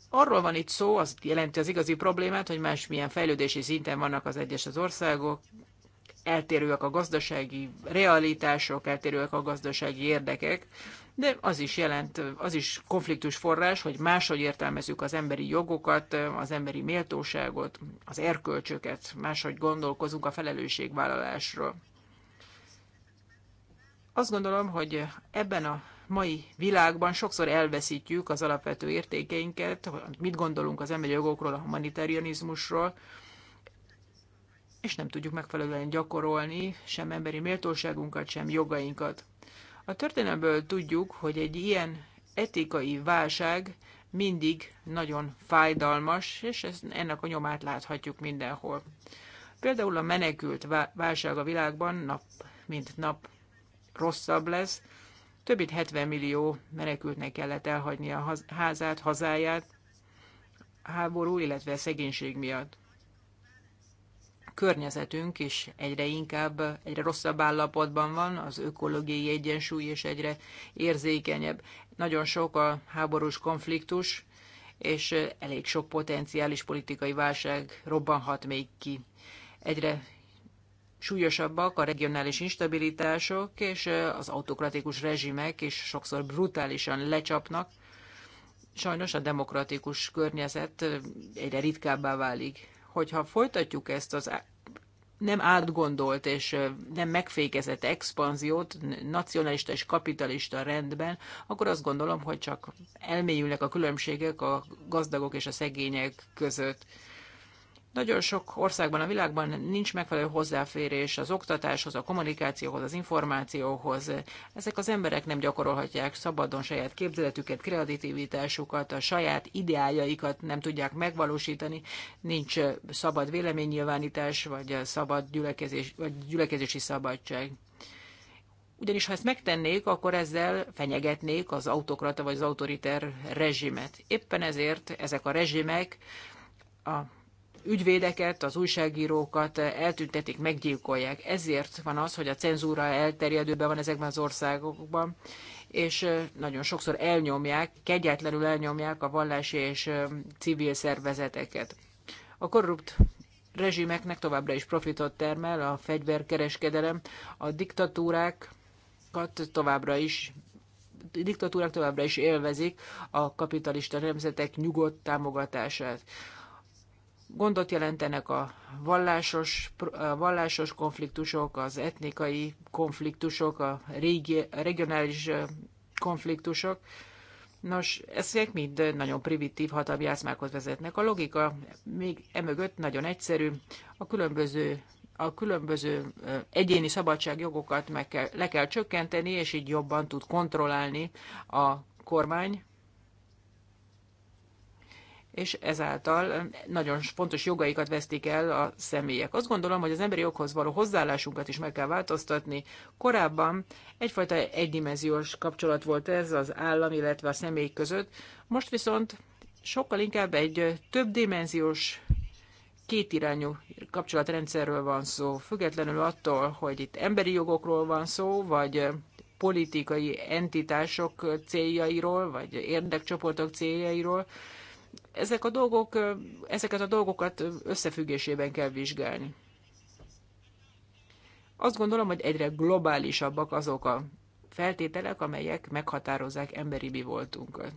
arról van itt szó, az jelenti az igazi problémát, hogy másmilyen fejlődési szinten vannak az egyes az országok, eltérőek a gazdasági realitások, eltérőek a gazdasági érdekek, de az is jelent, az is konfliktus forrás, hogy máshogy értelmezzük az emberi jogokat, az emberi méltóságot, az erkölcsöket, máshogy gondolkozunk a felelősségvállalásról. Azt gondolom, hogy ebben a mai világban sokszor elveszítjük az alapvető értékeinket, mit gondolunk az emberi jogokról, a humanitarianizmusról, és nem tudjuk megfelelően gyakorolni sem emberi méltóságunkat, sem jogainkat. A történelmből tudjuk, hogy egy ilyen etikai válság mindig nagyon fájdalmas, és ennek a nyomát láthatjuk mindenhol. Például a menekült válság a világban nap mint nap rosszabb lesz, több mint 70 millió menekültnek kellett elhagyni a házát, hazáját, háború, illetve szegénység miatt. Környezetünk is egyre inkább, egyre rosszabb állapotban van, az ökológiai egyensúly is egyre érzékenyebb. Nagyon sok a háborús konfliktus, és elég sok potenciális politikai válság robbanhat még ki. Egyre súlyosabbak a regionális instabilitások, és az autokratikus rezsimek is sokszor brutálisan lecsapnak. Sajnos a demokratikus környezet egyre ritkábbá válik. Hogyha folytatjuk ezt az nem átgondolt és nem megfékezett expanziót nacionalista és kapitalista rendben, akkor azt gondolom, hogy csak elmélyülnek a különbségek a gazdagok és a szegények között. Nagyon sok országban a világban nincs megfelelő hozzáférés az oktatáshoz, a kommunikációhoz, az információhoz. Ezek az emberek nem gyakorolhatják szabadon saját képzeletüket, kreativitásukat, a saját ideájaikat nem tudják megvalósítani, nincs szabad véleménynyilvánítás, vagy szabad gyülekezés, vagy gyülekezési szabadság. Ugyanis ha ezt megtennék, akkor ezzel fenyegetnék az autokrata vagy az autoriter rezsimet. Éppen ezért ezek a rezsimek a ügyvédeket, az újságírókat eltüntetik, meggyilkolják. Ezért van az, hogy a cenzúra elterjedőben van ezekben az országokban, és nagyon sokszor elnyomják, kegyetlenül elnyomják a vallási és civil szervezeteket. A korrupt rezsimeknek továbbra is profitot termel a fegyverkereskedelem, a diktatúrákat továbbra is diktatúrák továbbra is élvezik a kapitalista nemzetek nyugodt támogatását gondot jelentenek a vallásos, a vallásos konfliktusok, az etnikai konfliktusok, a, régi, a regionális konfliktusok. Nos, ezek mind nagyon primitív hatalmiászmákhoz vezetnek. A logika még emögött nagyon egyszerű. A különböző a különböző egyéni szabadságjogokat meg kell, le kell csökkenteni, és így jobban tud kontrollálni a kormány és ezáltal nagyon fontos jogaikat vesztik el a személyek. Azt gondolom, hogy az emberi joghoz való hozzáállásunkat is meg kell változtatni. Korábban egyfajta egydimenziós kapcsolat volt ez az állam, illetve a személy között, most viszont sokkal inkább egy többdimenziós kétirányú kapcsolatrendszerről van szó, függetlenül attól, hogy itt emberi jogokról van szó, vagy politikai entitások céljairól, vagy érdekcsoportok céljairól, ezek a dolgok, ezeket a dolgokat összefüggésében kell vizsgálni. Azt gondolom, hogy egyre globálisabbak azok a feltételek, amelyek meghatározzák emberi mi voltunkat.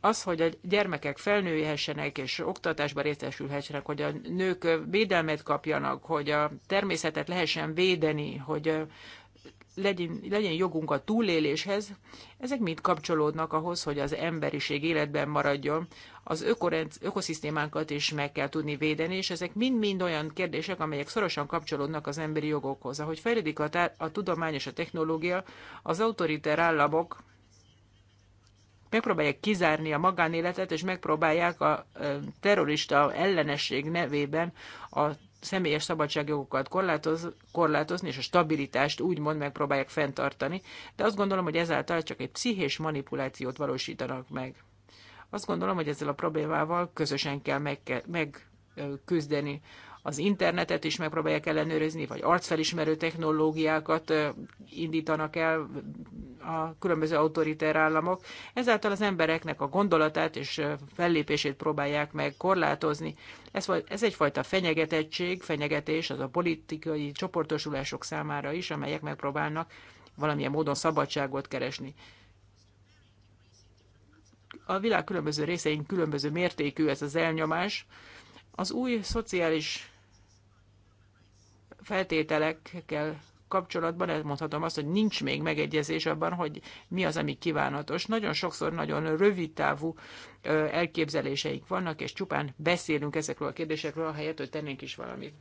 Az, hogy a gyermekek felnőjhessenek és oktatásba részesülhessenek, hogy a nők védelmet kapjanak, hogy a természetet lehessen védeni, hogy legyen, legyen jogunk a túléléshez, ezek mind kapcsolódnak ahhoz, hogy az emberiség életben maradjon, az ökorenc, ökoszisztémánkat is meg kell tudni védeni, és ezek mind-mind olyan kérdések, amelyek szorosan kapcsolódnak az emberi jogokhoz. Ahogy fejlődik a, a tudomány és a technológia, az autoriter államok megpróbálják kizárni a magánéletet, és megpróbálják a terrorista ellenesség nevében a személyes szabadságjogokat korlátoz, korlátozni, és a stabilitást úgymond megpróbálják fenntartani, de azt gondolom, hogy ezáltal csak egy pszichés manipulációt valósítanak meg. Azt gondolom, hogy ezzel a problémával közösen kell megküzdeni. Meg, az internetet is megpróbálják ellenőrizni, vagy arcfelismerő technológiákat indítanak el a különböző autoritár államok. Ezáltal az embereknek a gondolatát és fellépését próbálják meg korlátozni. Ez, ez egyfajta fenyegetettség, fenyegetés az a politikai csoportosulások számára is, amelyek megpróbálnak valamilyen módon szabadságot keresni a világ különböző részein különböző mértékű ez az elnyomás, az új szociális feltételekkel kapcsolatban mondhatom, azt, hogy nincs még megegyezés abban, hogy mi az, ami kívánatos. Nagyon sokszor nagyon rövidtávú elképzeléseik vannak, és csupán beszélünk ezekről a kérdésekről, ahelyett, hogy tennénk is valamit.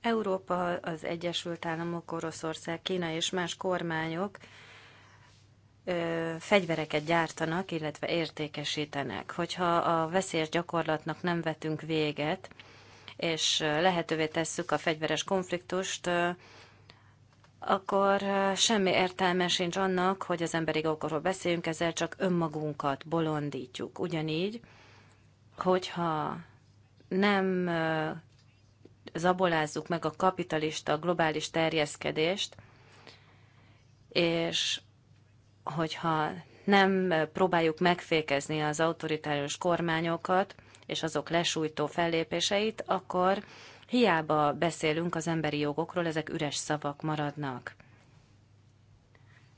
Európa, az Egyesült Államok, Oroszország, Kína és más kormányok ö, fegyvereket gyártanak, illetve értékesítenek. Hogyha a veszélyes gyakorlatnak nem vetünk véget, és lehetővé tesszük a fegyveres konfliktust, akkor semmi értelme sincs annak, hogy az emberi jogokról beszéljünk, ezzel csak önmagunkat bolondítjuk. Ugyanígy, hogyha nem zabolázzuk meg a kapitalista, globális terjeszkedést, és hogyha nem próbáljuk megfékezni az autoritárius kormányokat, és azok lesújtó fellépéseit, akkor hiába beszélünk az emberi jogokról, ezek üres szavak maradnak.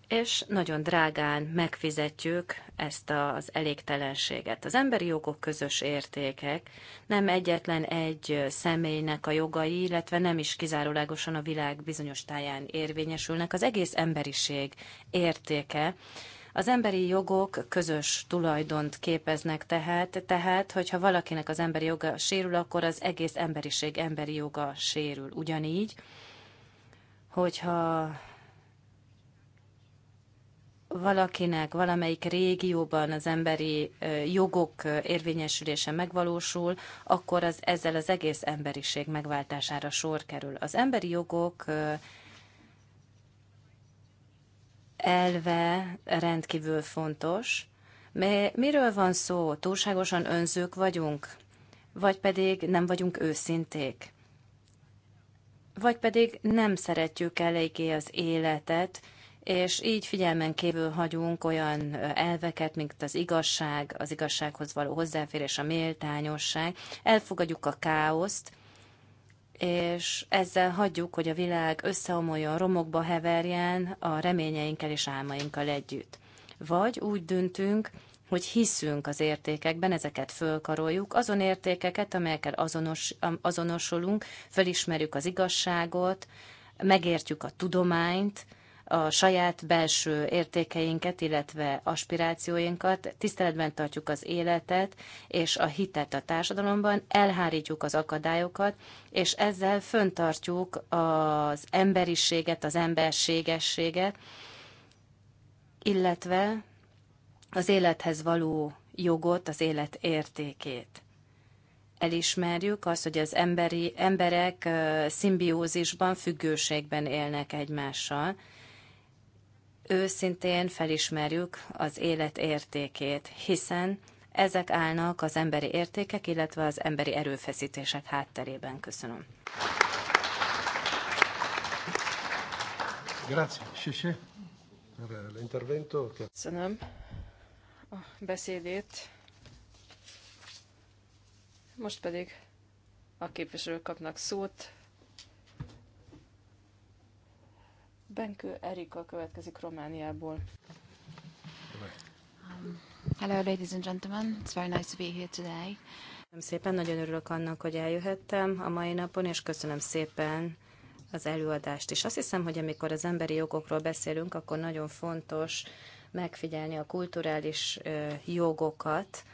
És nagyon drágán megfizetjük ezt az elégtelenséget. Az emberi jogok közös értékek nem egyetlen egy személynek a jogai, illetve nem is kizárólagosan a világ bizonyos táján érvényesülnek. Az egész emberiség értéke, az emberi jogok közös tulajdont képeznek tehát, tehát hogyha valakinek az emberi joga sérül, akkor az egész emberiség emberi joga sérül. Ugyanígy, hogyha valakinek valamelyik régióban az emberi jogok érvényesülése megvalósul, akkor az ezzel az egész emberiség megváltására sor kerül. Az emberi jogok elve rendkívül fontos. miről van szó? Túlságosan önzők vagyunk? Vagy pedig nem vagyunk őszinték? Vagy pedig nem szeretjük eléggé az életet, és így figyelmen kívül hagyunk olyan elveket, mint az igazság, az igazsághoz való hozzáférés, a méltányosság. Elfogadjuk a káoszt, és ezzel hagyjuk, hogy a világ összeomoljon, romokba heverjen a reményeinkkel és álmainkkal együtt. Vagy úgy döntünk, hogy hiszünk az értékekben, ezeket fölkaroljuk, azon értékeket, amelyekkel azonos, azonosulunk, felismerjük az igazságot, megértjük a tudományt, a saját belső értékeinket, illetve aspirációinkat, tiszteletben tartjuk az életet és a hitet a társadalomban, elhárítjuk az akadályokat, és ezzel föntartjuk az emberiséget, az emberségességet, illetve az élethez való jogot, az élet értékét elismerjük azt, hogy az emberi, emberek szimbiózisban, függőségben élnek egymással, őszintén felismerjük az élet értékét, hiszen ezek állnak az emberi értékek, illetve az emberi erőfeszítések hátterében. Köszönöm. Köszönöm a beszédét. Most pedig a képviselők kapnak szót. Benkő Erika következik Romániából. Hello, ladies and gentlemen. It's very nice to be here today. Köszönöm szépen, nagyon örülök annak, hogy eljöhettem a mai napon, és köszönöm szépen az előadást is. Azt hiszem, hogy amikor az emberi jogokról beszélünk, akkor nagyon fontos megfigyelni a kulturális jogokat,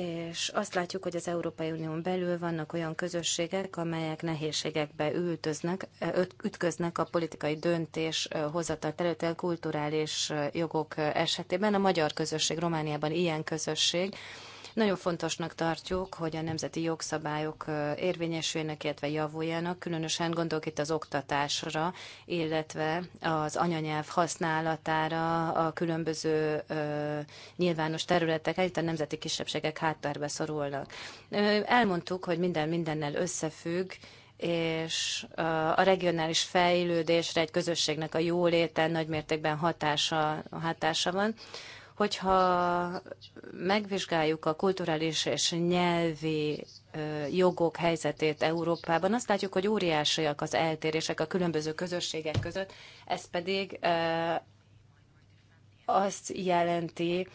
és azt látjuk, hogy az Európai Unión belül vannak olyan közösségek, amelyek nehézségekbe ültöznek, ütköznek a politikai döntés hozatal területen kulturális jogok esetében. A magyar közösség Romániában ilyen közösség, nagyon fontosnak tartjuk, hogy a nemzeti jogszabályok érvényesüljenek, illetve javuljanak, különösen gondolok itt az oktatásra, illetve az anyanyelv használatára a különböző nyilvános területeken, itt a nemzeti kisebbségek háttérbe szorulnak. Elmondtuk, hogy minden mindennel összefügg, és a regionális fejlődésre, egy közösségnek a jóléten nagymértékben hatása, hatása van. Hogyha megvizsgáljuk a kulturális és nyelvi jogok helyzetét Európában, azt látjuk, hogy óriásiak az eltérések a különböző közösségek között, ez pedig azt jelenti,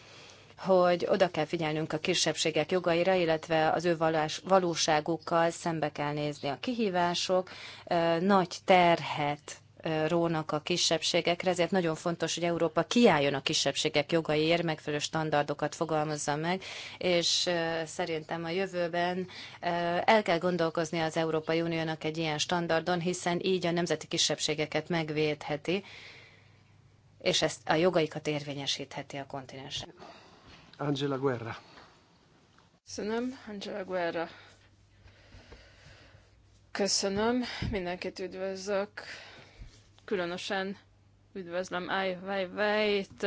hogy oda kell figyelnünk a kisebbségek jogaira, illetve az ő valós, valóságukkal szembe kell nézni a kihívások, nagy terhet rónak a kisebbségekre, ezért nagyon fontos, hogy Európa kiálljon a kisebbségek jogaiért, megfelelő standardokat fogalmazza meg, és szerintem a jövőben el kell gondolkozni az Európai Uniónak egy ilyen standardon, hiszen így a nemzeti kisebbségeket megvédheti, és ezt a jogaikat érvényesítheti a kontinensen. Angela Guerra. Köszönöm, Angela Guerra. Köszönöm, mindenkit üdvözlök. Különösen üdvözlöm Ai Weiwei-t,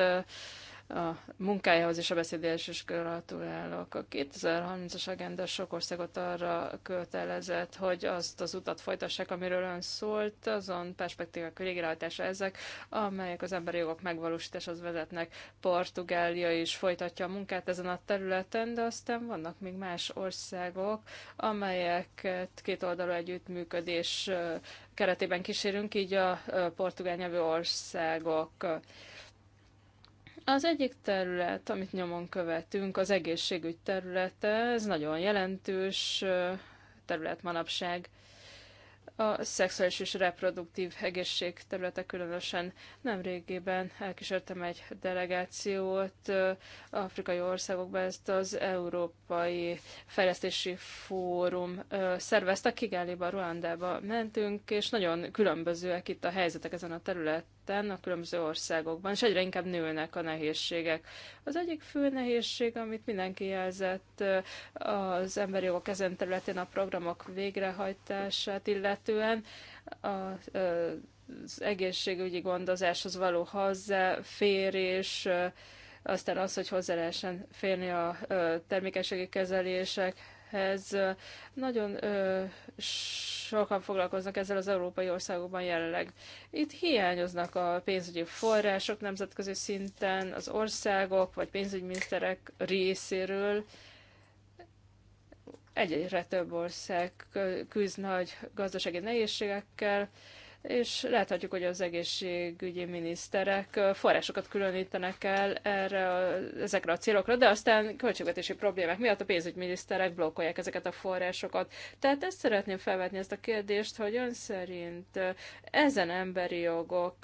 a munkájához és a beszédéhez is gratulálok. A 2030-as agenda sok országot arra kötelezett, hogy azt az utat folytassák, amiről ön szólt, azon perspektívák végrehajtása ezek, amelyek az emberi jogok megvalósításhoz vezetnek. Portugália is folytatja a munkát ezen a területen, de aztán vannak még más országok, amelyeket két oldalú együttműködés keretében kísérünk, így a portugál nyelvű országok az egyik terület, amit nyomon követünk, az egészségügy területe, ez nagyon jelentős terület manapság. A szexuális és reproduktív egészség területe különösen nemrégiben elkísértem egy delegációt afrikai országokba, ezt az Európai Fejlesztési Fórum szervezte, Kigáliba, Ruandába mentünk, és nagyon különbözőek itt a helyzetek ezen a területen területen, a különböző országokban, és egyre inkább nőnek a nehézségek. Az egyik fő nehézség, amit mindenki jelzett az emberi jogok ezen területén a programok végrehajtását illetően, a, az egészségügyi gondozáshoz való hozzáférés, aztán az, hogy hozzá lehessen férni a termékenységi kezelések ez Nagyon ö, sokan foglalkoznak ezzel az európai országokban jelenleg. Itt hiányoznak a pénzügyi források nemzetközi szinten, az országok vagy pénzügyminiszterek részéről. Egyre több ország küzd nagy gazdasági nehézségekkel, és láthatjuk, hogy az egészségügyi miniszterek forrásokat különítenek el erre, ezekre a célokra, de aztán költségvetési problémák miatt a pénzügyminiszterek blokkolják ezeket a forrásokat. Tehát ezt szeretném felvetni ezt a kérdést, hogy ön szerint ezen emberi jogok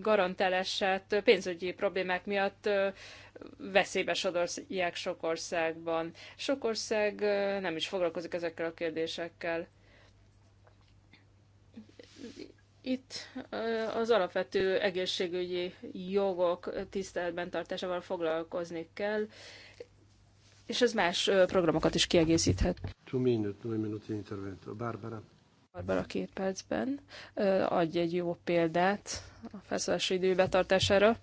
garantálását pénzügyi problémák miatt veszélybe sodorják sok országban. Sok ország nem is foglalkozik ezekkel a kérdésekkel. Itt az alapvető egészségügyi jogok tiszteletben tartásával foglalkozni kell, és ez más programokat is kiegészíthet. Two minute, two minute intervent. Barbara. Barbara két percben adj egy jó példát a felszólási idő betartására.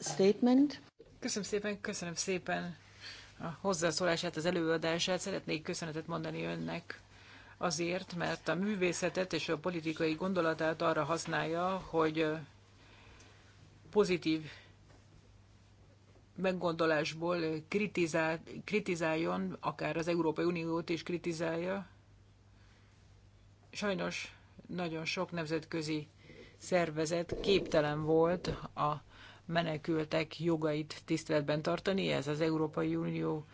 Statement. Köszönöm szépen, köszönöm szépen a hozzászólását, az előadását. Szeretnék köszönetet mondani önnek azért, mert a művészetet és a politikai gondolatát arra használja, hogy pozitív meggondolásból kritizál, kritizáljon, akár az Európai Uniót is kritizálja. Sajnos nagyon sok nemzetközi szervezet képtelen volt a menekültek jogait tiszteletben tartani, ez az Európai Unió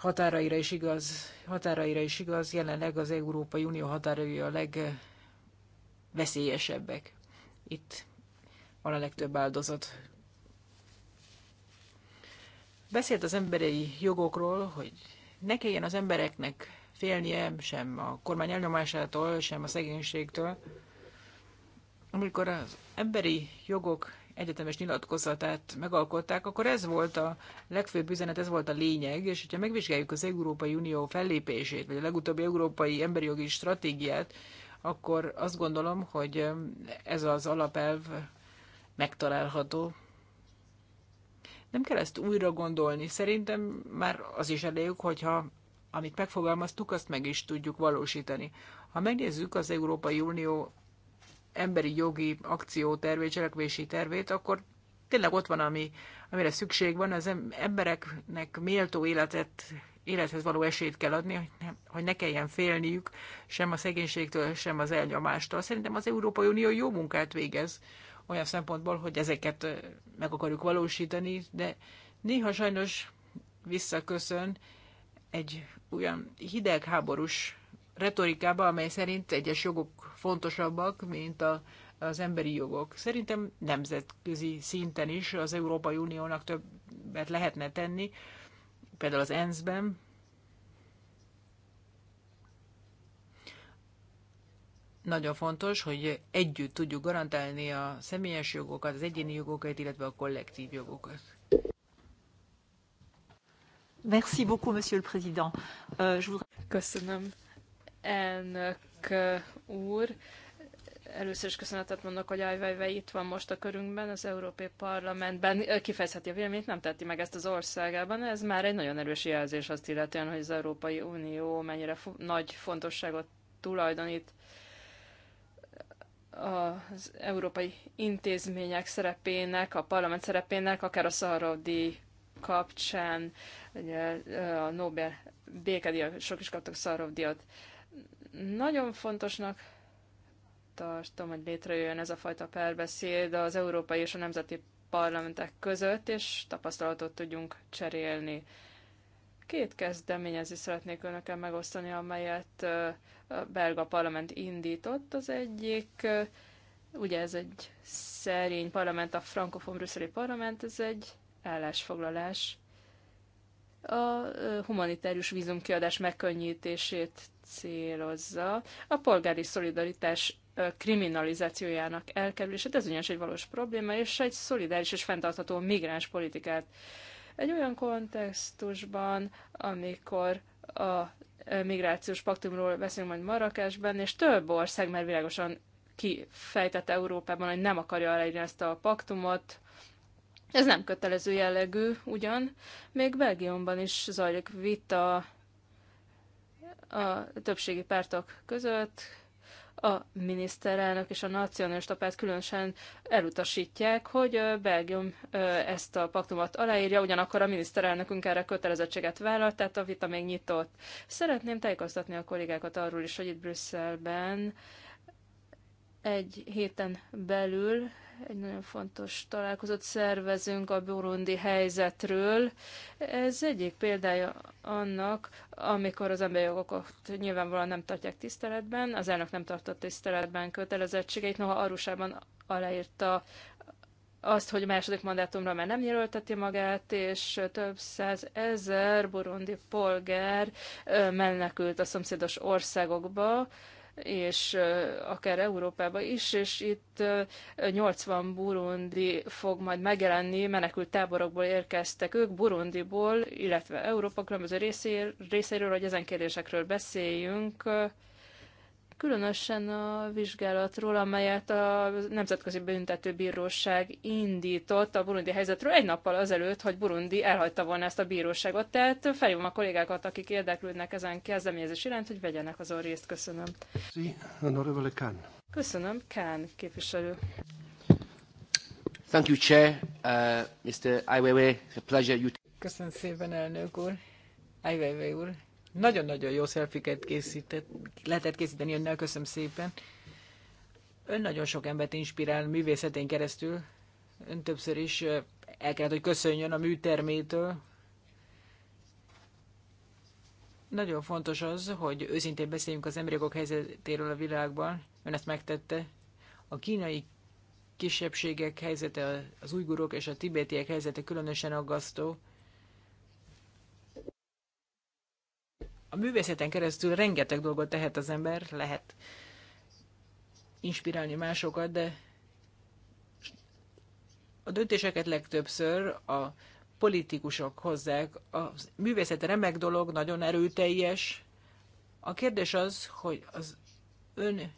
határaira is igaz, határaira is igaz, jelenleg az Európai Unió határai a legveszélyesebbek. Itt van a legtöbb áldozat. Beszélt az emberi jogokról, hogy ne kelljen az embereknek félnie sem a kormány elnyomásától, sem a szegénységtől. Amikor az emberi jogok egyetemes nyilatkozatát megalkották, akkor ez volt a legfőbb üzenet, ez volt a lényeg, és hogyha megvizsgáljuk az Európai Unió fellépését, vagy a legutóbbi Európai Emberi Jogi Stratégiát, akkor azt gondolom, hogy ez az alapelv megtalálható. Nem kell ezt újra gondolni. Szerintem már az is elég, hogyha amit megfogalmaztuk, azt meg is tudjuk valósítani. Ha megnézzük az Európai Unió emberi jogi tervét, cselekvési tervét, akkor tényleg ott van, ami, amire szükség van, az embereknek méltó életet, élethez való esélyt kell adni, hogy ne, hogy ne kelljen félniük sem a szegénységtől, sem az elnyomástól. Szerintem az Európai Unió jó munkát végez olyan szempontból, hogy ezeket meg akarjuk valósítani, de néha sajnos visszaköszön egy olyan hidegháborús retorikába, amely szerint egyes jogok fontosabbak, mint a, az emberi jogok. Szerintem nemzetközi szinten is az Európai Uniónak többet lehetne tenni, például az ENSZ-ben, nagyon fontos, hogy együtt tudjuk garantálni a személyes jogokat, az egyéni jogokat, illetve a kollektív jogokat. Merci beaucoup, Monsieur le Président. Euh, Köszönöm elnök uh, úr. Először is köszönetet mondok, hogy Ajvajve itt van most a körünkben, az Európai Parlamentben. Kifejezheti a véleményt, nem tetti meg ezt az országában. Ez már egy nagyon erős jelzés azt illetően, hogy az Európai Unió mennyire fo nagy fontosságot tulajdonít az európai intézmények szerepének, a parlament szerepének, akár a szaharodi kapcsán, ugye, a Nobel sok is kaptak szarovdiat. Nagyon fontosnak tartom, hogy létrejöjjön ez a fajta párbeszéd az európai és a nemzeti parlamentek között, és tapasztalatot tudjunk cserélni. Két kezdeményezni szeretnék önökkel megosztani, amelyet a belga parlament indított. Az egyik, ugye ez egy szerény parlament, a frankofon brüsszeli parlament, ez egy állásfoglalás a humanitárius vízumkiadás megkönnyítését célozza a polgári szolidaritás kriminalizációjának elkerülését. Ez ugyanis egy valós probléma, és egy szolidáris és fenntartható migráns politikát. Egy olyan kontextusban, amikor a migrációs paktumról beszélünk majd Marrakesben, és több ország már világosan kifejtett Európában, hogy nem akarja aláírni ezt a paktumot. Ez nem kötelező jellegű, ugyan. Még Belgiumban is zajlik vita a többségi pártok között a miniszterelnök és a nacionalista párt különösen elutasítják, hogy Belgium ezt a paktumot aláírja, ugyanakkor a miniszterelnökünk erre kötelezettséget vállalt, tehát a vita még nyitott. Szeretném tájékoztatni a kollégákat arról is, hogy itt Brüsszelben egy héten belül egy nagyon fontos találkozót szervezünk a burundi helyzetről. Ez egyik példája annak, amikor az emberi jogokat nyilvánvalóan nem tartják tiszteletben, az elnök nem tartott tiszteletben kötelezettségeit, noha Arusában aláírta azt, hogy második mandátumra már nem jelölteti magát, és több száz ezer burundi polgár menekült a szomszédos országokba, és akár Európába is, és itt 80 burundi fog majd megjelenni, menekült táborokból érkeztek ők, Burundiból, illetve Európa különböző részéről, hogy ezen kérdésekről beszéljünk, különösen a vizsgálatról, amelyet a Nemzetközi Büntetőbíróság indított a burundi helyzetről egy nappal azelőtt, hogy Burundi elhagyta volna ezt a bíróságot. Tehát felhívom a kollégákat, akik érdeklődnek ezen kezdeményezés iránt, hogy vegyenek azon részt. Köszönöm. Köszönöm, Kán képviselő. Thank you, Chair. Uh, Mr. Ai Weiwei, it's a pleasure you... Köszönöm szépen, elnök úr. Ai Weiwei úr, nagyon-nagyon jó szelfiket készített, lehetett készíteni önnel, köszönöm szépen. Ön nagyon sok embert inspirál művészetén keresztül. Ön többször is el kellett, hogy köszönjön a műtermétől. Nagyon fontos az, hogy őszintén beszéljünk az emberek helyzetéről a világban. Ön ezt megtette. A kínai kisebbségek helyzete, az ujgurok és a tibetiek helyzete különösen aggasztó. a művészeten keresztül rengeteg dolgot tehet az ember, lehet inspirálni másokat, de a döntéseket legtöbbször a politikusok hozzák. A művészet remek dolog, nagyon erőteljes. A kérdés az, hogy az ön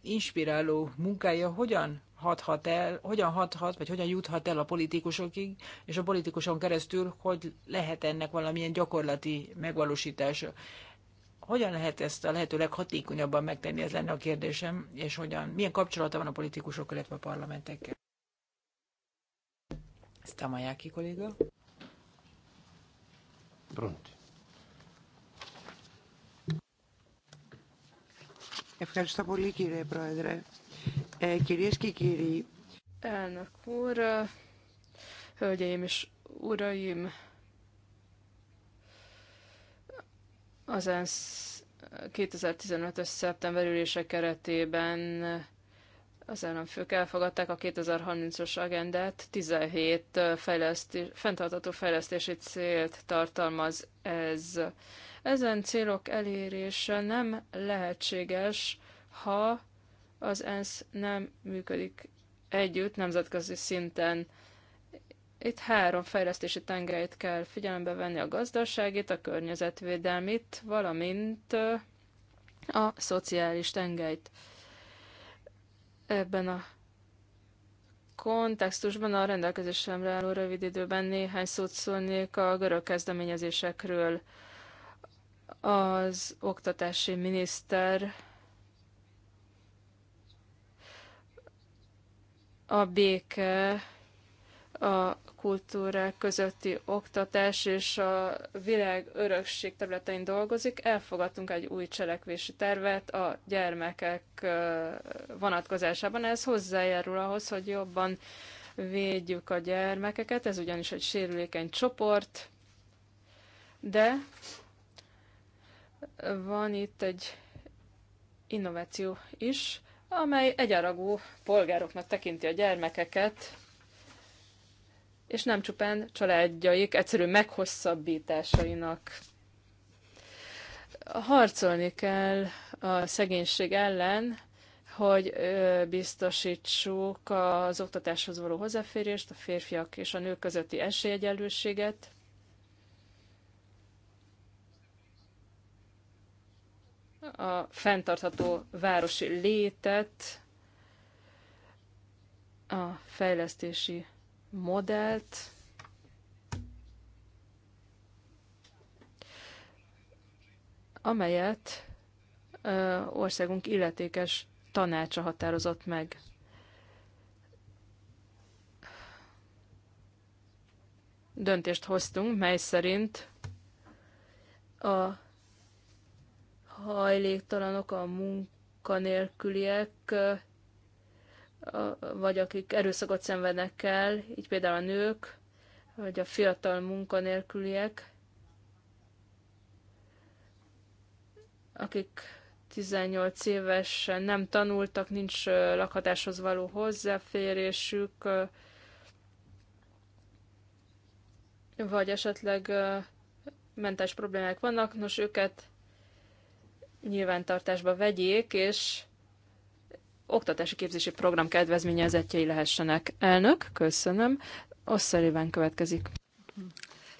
inspiráló munkája hogyan hathat el, hogyan hathat, vagy hogyan juthat el a politikusokig, és a politikuson keresztül, hogy lehet ennek valamilyen gyakorlati megvalósítása. Hogyan lehet ezt a lehető leghatékonyabban megtenni, ez lenne a kérdésem, és hogyan, milyen kapcsolata van a politikusok, illetve a parlamentekkel? Ezt Tamajáki kolléga. Pronto. Ευχαριστώ πολύ κύριε Πρόεδρε. Kérés κυρίες και Elnök úr, eh, hölgyeim és uraim, az ENSZ 2015-ös szeptember ülése keretében eh, az államfők elfogadták a 2030-os agendát, 17 eh, fejlesztés, fenntartató fejlesztési célt tartalmaz ez. Ezen célok elérése nem lehetséges, ha az ENSZ nem működik együtt nemzetközi szinten. Itt három fejlesztési tengelyt kell figyelembe venni, a gazdaságit, a környezetvédelmit, valamint a szociális tengelyt. Ebben a kontextusban a rendelkezésemre álló rövid időben néhány szót szólnék a görög kezdeményezésekről. Az oktatási miniszter a béke, a kultúrák közötti oktatás és a világ örökség területein dolgozik, elfogadtunk egy új cselekvési tervet a gyermekek vonatkozásában. Ez hozzájárul ahhoz, hogy jobban védjük a gyermekeket, ez ugyanis egy sérülékeny csoport, de van itt egy innováció is, amely egyaragú polgároknak tekinti a gyermekeket, és nem csupán családjaik egyszerű meghosszabbításainak. Harcolni kell a szegénység ellen, hogy biztosítsuk az oktatáshoz való hozzáférést, a férfiak és a nők közötti esélyegyenlőséget, a fenntartható városi létet, a fejlesztési modellt, amelyet ö, országunk illetékes tanácsa határozott meg. Döntést hoztunk, mely szerint a hajléktalanok, a munkanélküliek, vagy akik erőszakot szenvednek el, így például a nők, vagy a fiatal munkanélküliek, akik 18 évesen nem tanultak, nincs lakhatáshoz való hozzáférésük, vagy esetleg mentális problémák vannak, nos őket nyilvántartásba vegyék, és oktatási képzési program kedvezményezettjei lehessenek. Elnök, köszönöm. Osszeriben következik.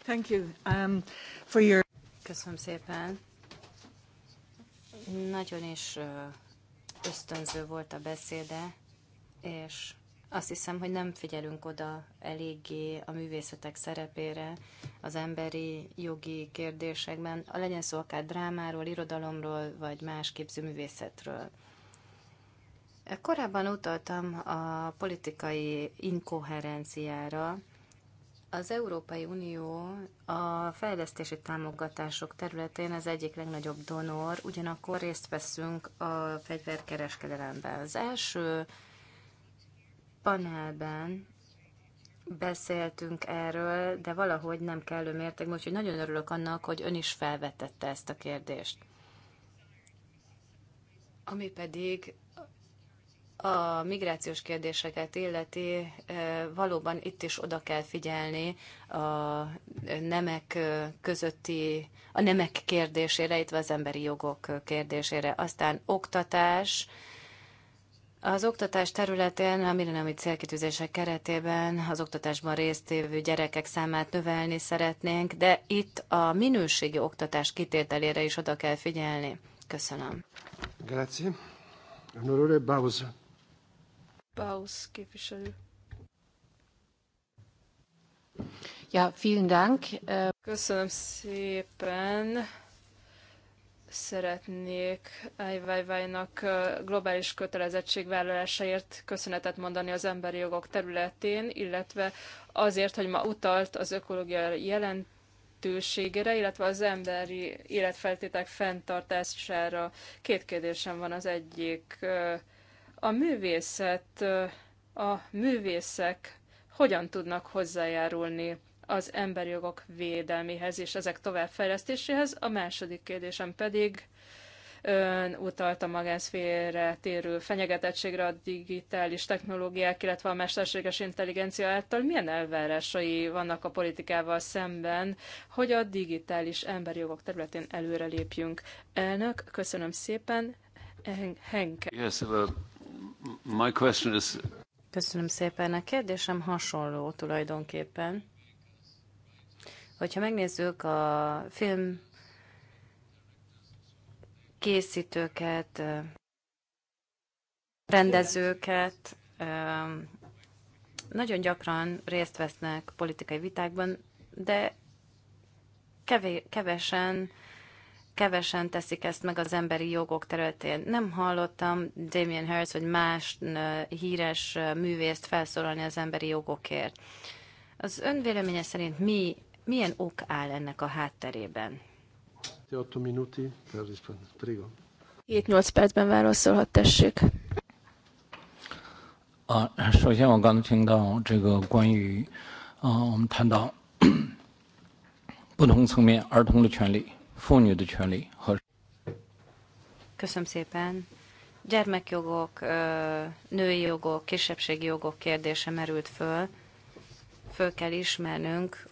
Thank you um, for your... Köszönöm szépen. Nagyon is ösztönző volt a beszéde, és azt hiszem, hogy nem figyelünk oda eléggé a művészetek szerepére, az emberi jogi kérdésekben, a legyen szó akár drámáról, irodalomról, vagy más képzőművészetről. Korábban utaltam a politikai inkoherenciára. Az Európai Unió a fejlesztési támogatások területén az egyik legnagyobb donor, ugyanakkor részt veszünk a fegyverkereskedelemben. Az első panelben beszéltünk erről, de valahogy nem kellő mértékben, úgyhogy nagyon örülök annak, hogy ön is felvetette ezt a kérdést. Ami pedig a migrációs kérdéseket illeti, eh, valóban itt is oda kell figyelni a nemek eh, közötti, a nemek kérdésére, itt az emberi jogok kérdésére. Aztán oktatás, az oktatás területén a millenniumi célkitűzések keretében az oktatásban résztvevő gyerekek számát növelni szeretnénk, de itt a minőségi oktatás kitételére is oda kell figyelni. Köszönöm. Grazie. Honorable Baus. Baus képviselő. Ja, vielen Dank. Köszönöm szépen. Szeretnék IYY-nak globális kötelezettségvállalásaért köszönetet mondani az emberi jogok területén, illetve azért, hogy ma utalt az ökológiai jelentőségére, illetve az emberi életfeltétek fenntartására. Két kérdésem van az egyik. A művészet, a művészek hogyan tudnak hozzájárulni az emberi jogok védelméhez és ezek továbbfejlesztéséhez. A második kérdésem pedig ön utalt a magánszférre térő fenyegetettségre a digitális technológiák, illetve a mesterséges intelligencia által. Milyen elvárásai vannak a politikával szemben, hogy a digitális emberi jogok területén előrelépjünk? Elnök, köszönöm szépen. Henke. Yes, well, my question is... Köszönöm szépen. A kérdésem hasonló tulajdonképpen. Hogyha megnézzük a film készítőket, rendezőket, nagyon gyakran részt vesznek politikai vitákban, de kevesen, kevesen teszik ezt meg az emberi jogok területén. Nem hallottam Damien Hirst vagy más híres művészt felszólalni az emberi jogokért. Az önvéleménye szerint mi milyen ok áll ennek a hátterében? 8 minuti, prego. 7-8 percben válaszolhat, tessék. 啊，首先我刚听到这个关于，啊，我们谈到不同层面儿童的权利、妇女的权利和。Köszönöm szépen. Gyermekjogok, női jogok, kisebbségi jogok kérdése merült föl. Föl kell ismernünk,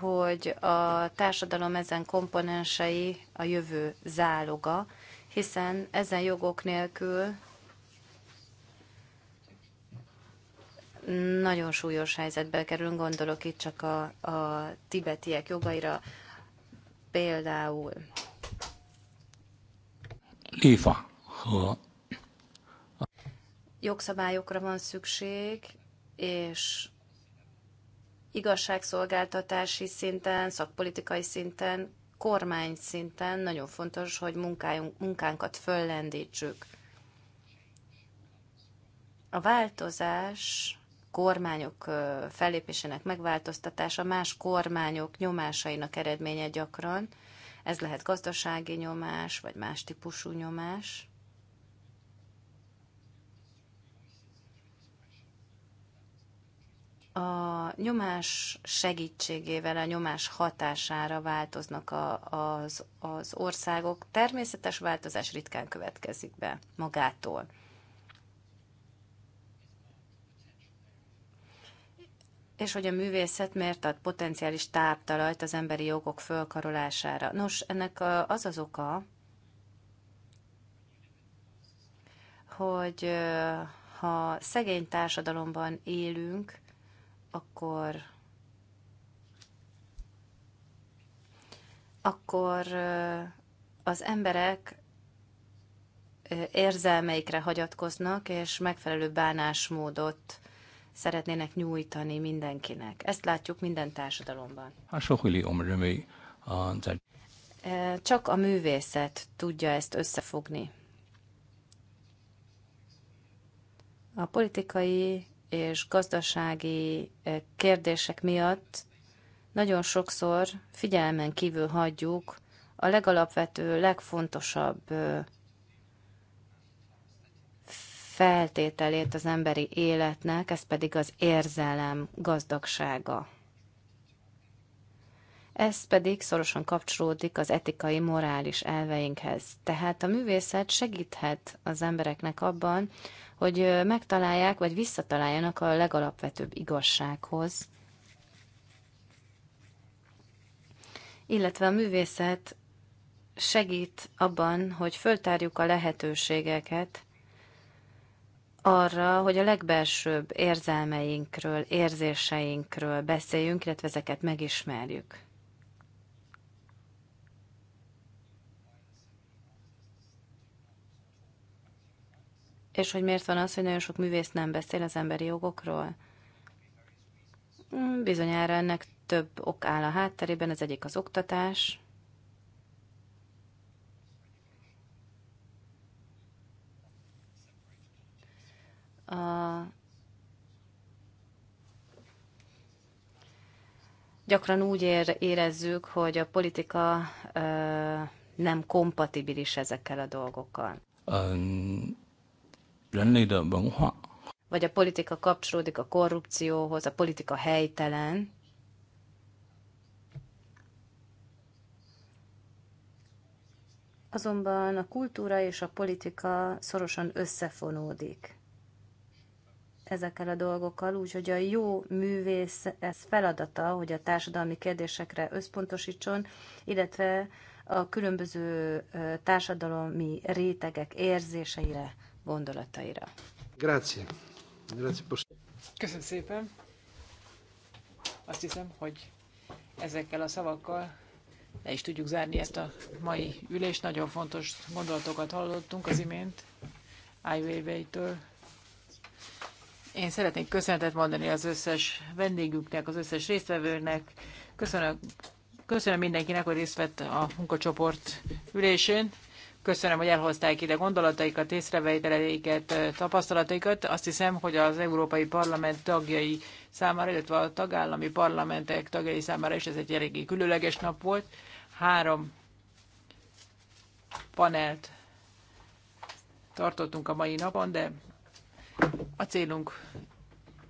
hogy a társadalom ezen komponensei a jövő záloga, hiszen ezen jogok nélkül nagyon súlyos helyzetbe kerülünk, gondolok itt csak a, a tibetiek jogaira, például. Léfa. Jogszabályokra van szükség, és igazságszolgáltatási szinten, szakpolitikai szinten, kormány szinten nagyon fontos, hogy munkájunk, munkánkat föllendítsük. A változás kormányok fellépésének megváltoztatása más kormányok nyomásainak eredménye gyakran. Ez lehet gazdasági nyomás, vagy más típusú nyomás. a nyomás segítségével, a nyomás hatására változnak a, az, az országok. Természetes változás ritkán következik be magától. És hogy a művészet miért ad potenciális táptalajt az emberi jogok fölkarolására. Nos, ennek az az oka, hogy ha szegény társadalomban élünk, akkor akkor az emberek érzelmeikre hagyatkoznak, és megfelelő bánásmódot szeretnének nyújtani mindenkinek. Ezt látjuk minden társadalomban. Csak a művészet tudja ezt összefogni. A politikai és gazdasági kérdések miatt nagyon sokszor figyelmen kívül hagyjuk a legalapvető, legfontosabb feltételét az emberi életnek, ez pedig az érzelem gazdagsága. Ez pedig szorosan kapcsolódik az etikai, morális elveinkhez. Tehát a művészet segíthet az embereknek abban, hogy megtalálják, vagy visszataláljanak a legalapvetőbb igazsághoz. Illetve a művészet segít abban, hogy föltárjuk a lehetőségeket arra, hogy a legbelsőbb érzelmeinkről, érzéseinkről beszéljünk, illetve ezeket megismerjük. És hogy miért van az, hogy nagyon sok művész nem beszél az emberi jogokról? Hmm, bizonyára ennek több ok áll a hátterében, az egyik az oktatás, a gyakran úgy ér, érezzük, hogy a politika ö, nem kompatibilis ezekkel a dolgokkal. Um, vagy a politika kapcsolódik a korrupcióhoz, a politika helytelen. Azonban a kultúra és a politika szorosan összefonódik ezekkel a dolgokkal, úgyhogy a jó művész ez feladata, hogy a társadalmi kérdésekre összpontosítson, illetve a különböző társadalmi rétegek érzéseire gondolataira. Köszönöm szépen. Azt hiszem, hogy ezekkel a szavakkal le is tudjuk zárni ezt a mai ülést. Nagyon fontos gondolatokat hallottunk az imént Ai től Én szeretnék köszönetet mondani az összes vendégünknek, az összes résztvevőnek. Köszönöm, köszönöm mindenkinek, hogy részt vett a munkacsoport ülésén. Köszönöm, hogy elhozták ide gondolataikat, észrevételeiket, tapasztalataikat. Azt hiszem, hogy az Európai Parlament tagjai számára, illetve a tagállami parlamentek tagjai számára is ez egy eléggé különleges nap volt. Három panelt tartottunk a mai napon, de a célunk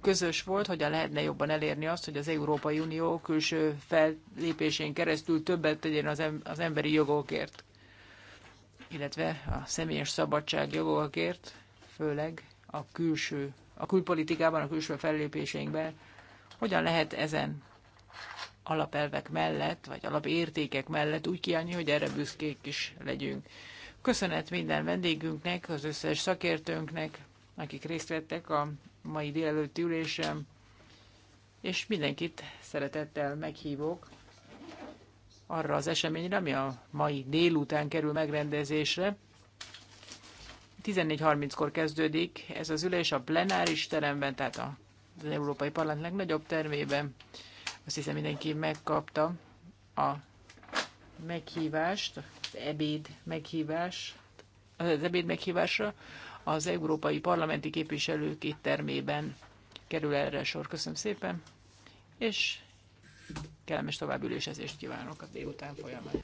közös volt, hogyan lehetne jobban elérni azt, hogy az Európai Unió külső fellépésén keresztül többet tegyen az emberi jogokért illetve a személyes szabadságjogokért, főleg a külső, a külpolitikában, a külső fellépéseinkben, hogyan lehet ezen alapelvek mellett, vagy alapértékek mellett úgy kiállni, hogy erre büszkék is legyünk. Köszönet minden vendégünknek, az összes szakértőnknek, akik részt vettek a mai délelőtti ülésem, és mindenkit szeretettel meghívok arra az eseményre, ami a mai délután kerül megrendezésre. 14.30-kor kezdődik ez az ülés a plenáris teremben, tehát az Európai Parlament legnagyobb termében. Azt hiszem mindenki megkapta a meghívást, az ebéd meghívás, az ebéd meghívásra az európai parlamenti képviselők termében kerül erre sor. Köszönöm szépen, és kellemes további ülésezést kívánok a délután folyamán.